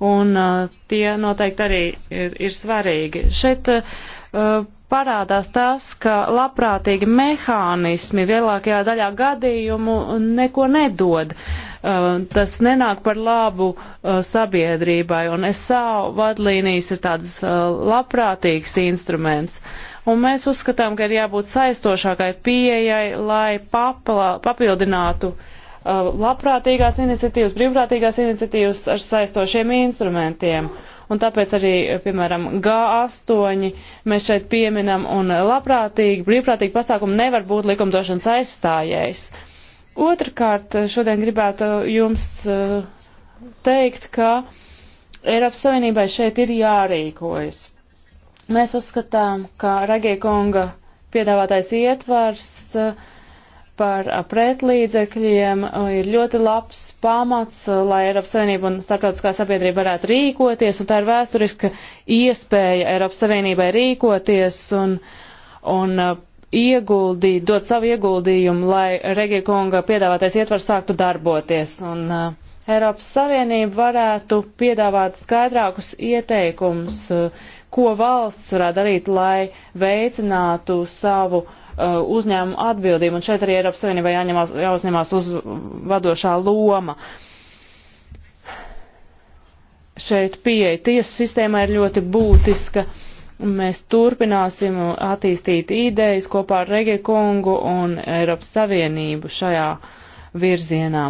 un uh, tie noteikti arī ir, ir svarīgi. Šeit uh, parādās tas, ka labprātīgi mehānismi lielākajā daļā gadījumu neko nedod. Uh, tas nenāk par labu uh, sabiedrībai, un SAU vadlīnijas ir tāds uh, labprātīgs instruments. Uh, un mēs uzskatām, ka ir jābūt saistošākai pieejai, lai papla, papildinātu uh, labprātīgās iniciatīvas, brīvprātīgās iniciatīvas ar saistošiem instrumentiem un tāpēc arī, piemēram, G8 mēs šeit pieminam, un labprātīgi, brīvprātīgi pasākumi nevar būt likumdošanas aizstājējs. Otrakārt, šodien gribētu jums uh, teikt, ka Eiropas Savienībai šeit ir jārīkojas. Mēs uzskatām, ka Ragija kunga piedāvātais ietvars eh, par eh, pretlīdzekļiem eh, ir ļoti labs pamats, lai Eiropas Savienība un starptautiskā sabiedrība varētu rīkoties, un tā ir vēsturiska iespēja Eiropas Savienībai rīkoties un, un ieguldīt, dot savu ieguldījumu, lai Regija kunga piedāvātais ietvars sāktu darboties. Un, uh, Eiropas Savienība varētu piedāvāt skaidrākus ieteikumus uh, ko valsts varētu darīt, lai veicinātu savu uh, uzņēmumu atbildību. Un šeit arī Eiropas Savienībā jāņemās, jāuzņemās uz vadošā loma. Šeit pieeja tiesu sistēmai ir ļoti būtiska. Mēs turpināsim attīstīt idejas kopā ar Regekongu un Eiropas Savienību šajā virzienā.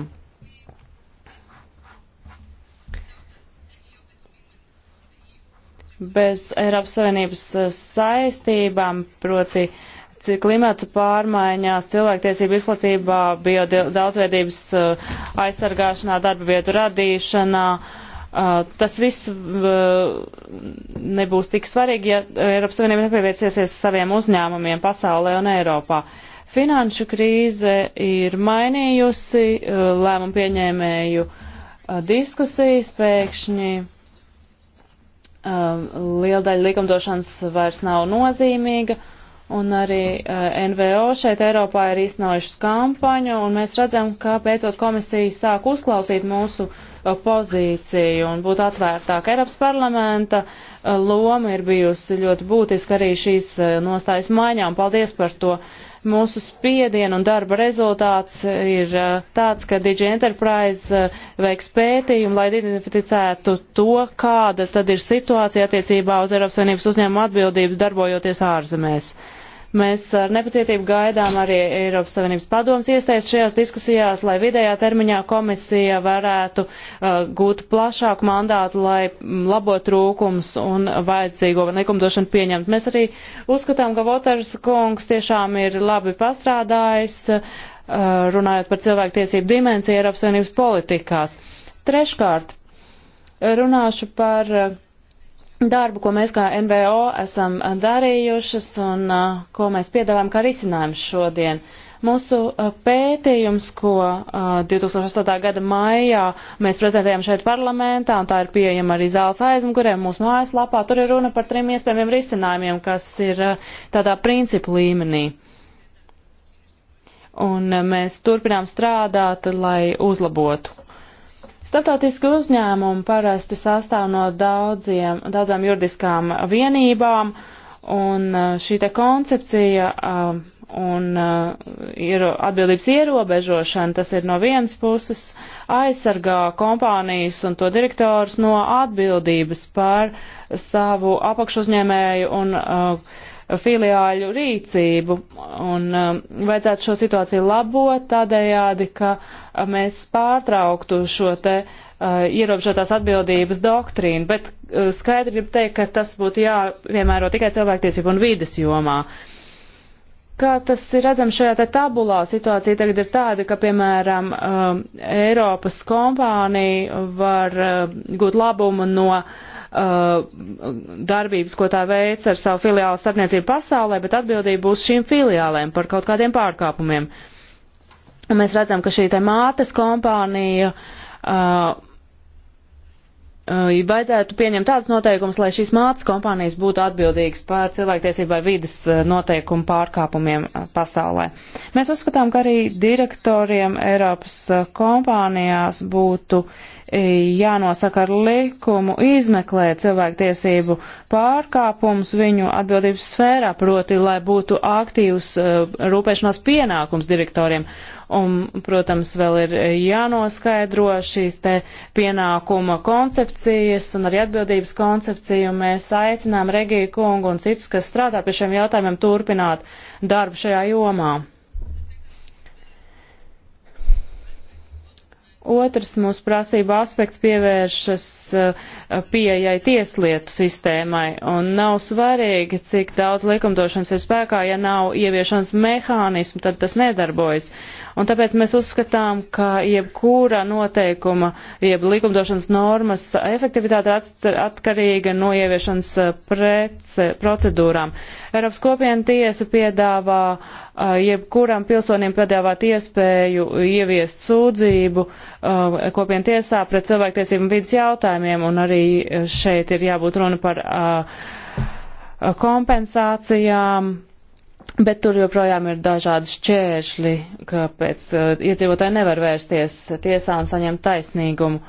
bez Eiropas Savienības eh, saistībām, proti klimata pārmaiņās, cilvēktiesību izplatībā, biodaudzveidības eh, aizsargāšanā, darba vietu radīšanā. Eh, tas viss nebūs tik svarīgi, ja Eiropas Savienība nepievērsīsies saviem uzņēmumiem pasaulē un Eiropā. Finanšu krīze ir mainījusi lēmumu pieņēmēju diskusijas pēkšņi Um, liela daļa likumdošanas vairs nav nozīmīga, un arī uh, NVO šeit Eiropā ir īstenojušas kampaņu, un mēs redzam, ka beidzot komisija sāk uzklausīt mūsu uh, pozīciju un būt atvērtāk. Eiropas parlamenta uh, loma ir bijusi ļoti būtiska arī šīs nostājas maiņā, un paldies par to. Uh, Mūsu spiediena un darba rezultāts ir eh, tāds, ka Digi Enterprise eh, veiks pētījumu, lai identificētu to, kāda tad ir situācija attiecībā uz Eiropas Savienības uzņēmumu atbildības darbojoties ārzemēs. Uh, Mēs ar nepacietību gaidām arī Eiropas Savienības padomas iestājas šajās diskusijās, lai vidējā termiņā komisija varētu uh, gūt plašāku mandātu, lai mm, labot trūkums un vajadzīgo likumdošanu pieņemt. Mēs arī uzskatām, ka Votars kungs tiešām ir labi pastrādājis, uh, runājot par cilvēktiesību dimensiju Eiropas Savienības politikās. Treškārt, runāšu par uh, darbu, ko mēs kā NVO esam darījušas un uh, ko mēs piedāvājam kā risinājums šodien. Mūsu uh, pētījums, ko uh, 2008. gada maijā mēs prezentējam šeit parlamentā, un tā ir pieejama arī zāles aizmugurēm mūsu mājaslapā, tur ir runa par trim iespējamiem risinājumiem, kas ir tādā principu līmenī. Un mēs turpinām strādāt, lai uzlabotu Startautiski uzņēmumi parasti sastāv no daudziem, daudzām juridiskām vienībām, un uh, šī te koncepcija um, un uh, ir atbildības ierobežošana, tas ir no vienas puses aizsargā kompānijas un to direktors no atbildības par savu apakšuzņēmēju un uh, filiāļu rīcību un um, vajadzētu šo situāciju labot tādējādi, ka uh, mēs pārtrauktu šo te uh, ierobežotās atbildības doktrīnu, bet uh, skaidri gribu teikt, ka tas būtu jāpiemēro tikai cilvēktiesību un vides jomā. Kā tas ir redzams šajā te tabulā, situācija tagad ir tāda, ka, piemēram, uh, Eiropas kompānija var uh, gūt labumu no uh, Uh, darbības, ko tā veic ar savu filiālu starpniecību pasaulē, bet atbildība būs šīm filiālēm par kaut kādiem pārkāpumiem. Un mēs redzam, ka šī te mātes kompānija uh, uh vajadzētu pieņemt tādus noteikumus, lai šīs mātes kompānijas būtu atbildīgas par cilvēktiesību vai vidas uh, noteikumu pārkāpumiem pasaulē. Mēs uzskatām, ka arī direktoriem Eiropas kompānijās būtu jānosaka ar likumu izmeklēt cilvēktiesību pārkāpumus viņu atbildības sfērā, proti, lai būtu aktīvs eh, rūpēšanās pienākums direktoriem. Un, protams, vēl ir jānoskaidro šīs te pienākuma koncepcijas un arī atbildības koncepciju. Mēs aicinām Regiju kungu un citus, kas strādā pie šiem jautājumiem, turpināt darbu šajā jomā. Otrs mūsu prasība aspekts pievēršas eh, pieejai tieslietu sistēmai, un nav svarīgi, cik daudz likumdošanas ir spēkā, ja nav ieviešanas mehānismu, tad tas nedarbojas. Uh, Un tāpēc mēs uzskatām, ka jebkura noteikuma, jeb likumdošanas normas efektivitāte at atkarīga no ieviešanas eh, prece, procedūrām. Eiropas kopiena tiesa piedāvā eh, jebkuram pilsonim piedāvāt iespēju ieviest sūdzību eh, kopiena tiesā pret cilvēktiesību un vidas jautājumiem, un arī šeit ir jābūt runa par kompensācijām, Bet tur joprojām ir dažādi šķēršļi, kāpēc uh, iedzīvotāji nevar vērsties tiesā un saņemt taisnīgumu.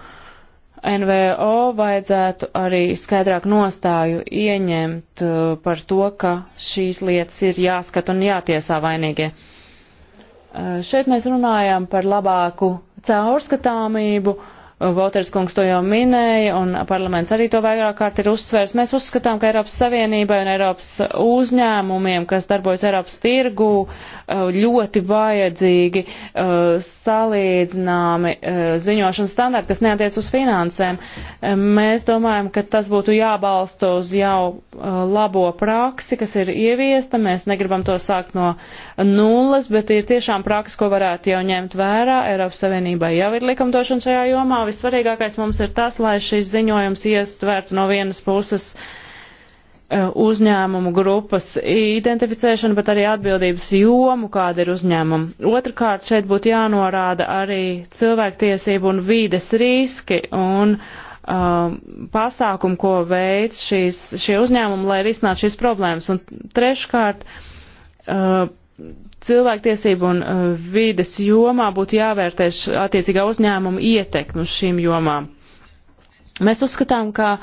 NVO vajadzētu arī skaidrāk nostāju ieņemt uh, par to, ka šīs lietas ir jāskat un jātiesā vainīgie. Uh, šeit mēs runājam par labāku caurskatāmību. Uh, Voters kungs to jau minēja, un parlaments arī to vairāk kārt ir uzsvērs. Mēs uzskatām, ka Eiropas Savienībai un Eiropas uzņēmumiem, kas darbojas Eiropas tirgu, uh, ļoti vajadzīgi uh, salīdzināmi uh, ziņošanas standarti, kas neatiec uz finansēm. Mēs domājam, ka tas būtu jābalsta uz jau labo praksi, kas ir ieviesta. Mēs negribam to sākt no nulles, bet ir tiešām praksa, ko varētu jau ņemt vērā. Eiropas Savienībai jau ir likumdošana šajā jomā. Vissvarīgākais mums ir tas, lai šis ziņojums iestvertu no vienas puses e, uzņēmumu grupas identificēšanu, bet arī atbildības jomu, kāda ir uzņēmuma. Otrakārt, šeit būtu jānorāda arī cilvēktiesību un vīdes riski un um, pasākumu, ko veids šīs, šie uzņēmumi, lai risinātu šīs problēmas. Un treškārt, uh, cilvēktiesību un uh, vides jomā būtu jāvērtē attiecīgā uzņēmuma ietekmi uz šīm jomām. Mēs uzskatām, ka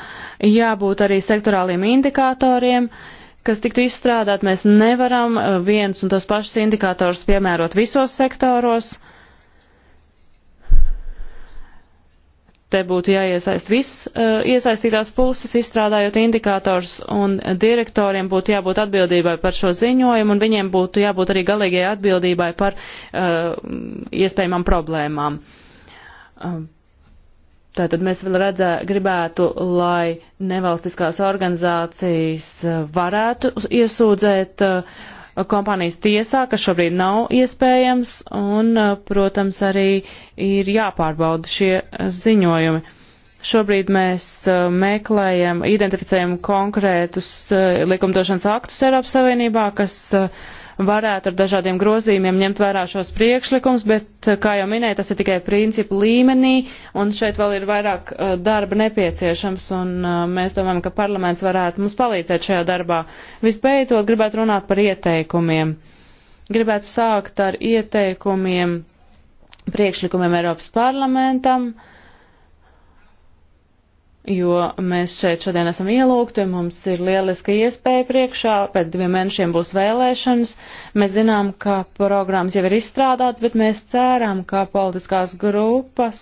jābūt arī sektorāliem indikatoriem, kas tiktu izstrādāt. Mēs nevaram uh, viens un tos pašus indikators piemērot visos sektoros. Uh, Te būtu jāiesaist viss eh, iesaistītās puses, izstrādājot indikātors, un direktoriem būtu jābūt atbildībai par šo ziņojumu, un viņiem būtu jābūt arī galīgajai atbildībai par uh, iespējamām problēmām. Uh, Tātad mēs vēl redzē, gribētu, lai nevalstiskās organizācijas varētu iesūdzēt uh, kompānijas tiesā, kas šobrīd nav iespējams, un, uh, protams, arī ir jāpārbauda šie ziņojumi. Šobrīd mēs uh, meklējam, identificējam konkrētus uh, likumdošanas aktus Eiropas Savienībā, kas uh, varētu ar dažādiem grozījumiem ņemt vērā šos priekšlikums, bet, eh, kā jau minēju, tas ir tikai principu līmenī, un šeit vēl ir vairāk eh, darba nepieciešams, un eh, mēs domājam, ka parlaments varētu mums palīdzēt šajā darbā. Visbeidzot, gribētu runāt par ieteikumiem. Gribētu sākt ar ieteikumiem priekšlikumiem Eiropas parlamentam. Uh, jo mēs šeit šodien esam ielūgti, mums ir lieliska iespēja priekšā, pēc diviem mēnešiem būs vēlēšanas. Mēs zinām, ka programmas jau ir izstrādāts, bet mēs ceram, ka politiskās grupas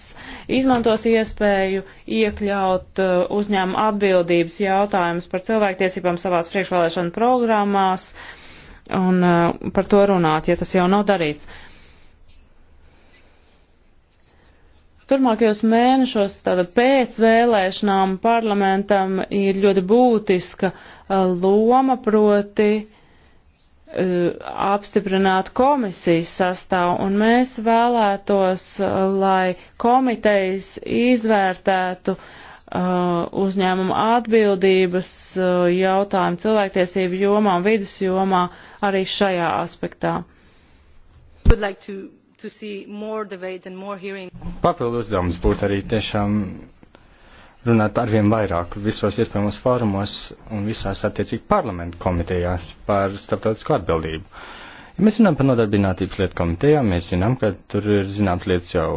izmantos iespēju iekļaut uh, uzņēmuma atbildības jautājumus par cilvēktiesībām savās priekšvēlēšana programmās un uh, par to runāt, ja tas jau nav darīts. Turmākajos mēnešos, tātad pēc vēlēšanām, parlamentam ir ļoti būtiska uh, loma, proti uh, apstiprināt komisijas sastāvu, un mēs vēlētos, uh, lai komitejas izvērtētu uh, uzņēmuma atbildības uh, jautājumu cilvēktiesību jomā un vidus jomā arī šajā aspektā. Like to to see more debates and more hearings. Papildu uzdevums būtu arī tiešām runāt ar vien vairāk visos iespējamos fórumos un visās attiecīgi parlamentu komitejās par starptautisko atbildību. Ja mēs runājam par nodarbinātības lietu komitejā, mēs zinām, ka tur ir zināmas lietas jau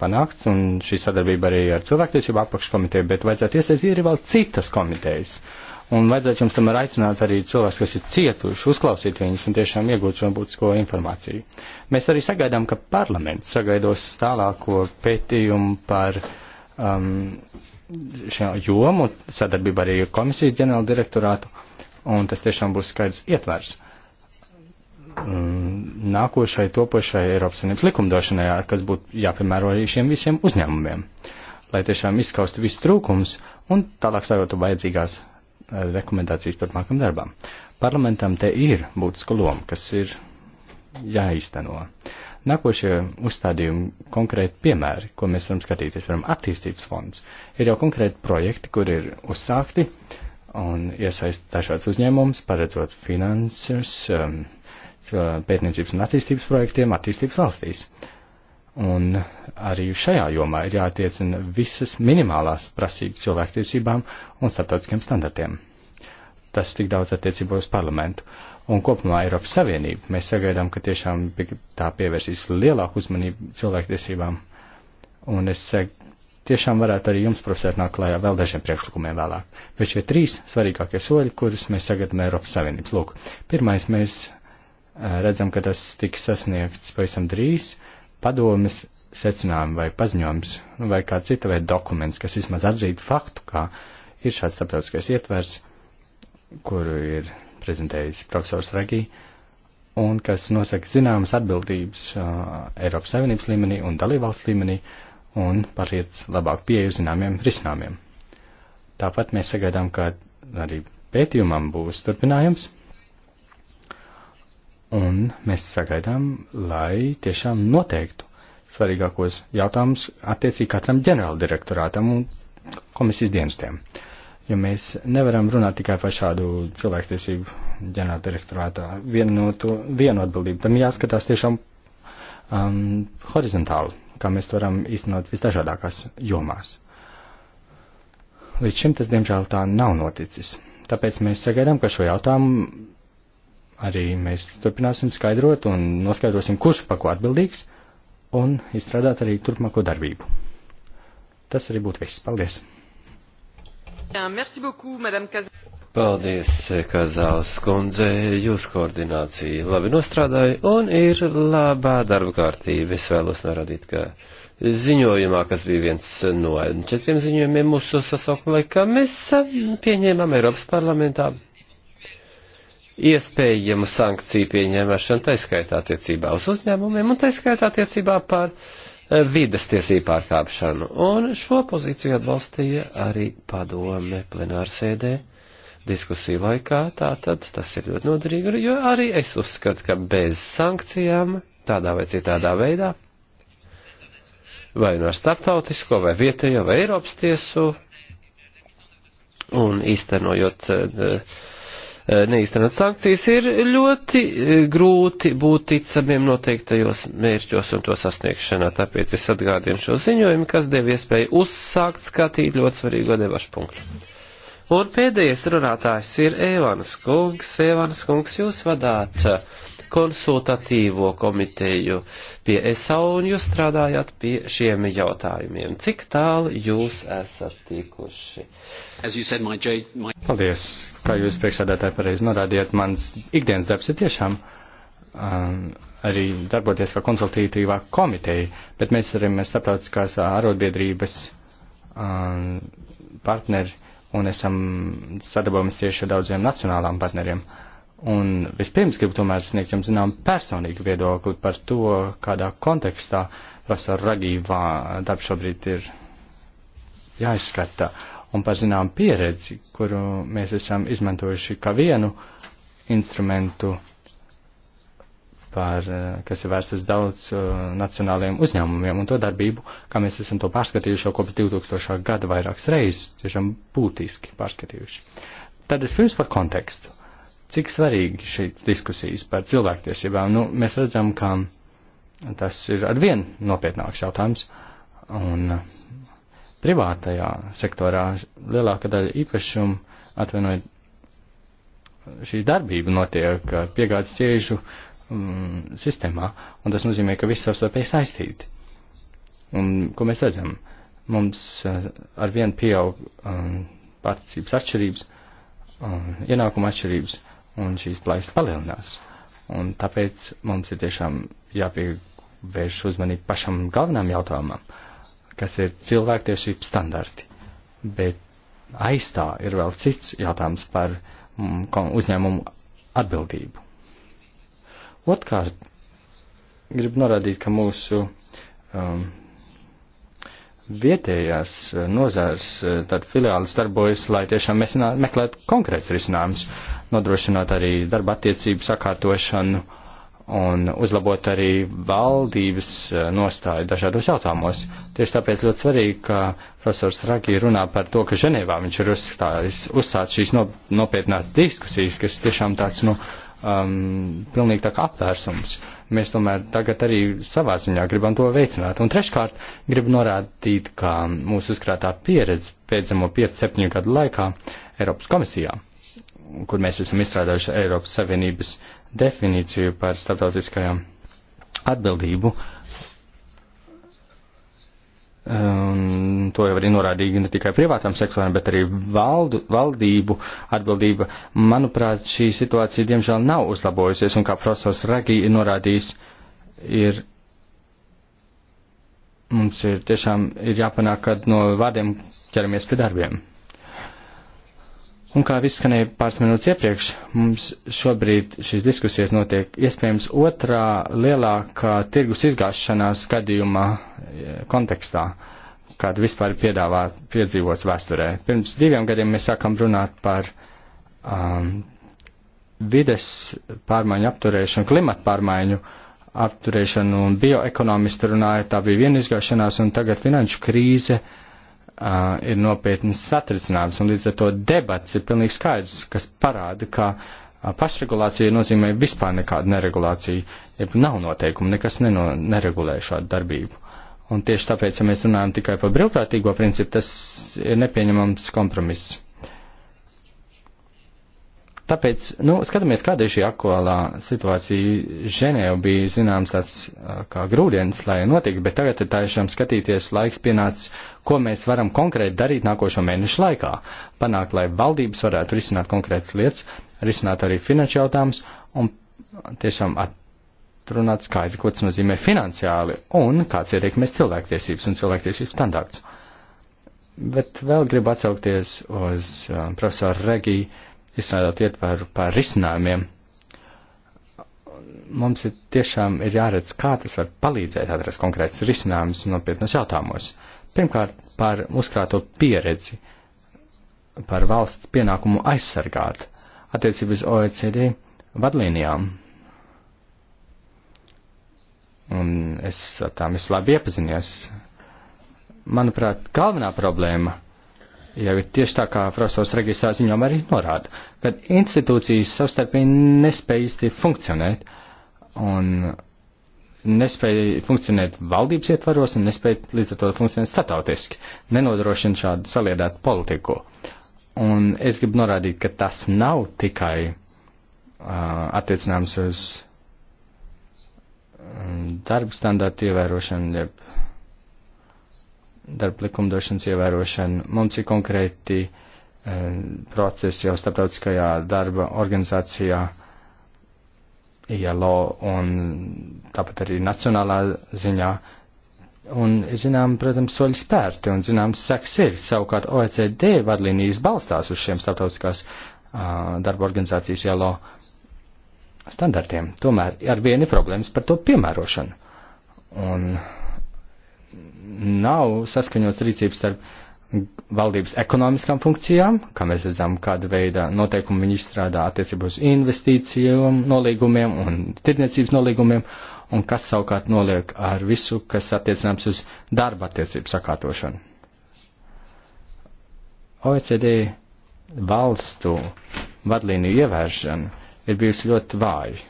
panākts, un šī sadarbība arī ar cilvēktiesību apakškomiteju, bet vajadzētu iesaistīt arī vēl citas komitejas. Uh, Un vajadzētu jums tomēr aicināt arī cilvēkus, kas ir cietuši, uzklausīt viņus un tiešām iegūt šo būtisko informāciju. Mēs arī sagaidām, ka parlaments sagaidos tālāko pētījumu par um, šo jomu, sadarbību arī ar komisijas ģenerāla direktorātu, un tas tiešām būs skaidrs ietvers um, nākošai topošai Eiropas Savienības likumdošanai, kas būtu jāpiemēro arī šiem visiem uzņēmumiem, lai tiešām izskaustu visus trūkums un tālāk sagatavotu vajadzīgās rekomendācijas turpmākam darbam. Parlamentam te ir būtiska loma, kas ir jāizteno. Nākošie uzstādījumi konkrēti piemēri, ko mēs varam skatīties, varam attīstības fonds. Ir jau konkrēti projekti, kur ir uzsākti un iesaist dažāds uzņēmums, paredzot finanses, um, pētniecības un attīstības projektiem attīstības valstīs. Uh, Un arī šajā jomā ir jātiecina visas minimālās prasības cilvēktiesībām un starptautiskiem standartiem. Tas tik daudz attiecībā uz parlamentu. Un kopumā Eiropas Savienība mēs sagaidām, ka tiešām tā pievērsīs lielāku uzmanību cilvēktiesībām. Un es tiešām varētu arī jums, profesor, nākt klājā vēl dažiem priekšlikumiem vēlāk. Bet šie trīs svarīgākie soļi, kurus mēs sagaidām Eiropas Savienības. Lūk, pirmais mēs eh, redzam, ka tas tiks sasniegts pavisam drīz. Uh, padomes secinājumi vai paziņojums, nu, vai kā cita veida dokuments, kas vismaz atzītu faktu, kā ir šāds starptautiskais ietvers, kuru ir prezentējis profesors Regī, un kas nosaka zināmas atbildības uh, Eiropas Savienības līmenī un dalībvalsts līmenī un paliec labāk pieeju zināmiem risinājumiem. Tāpat mēs sagaidām, ka arī pētījumam būs turpinājums, Un mēs sagaidām, lai tiešām noteiktu svarīgākos jautājumus attiecīgi katram ģenerāldirektorātam un komisijas dienestiem. Jo mēs nevaram runāt tikai par šādu cilvēktiesību ģenerāldirektorātā vienotu, vienu atbildību. Tam jāskatās tiešām um, horizontāli, kā mēs to varam īstenot visdažādākās jomās. Līdz šim tas, diemžēl, tā nav noticis. Tāpēc mēs sagaidām, ka šo jautājumu arī mēs turpināsim skaidrot un noskaidrosim, kurš par ko atbildīgs, un izstrādāt arī turpmāko darbību. Tas arī būtu viss. Paldies! Paldies, Kazāls kundze, jūs koordinācija labi nostrādāja un ir labā darba kārtība. Es vēlos norādīt, ka ziņojumā, kas bija viens no četriem ziņojumiem mūsu sasaukuma laikā, mēs um, pieņēmām Eiropas parlamentā iespējamu sankciju pieņemšanu, taiskaitā attiecībā uz uzņēmumiem un taiskaitā attiecībā par eh, vides tiesību pārkāpšanu. Un šo pozīciju atbalstīja arī padome plenārsēdē diskusiju laikā, tātad tas ir ļoti noderīgi, jo arī es uzskatu, ka bez sankcijām tādā vai citādā veidā, vai no nu starptautisko, vai vietējo, vai Eiropas tiesu, un īstenojot uh, Eh, neīstenot sankcijas, ir ļoti eh, grūti būt ticamiem noteiktajos mērķos un to sasniegšanā. Tāpēc es atgādinu šo ziņojumu, kas deva iespēju uzsākt skatīt ļoti svarīgo debašu punktu. Un pēdējais runātājs ir Evans Kungs. Evans Kungs, jūs vadāt. Uh, konsultatīvo komiteju pie ESAU un jūs strādājat pie šiem jautājumiem. Cik tālu jūs esat tikuši? Said, my J, my... Paldies, kā jūs priekšsādātāji pareizi norādījāt, mans ikdienas darbs ir tiešām um, arī darboties kā konsultatīvā komiteja, bet mēs arī mēs starptautiskās ārotbiedrības um, partneri un esam sadarbojamies tieši ar daudziem nacionālām partneriem. Uh, Un vispirms gribu tomēr sniegt jums zinām personīgu viedokli par to, kādā kontekstā profesora Ragīvā darbs šobrīd ir jāizskata un par zinām pieredzi, kuru mēs esam izmantojuši kā vienu instrumentu, par, eh, kas ir vērsts uz daudz uh, nacionāliem uzņēmumiem un to darbību, kā mēs esam to pārskatījuši jau kopš 2000. gada vairākas reizes, tiešām būtiski pārskatījuši. Tad es pirms par kontekstu. Uh, Cik svarīgi šīs diskusijas par cilvēktiesībām? Nu, mēs redzam, ka tas ir arvien nopietnāks jautājums. Un uh, privātajā sektorā lielāka daļa īpašumu, atvainojiet, šī darbība notiek uh, piegādes ķēžu mm, sistēmā, un tas nozīmē, ka viss savstarpēji saistīti. Un ko mēs redzam? Mums uh, ar vienu pieaug um, pārticības atšķirības, um, ienākuma atšķirības, un šīs plaisas palielinās. Un tāpēc mums ir tiešām jāpievērš uzmanību pašam galvenam jautājumam, kas ir cilvēktiesību standarti. Bet aiz tā ir vēl cits jautājums par mm, uzņēmumu atbildību. Otkārt, gribu norādīt, ka mūsu um, vietējās nozars, uh, tad filiālis darbojas, lai tiešām meklētu konkrēts risinājums. Uh, nodrošināt arī darba attiecību sakārtošanu un uzlabot arī valdības eh, nostāju dažādos jautājumos. Tieši tāpēc ļoti svarīgi, ka profesors Ragī runā par to, ka Ženēvā viņš ir uzstājis, uzsācis šīs nopietnās diskusijas, kas tiešām tāds, nu, um, pilnīgi tā kā apvērsums. Mēs tomēr tagad arī savā ziņā gribam to veicināt. Un treškārt, gribu norādīt, ka mūsu uzkrātā pieredze pēdējo 5-7 gadu laikā Eiropas komisijā kur mēs esam izstrādājuši Eiropas Savienības definīciju par starptautiskajām atbildību. Um, to jau arī norādīja ne tikai privātām sektoram, bet arī valdu, valdību atbildība. Manuprāt, šī situācija diemžēl nav uzlabojusies, un kā profesors Ragi ir norādījis, ir mums ir tiešām ir jāpanāk, kad no vārdiem ķeramies pie darbiem. Un kā izskanēja pāris minūtes iepriekš, mums šobrīd šīs diskusijas notiek iespējams otrā lielākā tirgus izgāšanās gadījumā e, kontekstā, kāda vispār ir piedāvā, piedzīvots vēsturē. Pirms diviem gadiem mēs sākam runāt par um, vides pārmaiņu apturēšanu, klimatu pārmaiņu apturēšanu un bioekonomistu runāja, tā bija viena izgāšanās un tagad finanšu krīze. Uh, uh, ir nopietnas satricinājums, un līdz ar to debats ir pilnīgi skaidrs, kas parāda, ka uh, pašregulācija nozīmē vispār nekādu neregulāciju, ja nav noteikumu, nekas neno, neregulē šādu darbību. Un tieši tāpēc, ja mēs runājam tikai par brīvprātīgo principu, tas ir nepieņemams kompromiss. Tāpēc, nu, skatāmies, kāda ir šī aktuālā situācija. Ženēva bija, zināms, tāds kā grūdienis, lai notika, bet tagad ir tiešām skatīties laiks pienācis, ko mēs varam konkrēti darīt nākošo mēnešu laikā. Panākt, lai valdības varētu risināt konkrētas lietas, risināt arī finanšu jautājumus un tiešām atrunāt skaidri, ko tas nozīmē finansiāli un kāds ir iekmēs cilvēktiesības un cilvēktiesības standārts. Bet vēl gribu atsaukties uz uh, profesoru Regiju izstrādāt ietvaru par risinājumiem. Mums ir tiešām ir jāredz, kā tas var palīdzēt atrast konkrēts risinājums nopietnos jautājumos. Pirmkārt, par uzkrāto pieredzi, par valsts pienākumu aizsargāt attiecību uz OECD vadlīnijām. Un es ar tām visu labi iepazinies. Manuprāt, galvenā problēma jau ir tieši tā, kā profesors reģistrā ziņām arī norāda, ka institūcijas savstarpēji nespēj īsti funkcionēt un nespēja funkcionēt valdības ietvaros un nespēja līdz ar to funkcionēt statautiski, nenodrošina šādu saliedētu politiku. Un es gribu norādīt, ka tas nav tikai uh, attiecināms uz darba standārtu ievērošanu, jeb darba likumdošanas ievērošanu. Mums ir konkrēti e, procesi jau starptautiskajā darba organizācijā, ILO un tāpat arī nacionālā ziņā. Un, zinām, protams, soļi spērti un, zinām, seks ir. Savukārt OECD vadlīnijas balstās uz šiem starptautiskās a, darba organizācijas ILO standartiem. Tomēr ar vieni problēmas par to piemērošanu. Un nav saskaņots rīcības starp valdības ekonomiskām funkcijām, kā mēs redzam, kāda veida noteikumi viņi izstrādā attiecībā uz investīcijām, nolīgumiem un tirdzniecības nolīgumiem, un kas savukārt noliek ar visu, kas attiecināms uz darba attiecību sakārtošanu. OECD valstu vadlīniju ievēršana ir bijusi ļoti vāja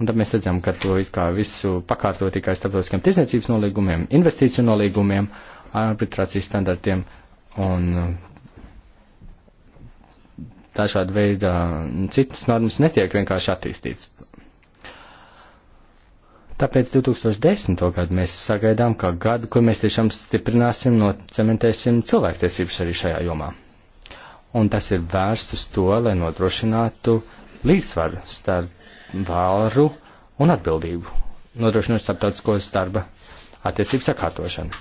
Un tad mēs redzam, ka to visu pakārto tikai starptautiskiem tirsniecības nolīgumiem, investīciju nolīgumiem, arbitrācijas standartiem un uh, dažāda veida mm, citas normas netiek vienkārši attīstītas. Tāpēc 2010. gadu mēs sagaidām kā gadu, kur mēs tiešām stiprināsim, nocementēsim cilvēktiesības arī šajā jomā. Un tas ir vērsts uz to, lai nodrošinātu līdzsvaru starp vāru un atbildību, nodrošinot starptautiskos darba attiecības sakārtošanu.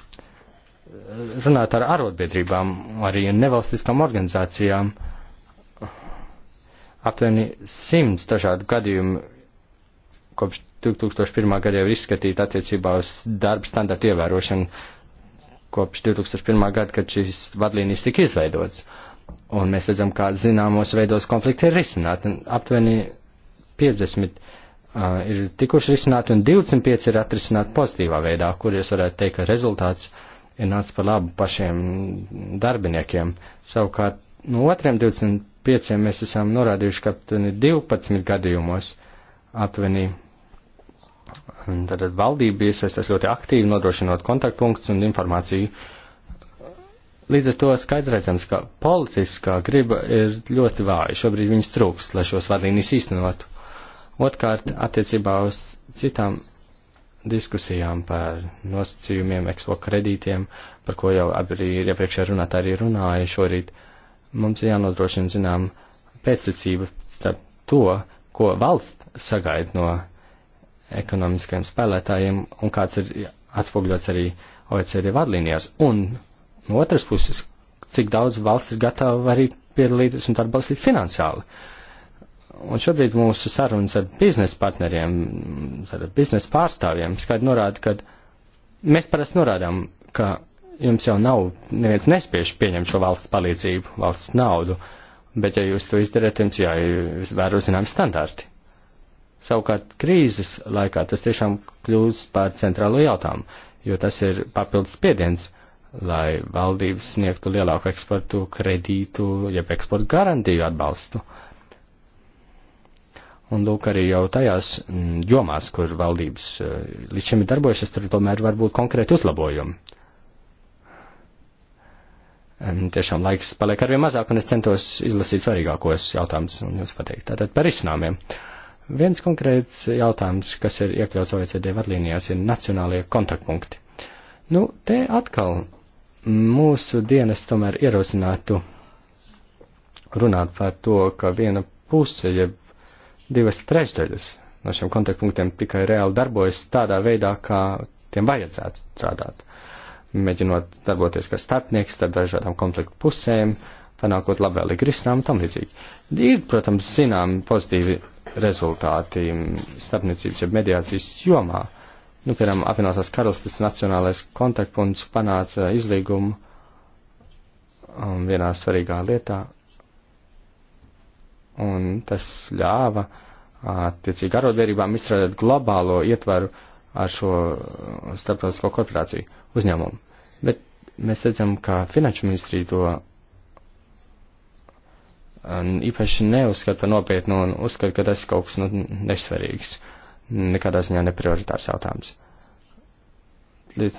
Runāt ar arotbiedrībām, arī nevalstiskām organizācijām, aptuveni simts dažādu gadījumu kopš 2001. gada jau ir izskatīta attiecībā uz darba standartu ievērošanu kopš 2001. gada, kad šīs vadlīnijas tika izveidotas. Un mēs redzam, kā zināmos veidos konflikti ir risināti. Aptuveni 50 uh, ir tikuši risināti un 25 ir atrisināti pozitīvā veidā, kur jūs varētu teikt, ka rezultāts ir nācis par labu pašiem darbiniekiem. Savukārt no otriem 25 mēs esam norādījuši, ka 12 gadījumos aptuveni tad valdība iesaistās ļoti aktīvi nodrošinot kontaktpunktus un informāciju. Līdz ar to skaidrēdzams, ka politiskā griba ir ļoti vāja. Šobrīd viņas trūks, lai šos vadlīnijas īstenotu. Otkārt, attiecībā uz citām diskusijām par nosacījumiem, ekspo kredītiem, par ko jau arī iepriekšējā runātā arī runāja šorīt, mums ir jānodrošina, zinām, pēcticība starp to, ko valsts sagaida no ekonomiskajiem spēlētājiem un kāds ir atspogļots arī OECD vadlīnijās. Un no otras puses, cik daudz valsts ir gatava arī piedalīties un atbalstīt finansiāli. Uh, Un šobrīd mūsu sarunas ar biznesa partneriem, ar biznesa pārstāvjiem, skaidri norāda, ka mēs parasti norādām, ka jums jau nav, neviens nespiež pieņemt šo valsts palīdzību, valsts naudu, bet ja jūs to izdarat, jums jāievēro zinām standarti. Savukārt krīzes laikā tas tiešām kļūst par centrālo jautājumu, jo tas ir papildus spiediens, lai valdības sniegtu lielāku eksportu kredītu, jeb eksportu garantiju atbalstu. Uh, Un lūk, arī jau tajās mm, jomās, kur valdības eh, līdz šim ir darbojušas, tur tomēr var būt konkrēti uzlabojumi. Tiešām laiks paliek arvien mazāk, un es centos izlasīt svarīgākos jautājumus un jums pateikt. Tātad par izcinājumiem. Viens konkrēts jautājums, kas ir iekļauts OECD vadlīnijās, ir nacionālie kontaktpunkti. Nu, te atkal mūsu dienas tomēr ierosinātu runāt par to, ka viena puse, jeb divas trešdaļas no šiem kontaktpunktiem tikai reāli darbojas tādā veidā, kā tiem vajadzētu strādāt. Mēģinot darboties kā starpnieks starp dažādām konfliktu pusēm, panākot labvēlīgu risinājumu tam līdzīgi. Ir, protams, zinām pozitīvi rezultāti starpniecības ja mediācijas jomā. Nu, piemēram, apvienotās karalistes nacionālais kontaktpunkts panāca izlīgumu um, vienā svarīgā lietā un tas ļāva attiecīgi arodbiedrībām izstrādāt globālo ietvaru ar šo starptautisko korporāciju uzņēmumu. Bet mēs redzam, ka finanšu ministrija to um, īpaši neuzskata par nopietnu un uzskata, ka tas kaut kas nu, nesvarīgs, nekādā ziņā neprioritārs jautājums. Līdz,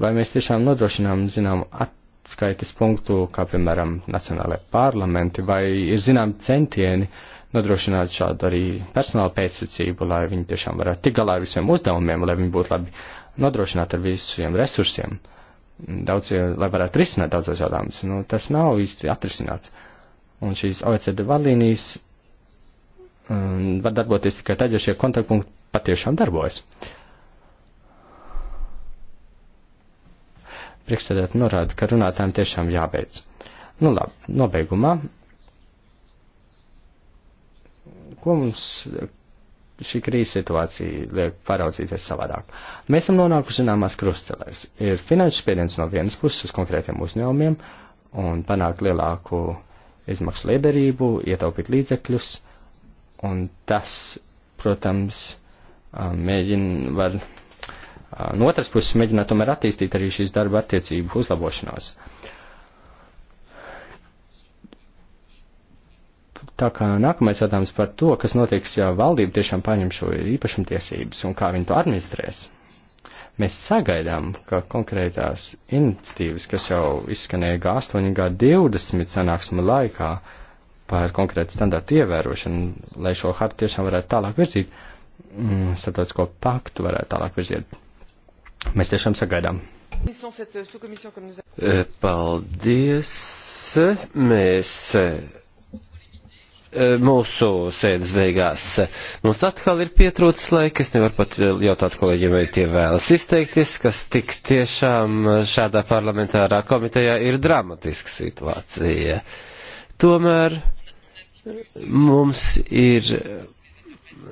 vai mēs tiešām nodrošinām, zinām, at, atskaites punktu, kā piemēram nacionālajie parlamenti, vai ir zinām centieni nodrošināt šādu arī personāla pēcsacību, lai viņi tiešām varētu tik galā ar visiem uzdevumiem, lai viņi būtu labi nodrošināti ar visiem resursiem, daudz, lai varētu risināt daudzos jautājumus. Nu, tas nav īsti atrisināts. Un šīs OECD vadlīnijas um, var darboties tikai tad, ja šie kontaktpunkti patiešām darbojas. Uh, Priekšsēdēt norāda, ka runātājiem tiešām jābeidz. Nu labi, nobeigumā. Ko mums šī krīzes situācija liek paraudzīties savādāk? Mēs esam nonākuši zināmās krustcelēs. Ir finanšu spiediens no vienas puses uz konkrētiem uzņēmumiem un panākt lielāku izmaksu liederību, ietaupīt līdzekļus, un tas, protams, mēģina var no otras puses mēģināt tomēr attīstīt arī šīs darba attiecību uzlabošanās. Tā kā nākamais jautājums par to, kas notiks, ja valdība tiešām paņem šo īpašumtiesības un kā viņi to administrēs. Mēs sagaidām, ka konkrētās iniciatīvas, kas jau izskanēja G8, G20 sanāksmu laikā par konkrētu standartu ievērošanu, lai šo hartu tiešām varētu tālāk virzīt, mm, starptautisko paktu varētu tālāk virzīt. Mēs tiešām sagaidām. Eh, paldies. Mēs eh, mūsu sēdes beigās. Eh, mums atkal ir pietrūcis laika, es nevaru pat jautāt kolēģiem, vai tie vēlas izteikties, kas tik tiešām šādā parlamentārā komitejā ir dramatiska situācija. Tomēr mums ir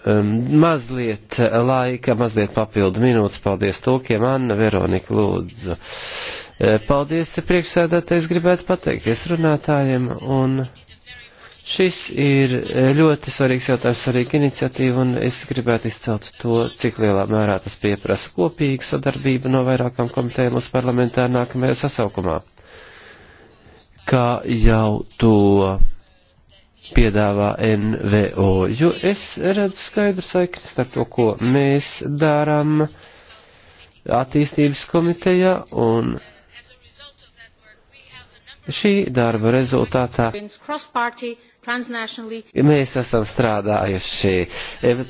Um, mazliet laika, mazliet papildu minūtes. Paldies tulkiem, Anna Veronika Lūdzu. Uh, paldies, priekšsēdētājs, gribētu pateikties runātājiem. Un šis ir ļoti svarīgs jautājums, svarīga iniciatīva, un es gribētu izcelt to, cik lielā mērā tas pieprasa kopīgu sadarbību no vairākām komitējām uz parlamentā nākamajā sasaukumā. Kā jau to piedāvā NVO, jo es redzu skaidru saikni starp to, ko mēs darām attīstības komitejā un šī darba rezultātā mēs esam strādājuši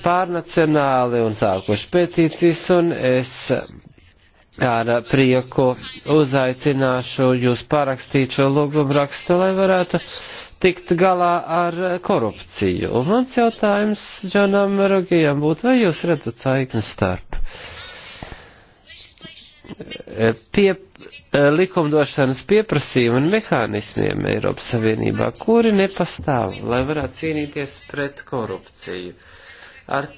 pārnacionāli un sākuši petīcijas un es ar prieku uzaicināšu jūs parakstīt šo lūgumu rakstu, lai varētu tikt galā ar korupciju. Un mans jautājums Džonam Rogijam būtu, vai jūs redzat saikni starp eh, pie eh, likumdošanas pieprasījumu un mehānismiem Eiropas Savienībā, kuri nepastāv, lai varētu cīnīties pret korupciju ar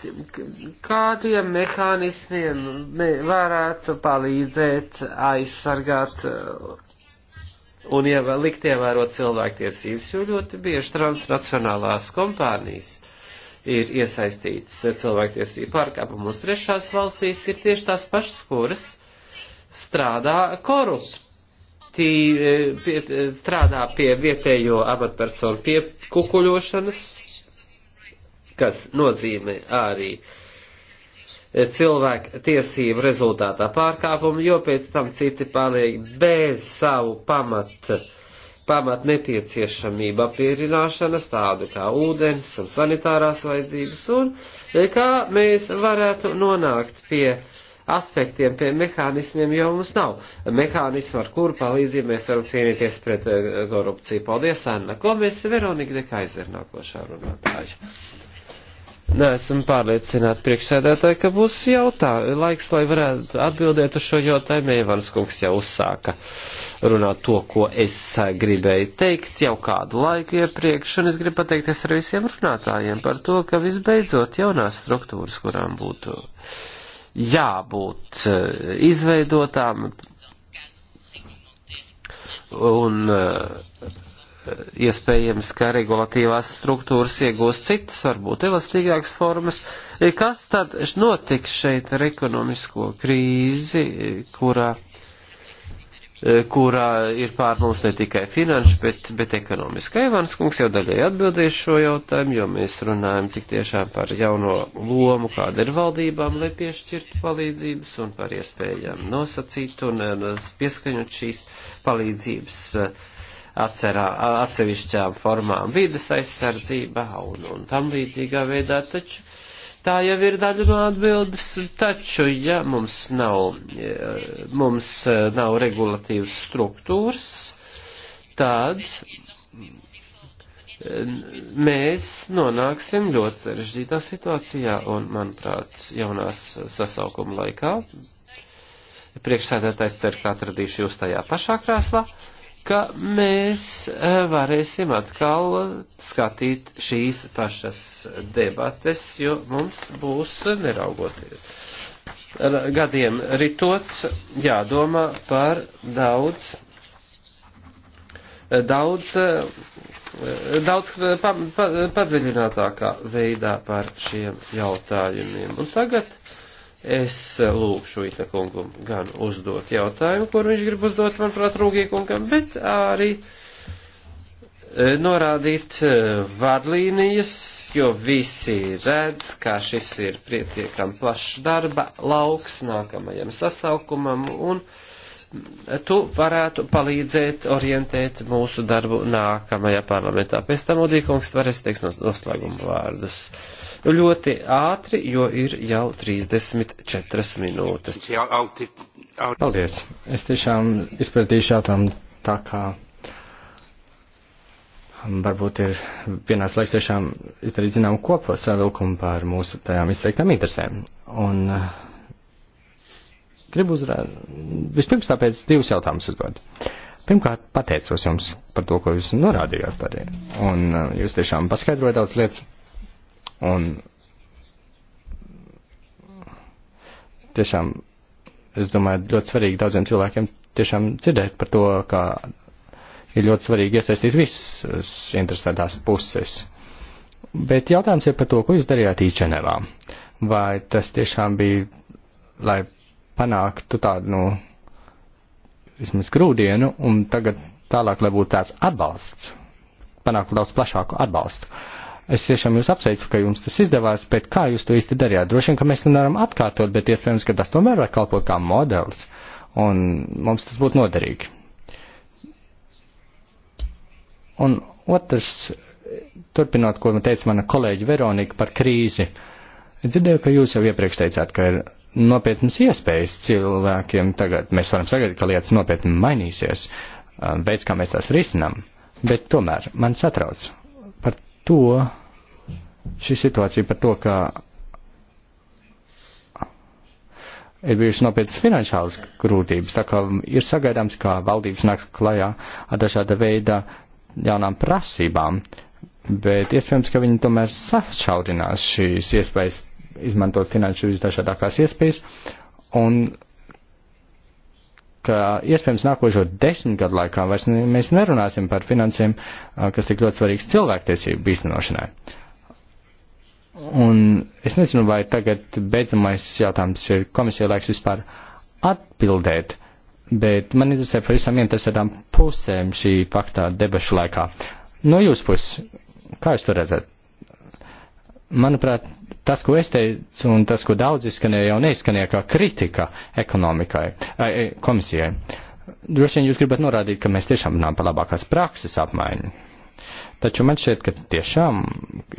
kādiem mehānismiem varētu palīdzēt aizsargāt eh, un ievā, likt ievērot cilvēktiesības, jo ļoti bieži transnacionālās kompānijas ir iesaistītas cilvēktiesību pārkāpumos trešās valstīs, ir tieši tās pašas, kuras strādā korupti, e, pie, strādā pie vietējo amatpersonu piekukuļošanas, kas nozīmē arī uh, cilvēku tiesību rezultātā pārkāpumu, jo pēc tam citi paliek bez savu pamatu pamat nepieciešamība apmierināšanas, tādu kā ūdens un sanitārās vajadzības, un e, kā mēs varētu nonākt pie aspektiem, pie mehānismiem, jo mums nav mehānismu, ar kuru palīdzību mēs varam cīnīties pret e, korupciju. Paldies, Anna. Ko mēs Veronika Dekaizer nākošā runātāja? Neesam pārliecināti priekšsēdētāji, ka būs jautā, laiks, lai varētu atbildēt uz šo jautājumu. Evans kungs jau uzsāka runāt to, ko es gribēju teikt jau kādu laiku iepriekš, un es gribu pateikties ar visiem runātājiem par to, ka visbeidzot jaunās struktūras, kurām būtu jābūt eh, izveidotām un eh, Eh, iespējams, ka regulatīvās struktūras iegūs citas, varbūt elastīgākas formas. Eh, kas tad notiks šeit ar ekonomisko krīzi, eh, kurā, kurā ir pār mums ne tikai finanšu, bet, bet ekonomiska? Evans kungs jau daļai atbildēs šo jautājumu, jo mēs runājam tik tiešām par jauno lomu, kāda ir valdībām, lai piešķirtu palīdzības un par iespējām nosacīt un pieskaņot šīs palīdzības atcerā, atsevišķām formām vidas aizsardzībā un, un tam līdzīgā veidā, taču tā jau ir daļa no atbildes, taču, ja mums nav, mums eh, nav regulatīvas struktūras, tad eh, mēs nonāksim ļoti sarežģītā situācijā un, manuprāt, jaunās sasaukuma laikā priekšsēdētājs cer, ka atradīšu jūs tajā pašā krēslā. Uh, ka mēs eh, varēsim atkal skatīt šīs pašas debates, jo mums būs neraugoties. Gadiem ritot, jādomā par daudz, daudz, eh, daudz eh, pa, pa, padziļinātākā veidā par šiem jautājumiem. Un tagad es lūkšu Ita kungam gan uzdot jautājumu, kur viņš grib uzdot, manuprāt, Rūgī kungam, bet arī e, norādīt e, vadlīnijas, jo visi redz, ka šis ir pietiekam plašs darba lauks nākamajam sasaukumam un uh, tu varētu palīdzēt orientēt mūsu darbu nākamajā parlamentā. Pēc tam Odīkungs varēs teiks noslēguma vārdus. Ļoti ātri, jo ir jau 34 minūtes. Paldies. Es tiešām izpratīšu jautājumu tā kā um, varbūt ir pienācis laiks tiešām izdarīt zinām kopsavilkumu par mūsu tajām izteiktām interesēm. Un, uh, gribu uzrādīt, vispirms tāpēc divus jautājumus uzdot. Pirmkārt, pateicos jums par to, ko jūs norādījāt par, un uh, jūs tiešām paskaidrojat daudz lietas, un tiešām, es domāju, ļoti svarīgi daudziem cilvēkiem tiešām dzirdēt par to, ka ir ļoti svarīgi iesaistīt visas interesētās puses. Bet jautājums ir par to, ko jūs darījāt īstenībā. Vai tas tiešām bija, lai panāktu tādu, nu, vismaz grūdienu, un tagad tālāk, lai būtu tāds atbalsts, panāktu daudz plašāku atbalstu. Es tiešām jūs apsveicu, ka jums tas izdevās, bet kā jūs to īsti darījāt? Droši vien, ka mēs to nevaram atkārtot, bet iespējams, ka tas tomēr var kalpot kā modelis, un mums tas būtu noderīgi. Un otrs, turpinot, ko man teica mana kolēģi Veronika par krīzi, dzirdēju, ka jūs jau iepriekš teicāt, ka ir nopietnas iespējas cilvēkiem tagad. Mēs varam sagaidīt, ka lietas nopietni mainīsies, uh, veids, kā mēs tās risinam, bet tomēr man satrauc par to, šī situācija par to, ka ir bijušas nopietnas finanšālas grūtības, tā kā ir sagaidāms, ka valdības nāks klajā ar dažāda veida jaunām prasībām, bet iespējams, ka viņi tomēr sašaurinās šīs iespējas izmantot finanšu visdažādākās iespējas, un ka iespējams nākošo desmit gadu laikā vairs ne, mēs nerunāsim par finansēm, kas tik ļoti svarīgs cilvēktiesību īstenošanai. Un es nezinu, vai tagad beidzamais jautājums ir komisija laiks vispār atbildēt, bet man interesē par visām interesētām pusēm šī faktā debašu laikā. No jūsu puses, kā jūs to redzat? manuprāt, tas, ko es teicu un tas, ko daudz izskanēja, jau neizskanēja kā kritika ekonomikai, komisijai. Droši vien jūs gribat norādīt, ka mēs tiešām runājam par labākās prakses apmaiņu. Taču man šķiet, ka tiešām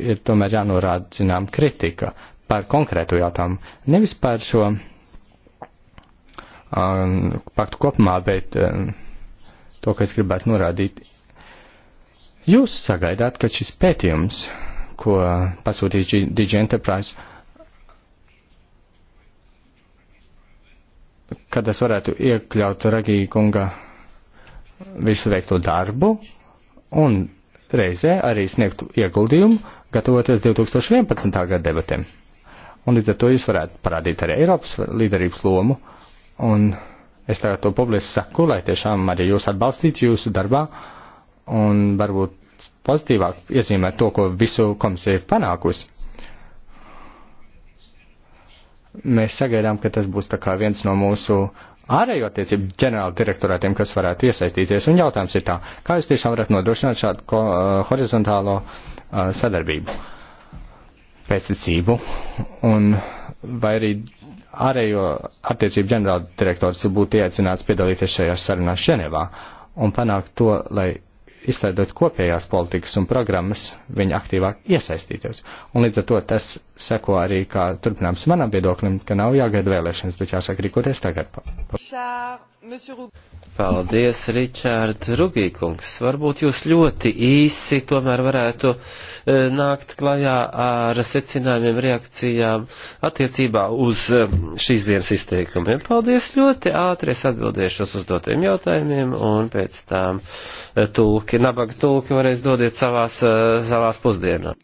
ir tomēr jānorāda, zinām, kritika par konkrētu jautājumu, nevis par šo um, paktu kopumā, bet um, to, ka es gribētu norādīt. Jūs sagaidāt, ka šis pētījums ko pasūtīs DG Enterprise, kad es varētu iekļaut Ragī kunga visu veikto darbu un reizē arī sniegtu ieguldījumu, gatavoties 2011. gada debatēm. Un līdz ar to jūs varētu parādīt arī Eiropas līderības lomu. Un es tagad to publiski saku, lai tiešām arī jūs atbalstītu jūsu darbā un varbūt pozitīvāk iezīmēt to, ko visu komisija ir panākusi. Mēs sagaidām, ka tas būs tā kā viens no mūsu ārējo attiecību ģenerāla direktorātiem, kas varētu iesaistīties. Un jautājums ir tā, kā jūs tiešām varat nodrošināt šādu ko, uh, horizontālo uh, sadarbību, pēcticību, un vai arī ārējo attiecību ģenerāla direktors būtu ieaicināts piedalīties šajās sarunās Ženevā un panākt to, lai izstrādāt kopējās politikas un programmas, viņi aktīvāk iesaistītos. Un līdz ar to tas seko arī kā turpinājums manam viedoklim, ka nav jāgaida vēlēšanas, bet jāsāk rīkoties tagad. Paldies. Paldies, Ričārd Rugīkungs. Varbūt jūs ļoti īsi tomēr varētu e, nākt klajā ar secinājumiem, reakcijām attiecībā uz e, šīs dienas izteikumiem. Paldies ļoti ātri, es atbildēšu uz uzdotiem jautājumiem un pēc tām e, tulki, nabaga tulki varēs dodiet savās, savās pusdienām.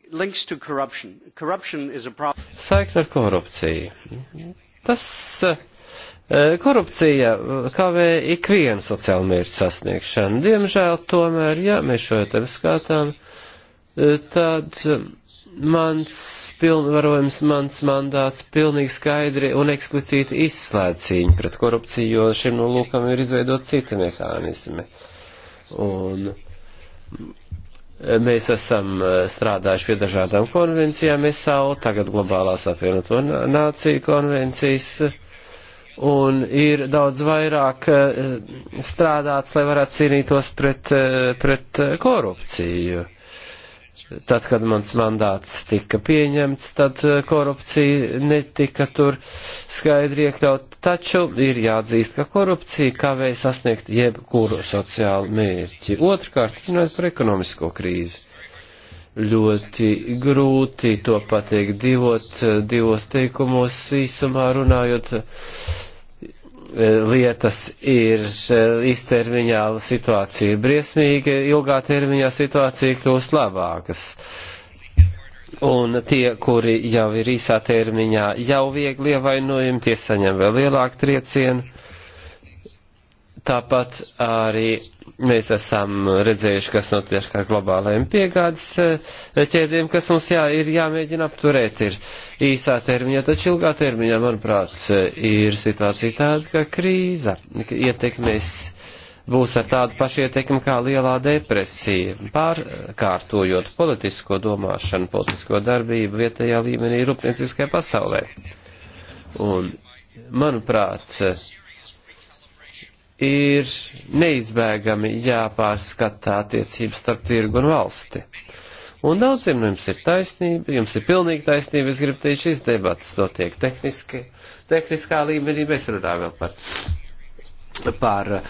Saikni ar korupciju. Tas. Uh, E, korupcija kavē ikvienu sociālu mērķu sasniegšanu. Diemžēl tomēr, ja mēs šo jautājumu skatām, e, tad mans pilnvarojums, mans mandāts pilnīgi skaidri un eksplicīti izslēdz cīņu pret korupciju, jo šim nolūkam ir izveidot citi mehānismi. Un mēs esam e, strādājuši pie dažādām konvencijām, es savu, tagad globālās apvienoto nāciju konvencijas un ir daudz vairāk eh, strādāts, lai varētu cīnītos pret, eh, pret eh, korupciju. Tad, kad mans mandāts tika pieņemts, tad korupcija netika tur skaidri iekļaut, taču ir jāatzīst, ka korupcija kavēja sasniegt jebkuru sociālu mērķi. Otrkārt, runājot par ekonomisko krīzi ļoti grūti to pateikt divot, divos teikumos īsumā runājot. Lietas ir īstermiņā situācija briesmīga, ilgā termiņā situācija kļūst labākas. Un tie, kuri jau ir īsā termiņā, jau viegli ievainojumi, tie saņem vēl lielāku triecienu Tāpat arī mēs esam redzējuši, kas notiek ar globālajiem piegādes eh, ķēdēm, kas mums jā, ir jāmēģina apturēt. Ir īsā termiņā, taču ilgā termiņā, manuprāt, ir situācija tāda, ka krīza ietekmēs būs ar tādu pašu ietekmi kā lielā depresija, pārkārtojot politisko domāšanu, politisko darbību vietējā līmenī rūpnieciskajā pasaulē. Un, manuprāt, ir neizbēgami jāpārskatā attiecības starp tirgu un valsti. Un daudziem no jums ir taisnība, jums ir pilnīgi taisnība, es gribu teikt, šīs debatas notiek tehniski, tehniskā līmenī, mēs runājam vēl par, par uh,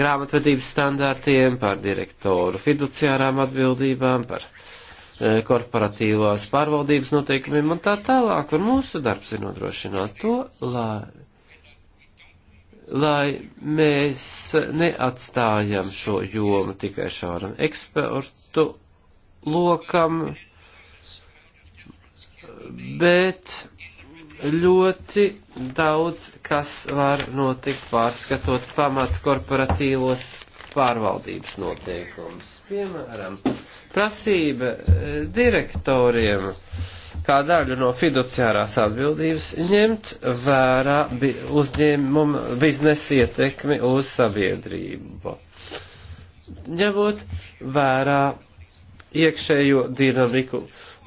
grāmatvedības standārtiem, par direktoru fiduciārām atbildībām, par uh, korporatīvās pārvaldības noteikumiem un tā tālāk, un mūsu darbs ir nodrošināt to, lai lai mēs neatstājam šo jomu tikai šādam ekspertu lokam, bet ļoti daudz kas var notikt pārskatot pamat korporatīvos pārvaldības noteikumus. Piemēram, prasība eh, direktoriem uh, kā daļu no fiduciārās atbildības ņemt vērā uzņēmumu biznesa ietekmi uz sabiedrību. Ņemot vērā iekšējo dinamiku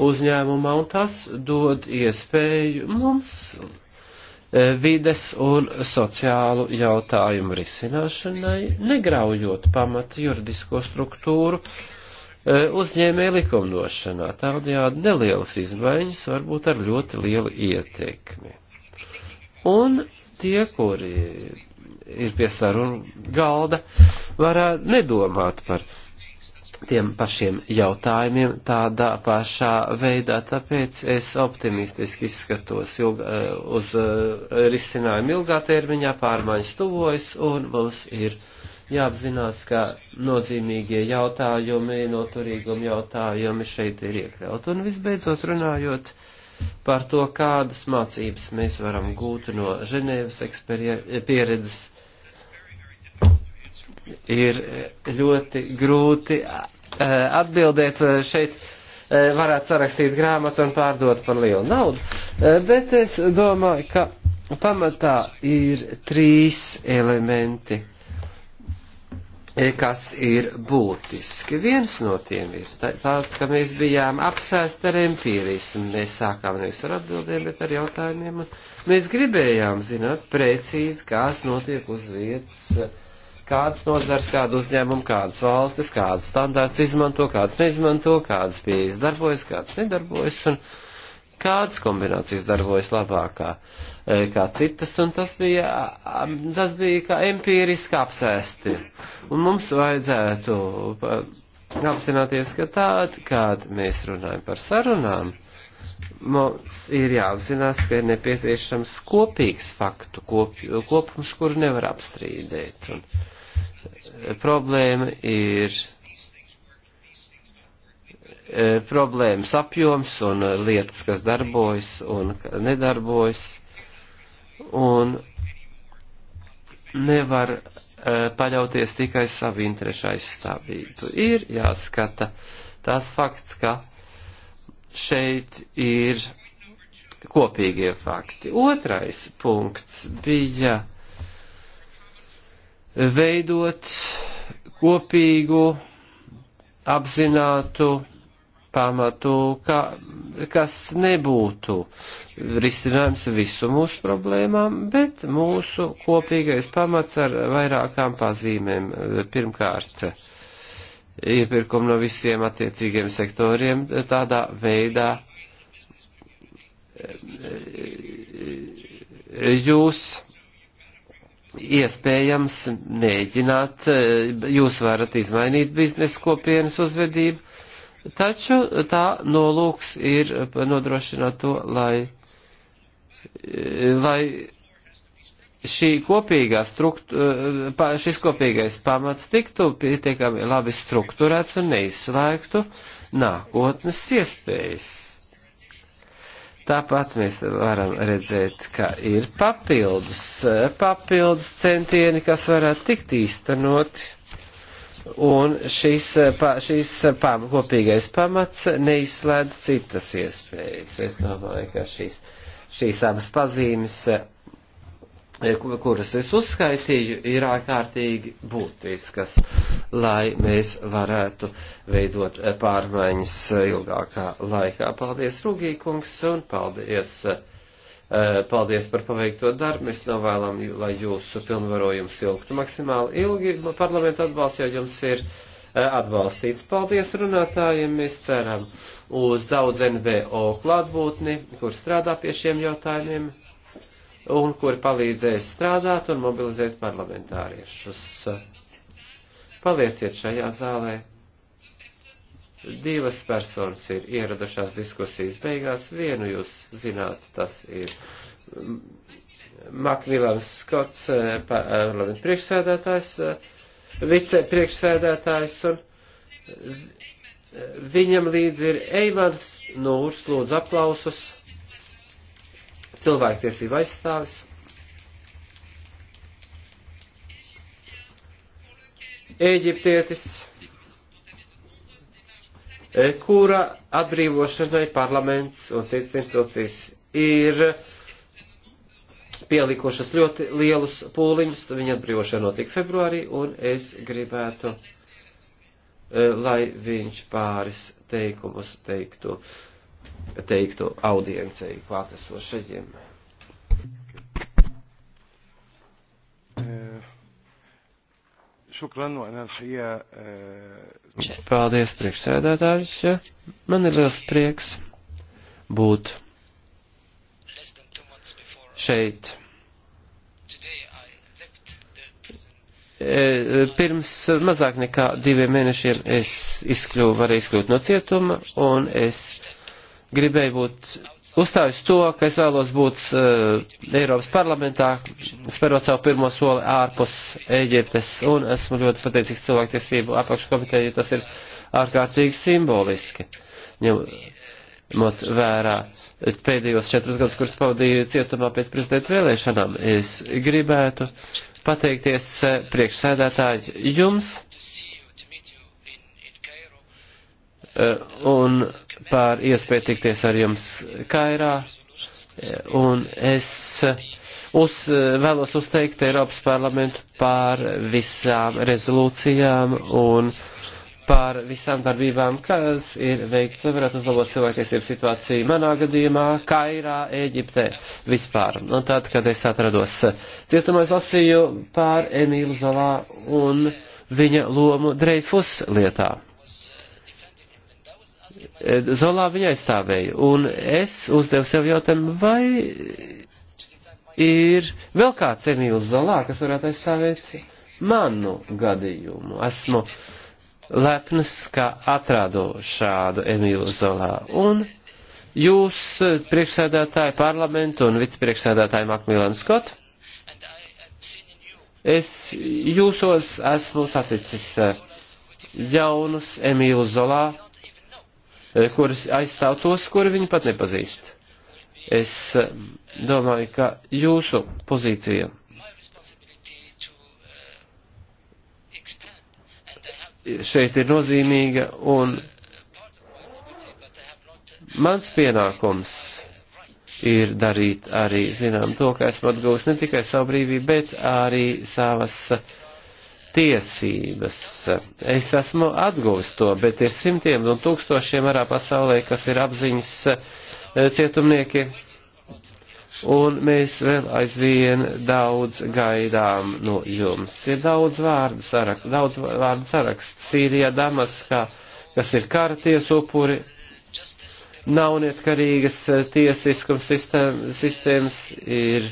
uzņēmumā, un tas dod iespēju mums e, vides un sociālu jautājumu risināšanai, negraujot pamat juridisko struktūru, uh, E, uzņēmēja likumdošanā. Tādējādi nelielas izmaiņas var būt ar ļoti lielu ietekmi. Un tie, kuri ir pie sarunu galda, varētu nedomāt par tiem pašiem jautājumiem tādā pašā veidā, tāpēc es optimistiski izskatos ilg, e, uz e, risinājumu ilgā termiņā, pārmaiņas tuvojas un mums ir jāapzinās, ka nozīmīgie jautājumi, noturīguma jautājumi šeit ir iekļaut. Un visbeidzot runājot par to, kādas mācības mēs varam gūt no Ženēvas pieredzes, ir ļoti grūti eh, atbildēt eh, šeit eh, varētu sarakstīt grāmatu un pārdot par lielu naudu, bet es domāju, ka pamatā ir trīs elementi E, kas ir būtiski. Viens no tiem ir tāds, ka mēs bijām apsēsti ar empirismu. Mēs sākām nevis ar atbildēm, bet ar jautājumiem. Mēs gribējām zināt precīzi, kas notiek uz vietas kādas nozars, kādu uzņēmumu, kādas valstis, kādas standārts izmanto, kādas neizmanto, kādas pieejas darbojas, kādas nedarbojas un kādas kombinācijas darbojas labākā E, kā citas, un tas bija, tas bija kā empīriski apsēsti. Un mums vajadzētu apzināties, ka tād, kād mēs runājam par sarunām, mums ir jāapzinās, ka ir nepieciešams kopīgs faktu kop, kopums, kuru nevar apstrīdēt. Un e, problēma ir e, problēmas apjoms un lietas, kas darbojas un nedarbojas un nevar uh, paļauties tikai savu interešu aizstāvību. Ir jāskata tās fakts, ka šeit ir kopīgie fakti. Otrais punkts bija veidot kopīgu, apzinātu pamatu, ka, kas nebūtu risinājums visu mūsu problēmām, bet mūsu kopīgais pamats ar vairākām pazīmēm. Pirmkārt, iepirkumu no visiem attiecīgiem sektoriem tādā veidā jūs iespējams mēģināt, jūs varat izmainīt biznesa kopienas uzvedību, Taču tā nolūks ir nodrošināt to, lai, lai šī kopīgā struktūra, šis kopīgais pamats tiktu pietiekami labi strukturēts un neizslēgtu nākotnes iespējas. Tāpat mēs varam redzēt, ka ir papildus, papildus centieni, kas varētu tikt īstenoti Un šis, eh, pa, šis eh, pam, kopīgais pamats neizslēdz citas iespējas. Es domāju, ka šīs, šīs abas pazīmes, eh, kuras es uzskaitīju, ir ārkārtīgi būtiskas, lai mēs varētu veidot pārmaiņas ilgākā laikā. Paldies, Rūgīkungs, un paldies! Uh, Eh, paldies par paveikto darbu. Mēs novēlam, lai jūsu pilnvarojums ilgtu maksimāli ilgi. Parlamenta atbalsts jau jums ir eh, atbalstīts. Paldies runātājiem. Mēs ceram uz daudz NVO klātbūtni, kur strādā pie šiem jautājumiem un kur palīdzēs strādāt un mobilizēt parlamentāriešus. Palieciet šajā zālē. Divas personas ir ieradušās diskusijas beigās. Vienu jūs zināt, tas ir mm, Makmilans Skots, eh, parlamenta eh, priekšsēdētājs, eh, vicepriekšsēdētājs, un viņam līdz ir Eimans Nūrs, lūdzu aplausus, cilvēktiesība aizstāvis. Ēģiptietis E, kura atbrīvošanai parlaments un citas institūcijas ir pielikušas ļoti lielus pūliņus. Viņa atbrīvošana notika februārī, un es gribētu, e, lai viņš pāris teikumus teiktu, teiktu audiencei klātesošajiem. Šukranu, Anel Hija. Paldies, priekšsēdētājs. Man ir liels prieks būt šeit. Eh, pirms mazāk nekā diviem mēnešiem es izkļuvu, varēju izkļūt no cietuma, un es gribēju būt uzstājus to, ka es vēlos būt uh, Eiropas parlamentā, sperot savu pirmo soli ārpus Ēģiptes, un esmu ļoti pateicīgs cilvēktiesību apakškomiteju, tas ir ārkārtīgi simboliski. Ņemot vērā pēdējos četrus gadus, kurus pavadīju cietumā pēc prezidenta vēlēšanām, es gribētu pateikties eh, priekšsēdētāji jums. Uh, un par iespēju tikties ar jums Kairā, un es uz, vēlos uzteikt Eiropas parlamentu par visām rezolūcijām un par visām darbībām, kas ir veikts, lai varētu uzlabot cilvēktiesību situāciju manā gadījumā, Kairā, Ēģiptē, vispār. Un tad, kad es atrados cietumā, es lasīju pār Emīlu Zalā un viņa lomu Dreifus lietā. Zolā viņa aizstāvēja. Un es uzdevu sev jautājumu, vai ir vēl kāds Emīls Zolā, kas varētu aizstāvēt manu gadījumu. Esmu lepnas, ka atrādu šādu Emīlu Zolā. Un jūs, priekšsēdētāji parlamentu un vicepriekšsēdētāji Makmilānu Skotu, es jūsos esmu saticis eh, jaunus Emīlu Zolā E, kuras aizstāv tos, kuri viņi pat nepazīst. Es e, domāju, ka jūsu pozīcija e, šeit ir nozīmīga un mans pienākums ir darīt arī, zinām, to, ka esmu atguvis ne tikai savu brīvību, bet arī savas uh, tiesības. Es esmu atguvis to, bet ir simtiem un tūkstošiem arā pasaulē, kas ir apziņas eh, cietumnieki. Un mēs vēl aizvien daudz gaidām no jums. Ir daudz vārdu saraksts, daudz vārdu saraksts Sīrijā, Damaskā, kas ir kara tiesu upuri, nav neatkarīgas eh, tiesiskums sistēmas, sistēmas ir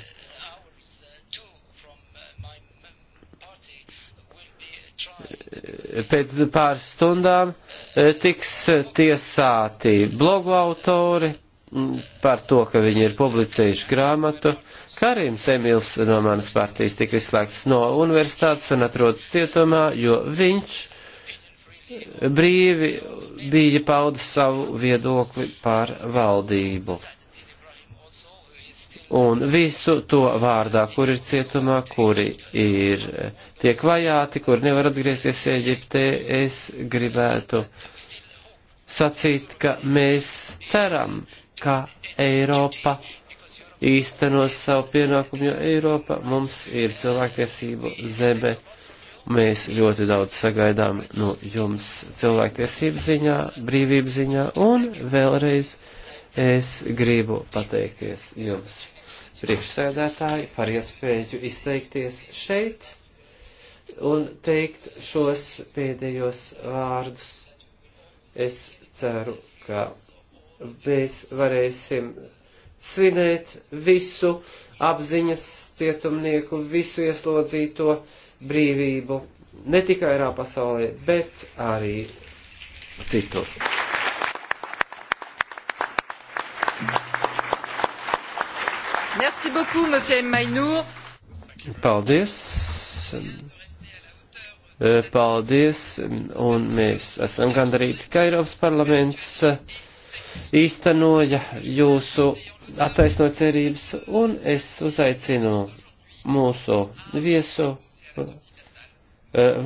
pēc pāris stundām eh, tiks tiesāti blogu autori mm, par to, ka viņi ir publicējuši grāmatu. Karims Emils no manas partijas tika izslēgts no universitātes un atrodas cietumā, jo viņš brīvi bija paudis savu viedokli par valdību un visu to vārdā, kur ir cietumā, kuri ir eh, tiek vajāti, kur nevar atgriezties Eģiptē, es gribētu sacīt, ka mēs ceram, ka Eiropa īstenos savu pienākumu, jo Eiropa mums ir cilvēktiesību zeme. Mēs ļoti daudz sagaidām no jums cilvēktiesību ziņā, brīvību ziņā un vēlreiz es gribu pateikties jums priekšsēdētāji par iespēju izteikties šeit un teikt šos pēdējos vārdus. Es ceru, ka mēs varēsim svinēt visu apziņas cietumnieku, visu ieslodzīto brīvību, ne tikai ārā pasaulē, bet arī citur. beaucoup, monsieur Mainour. Paldies. Paldies, un mēs esam gandarīti, ka Eiropas parlaments īstenoja jūsu attaisno cerības, un es uzaicinu mūsu viesu eh,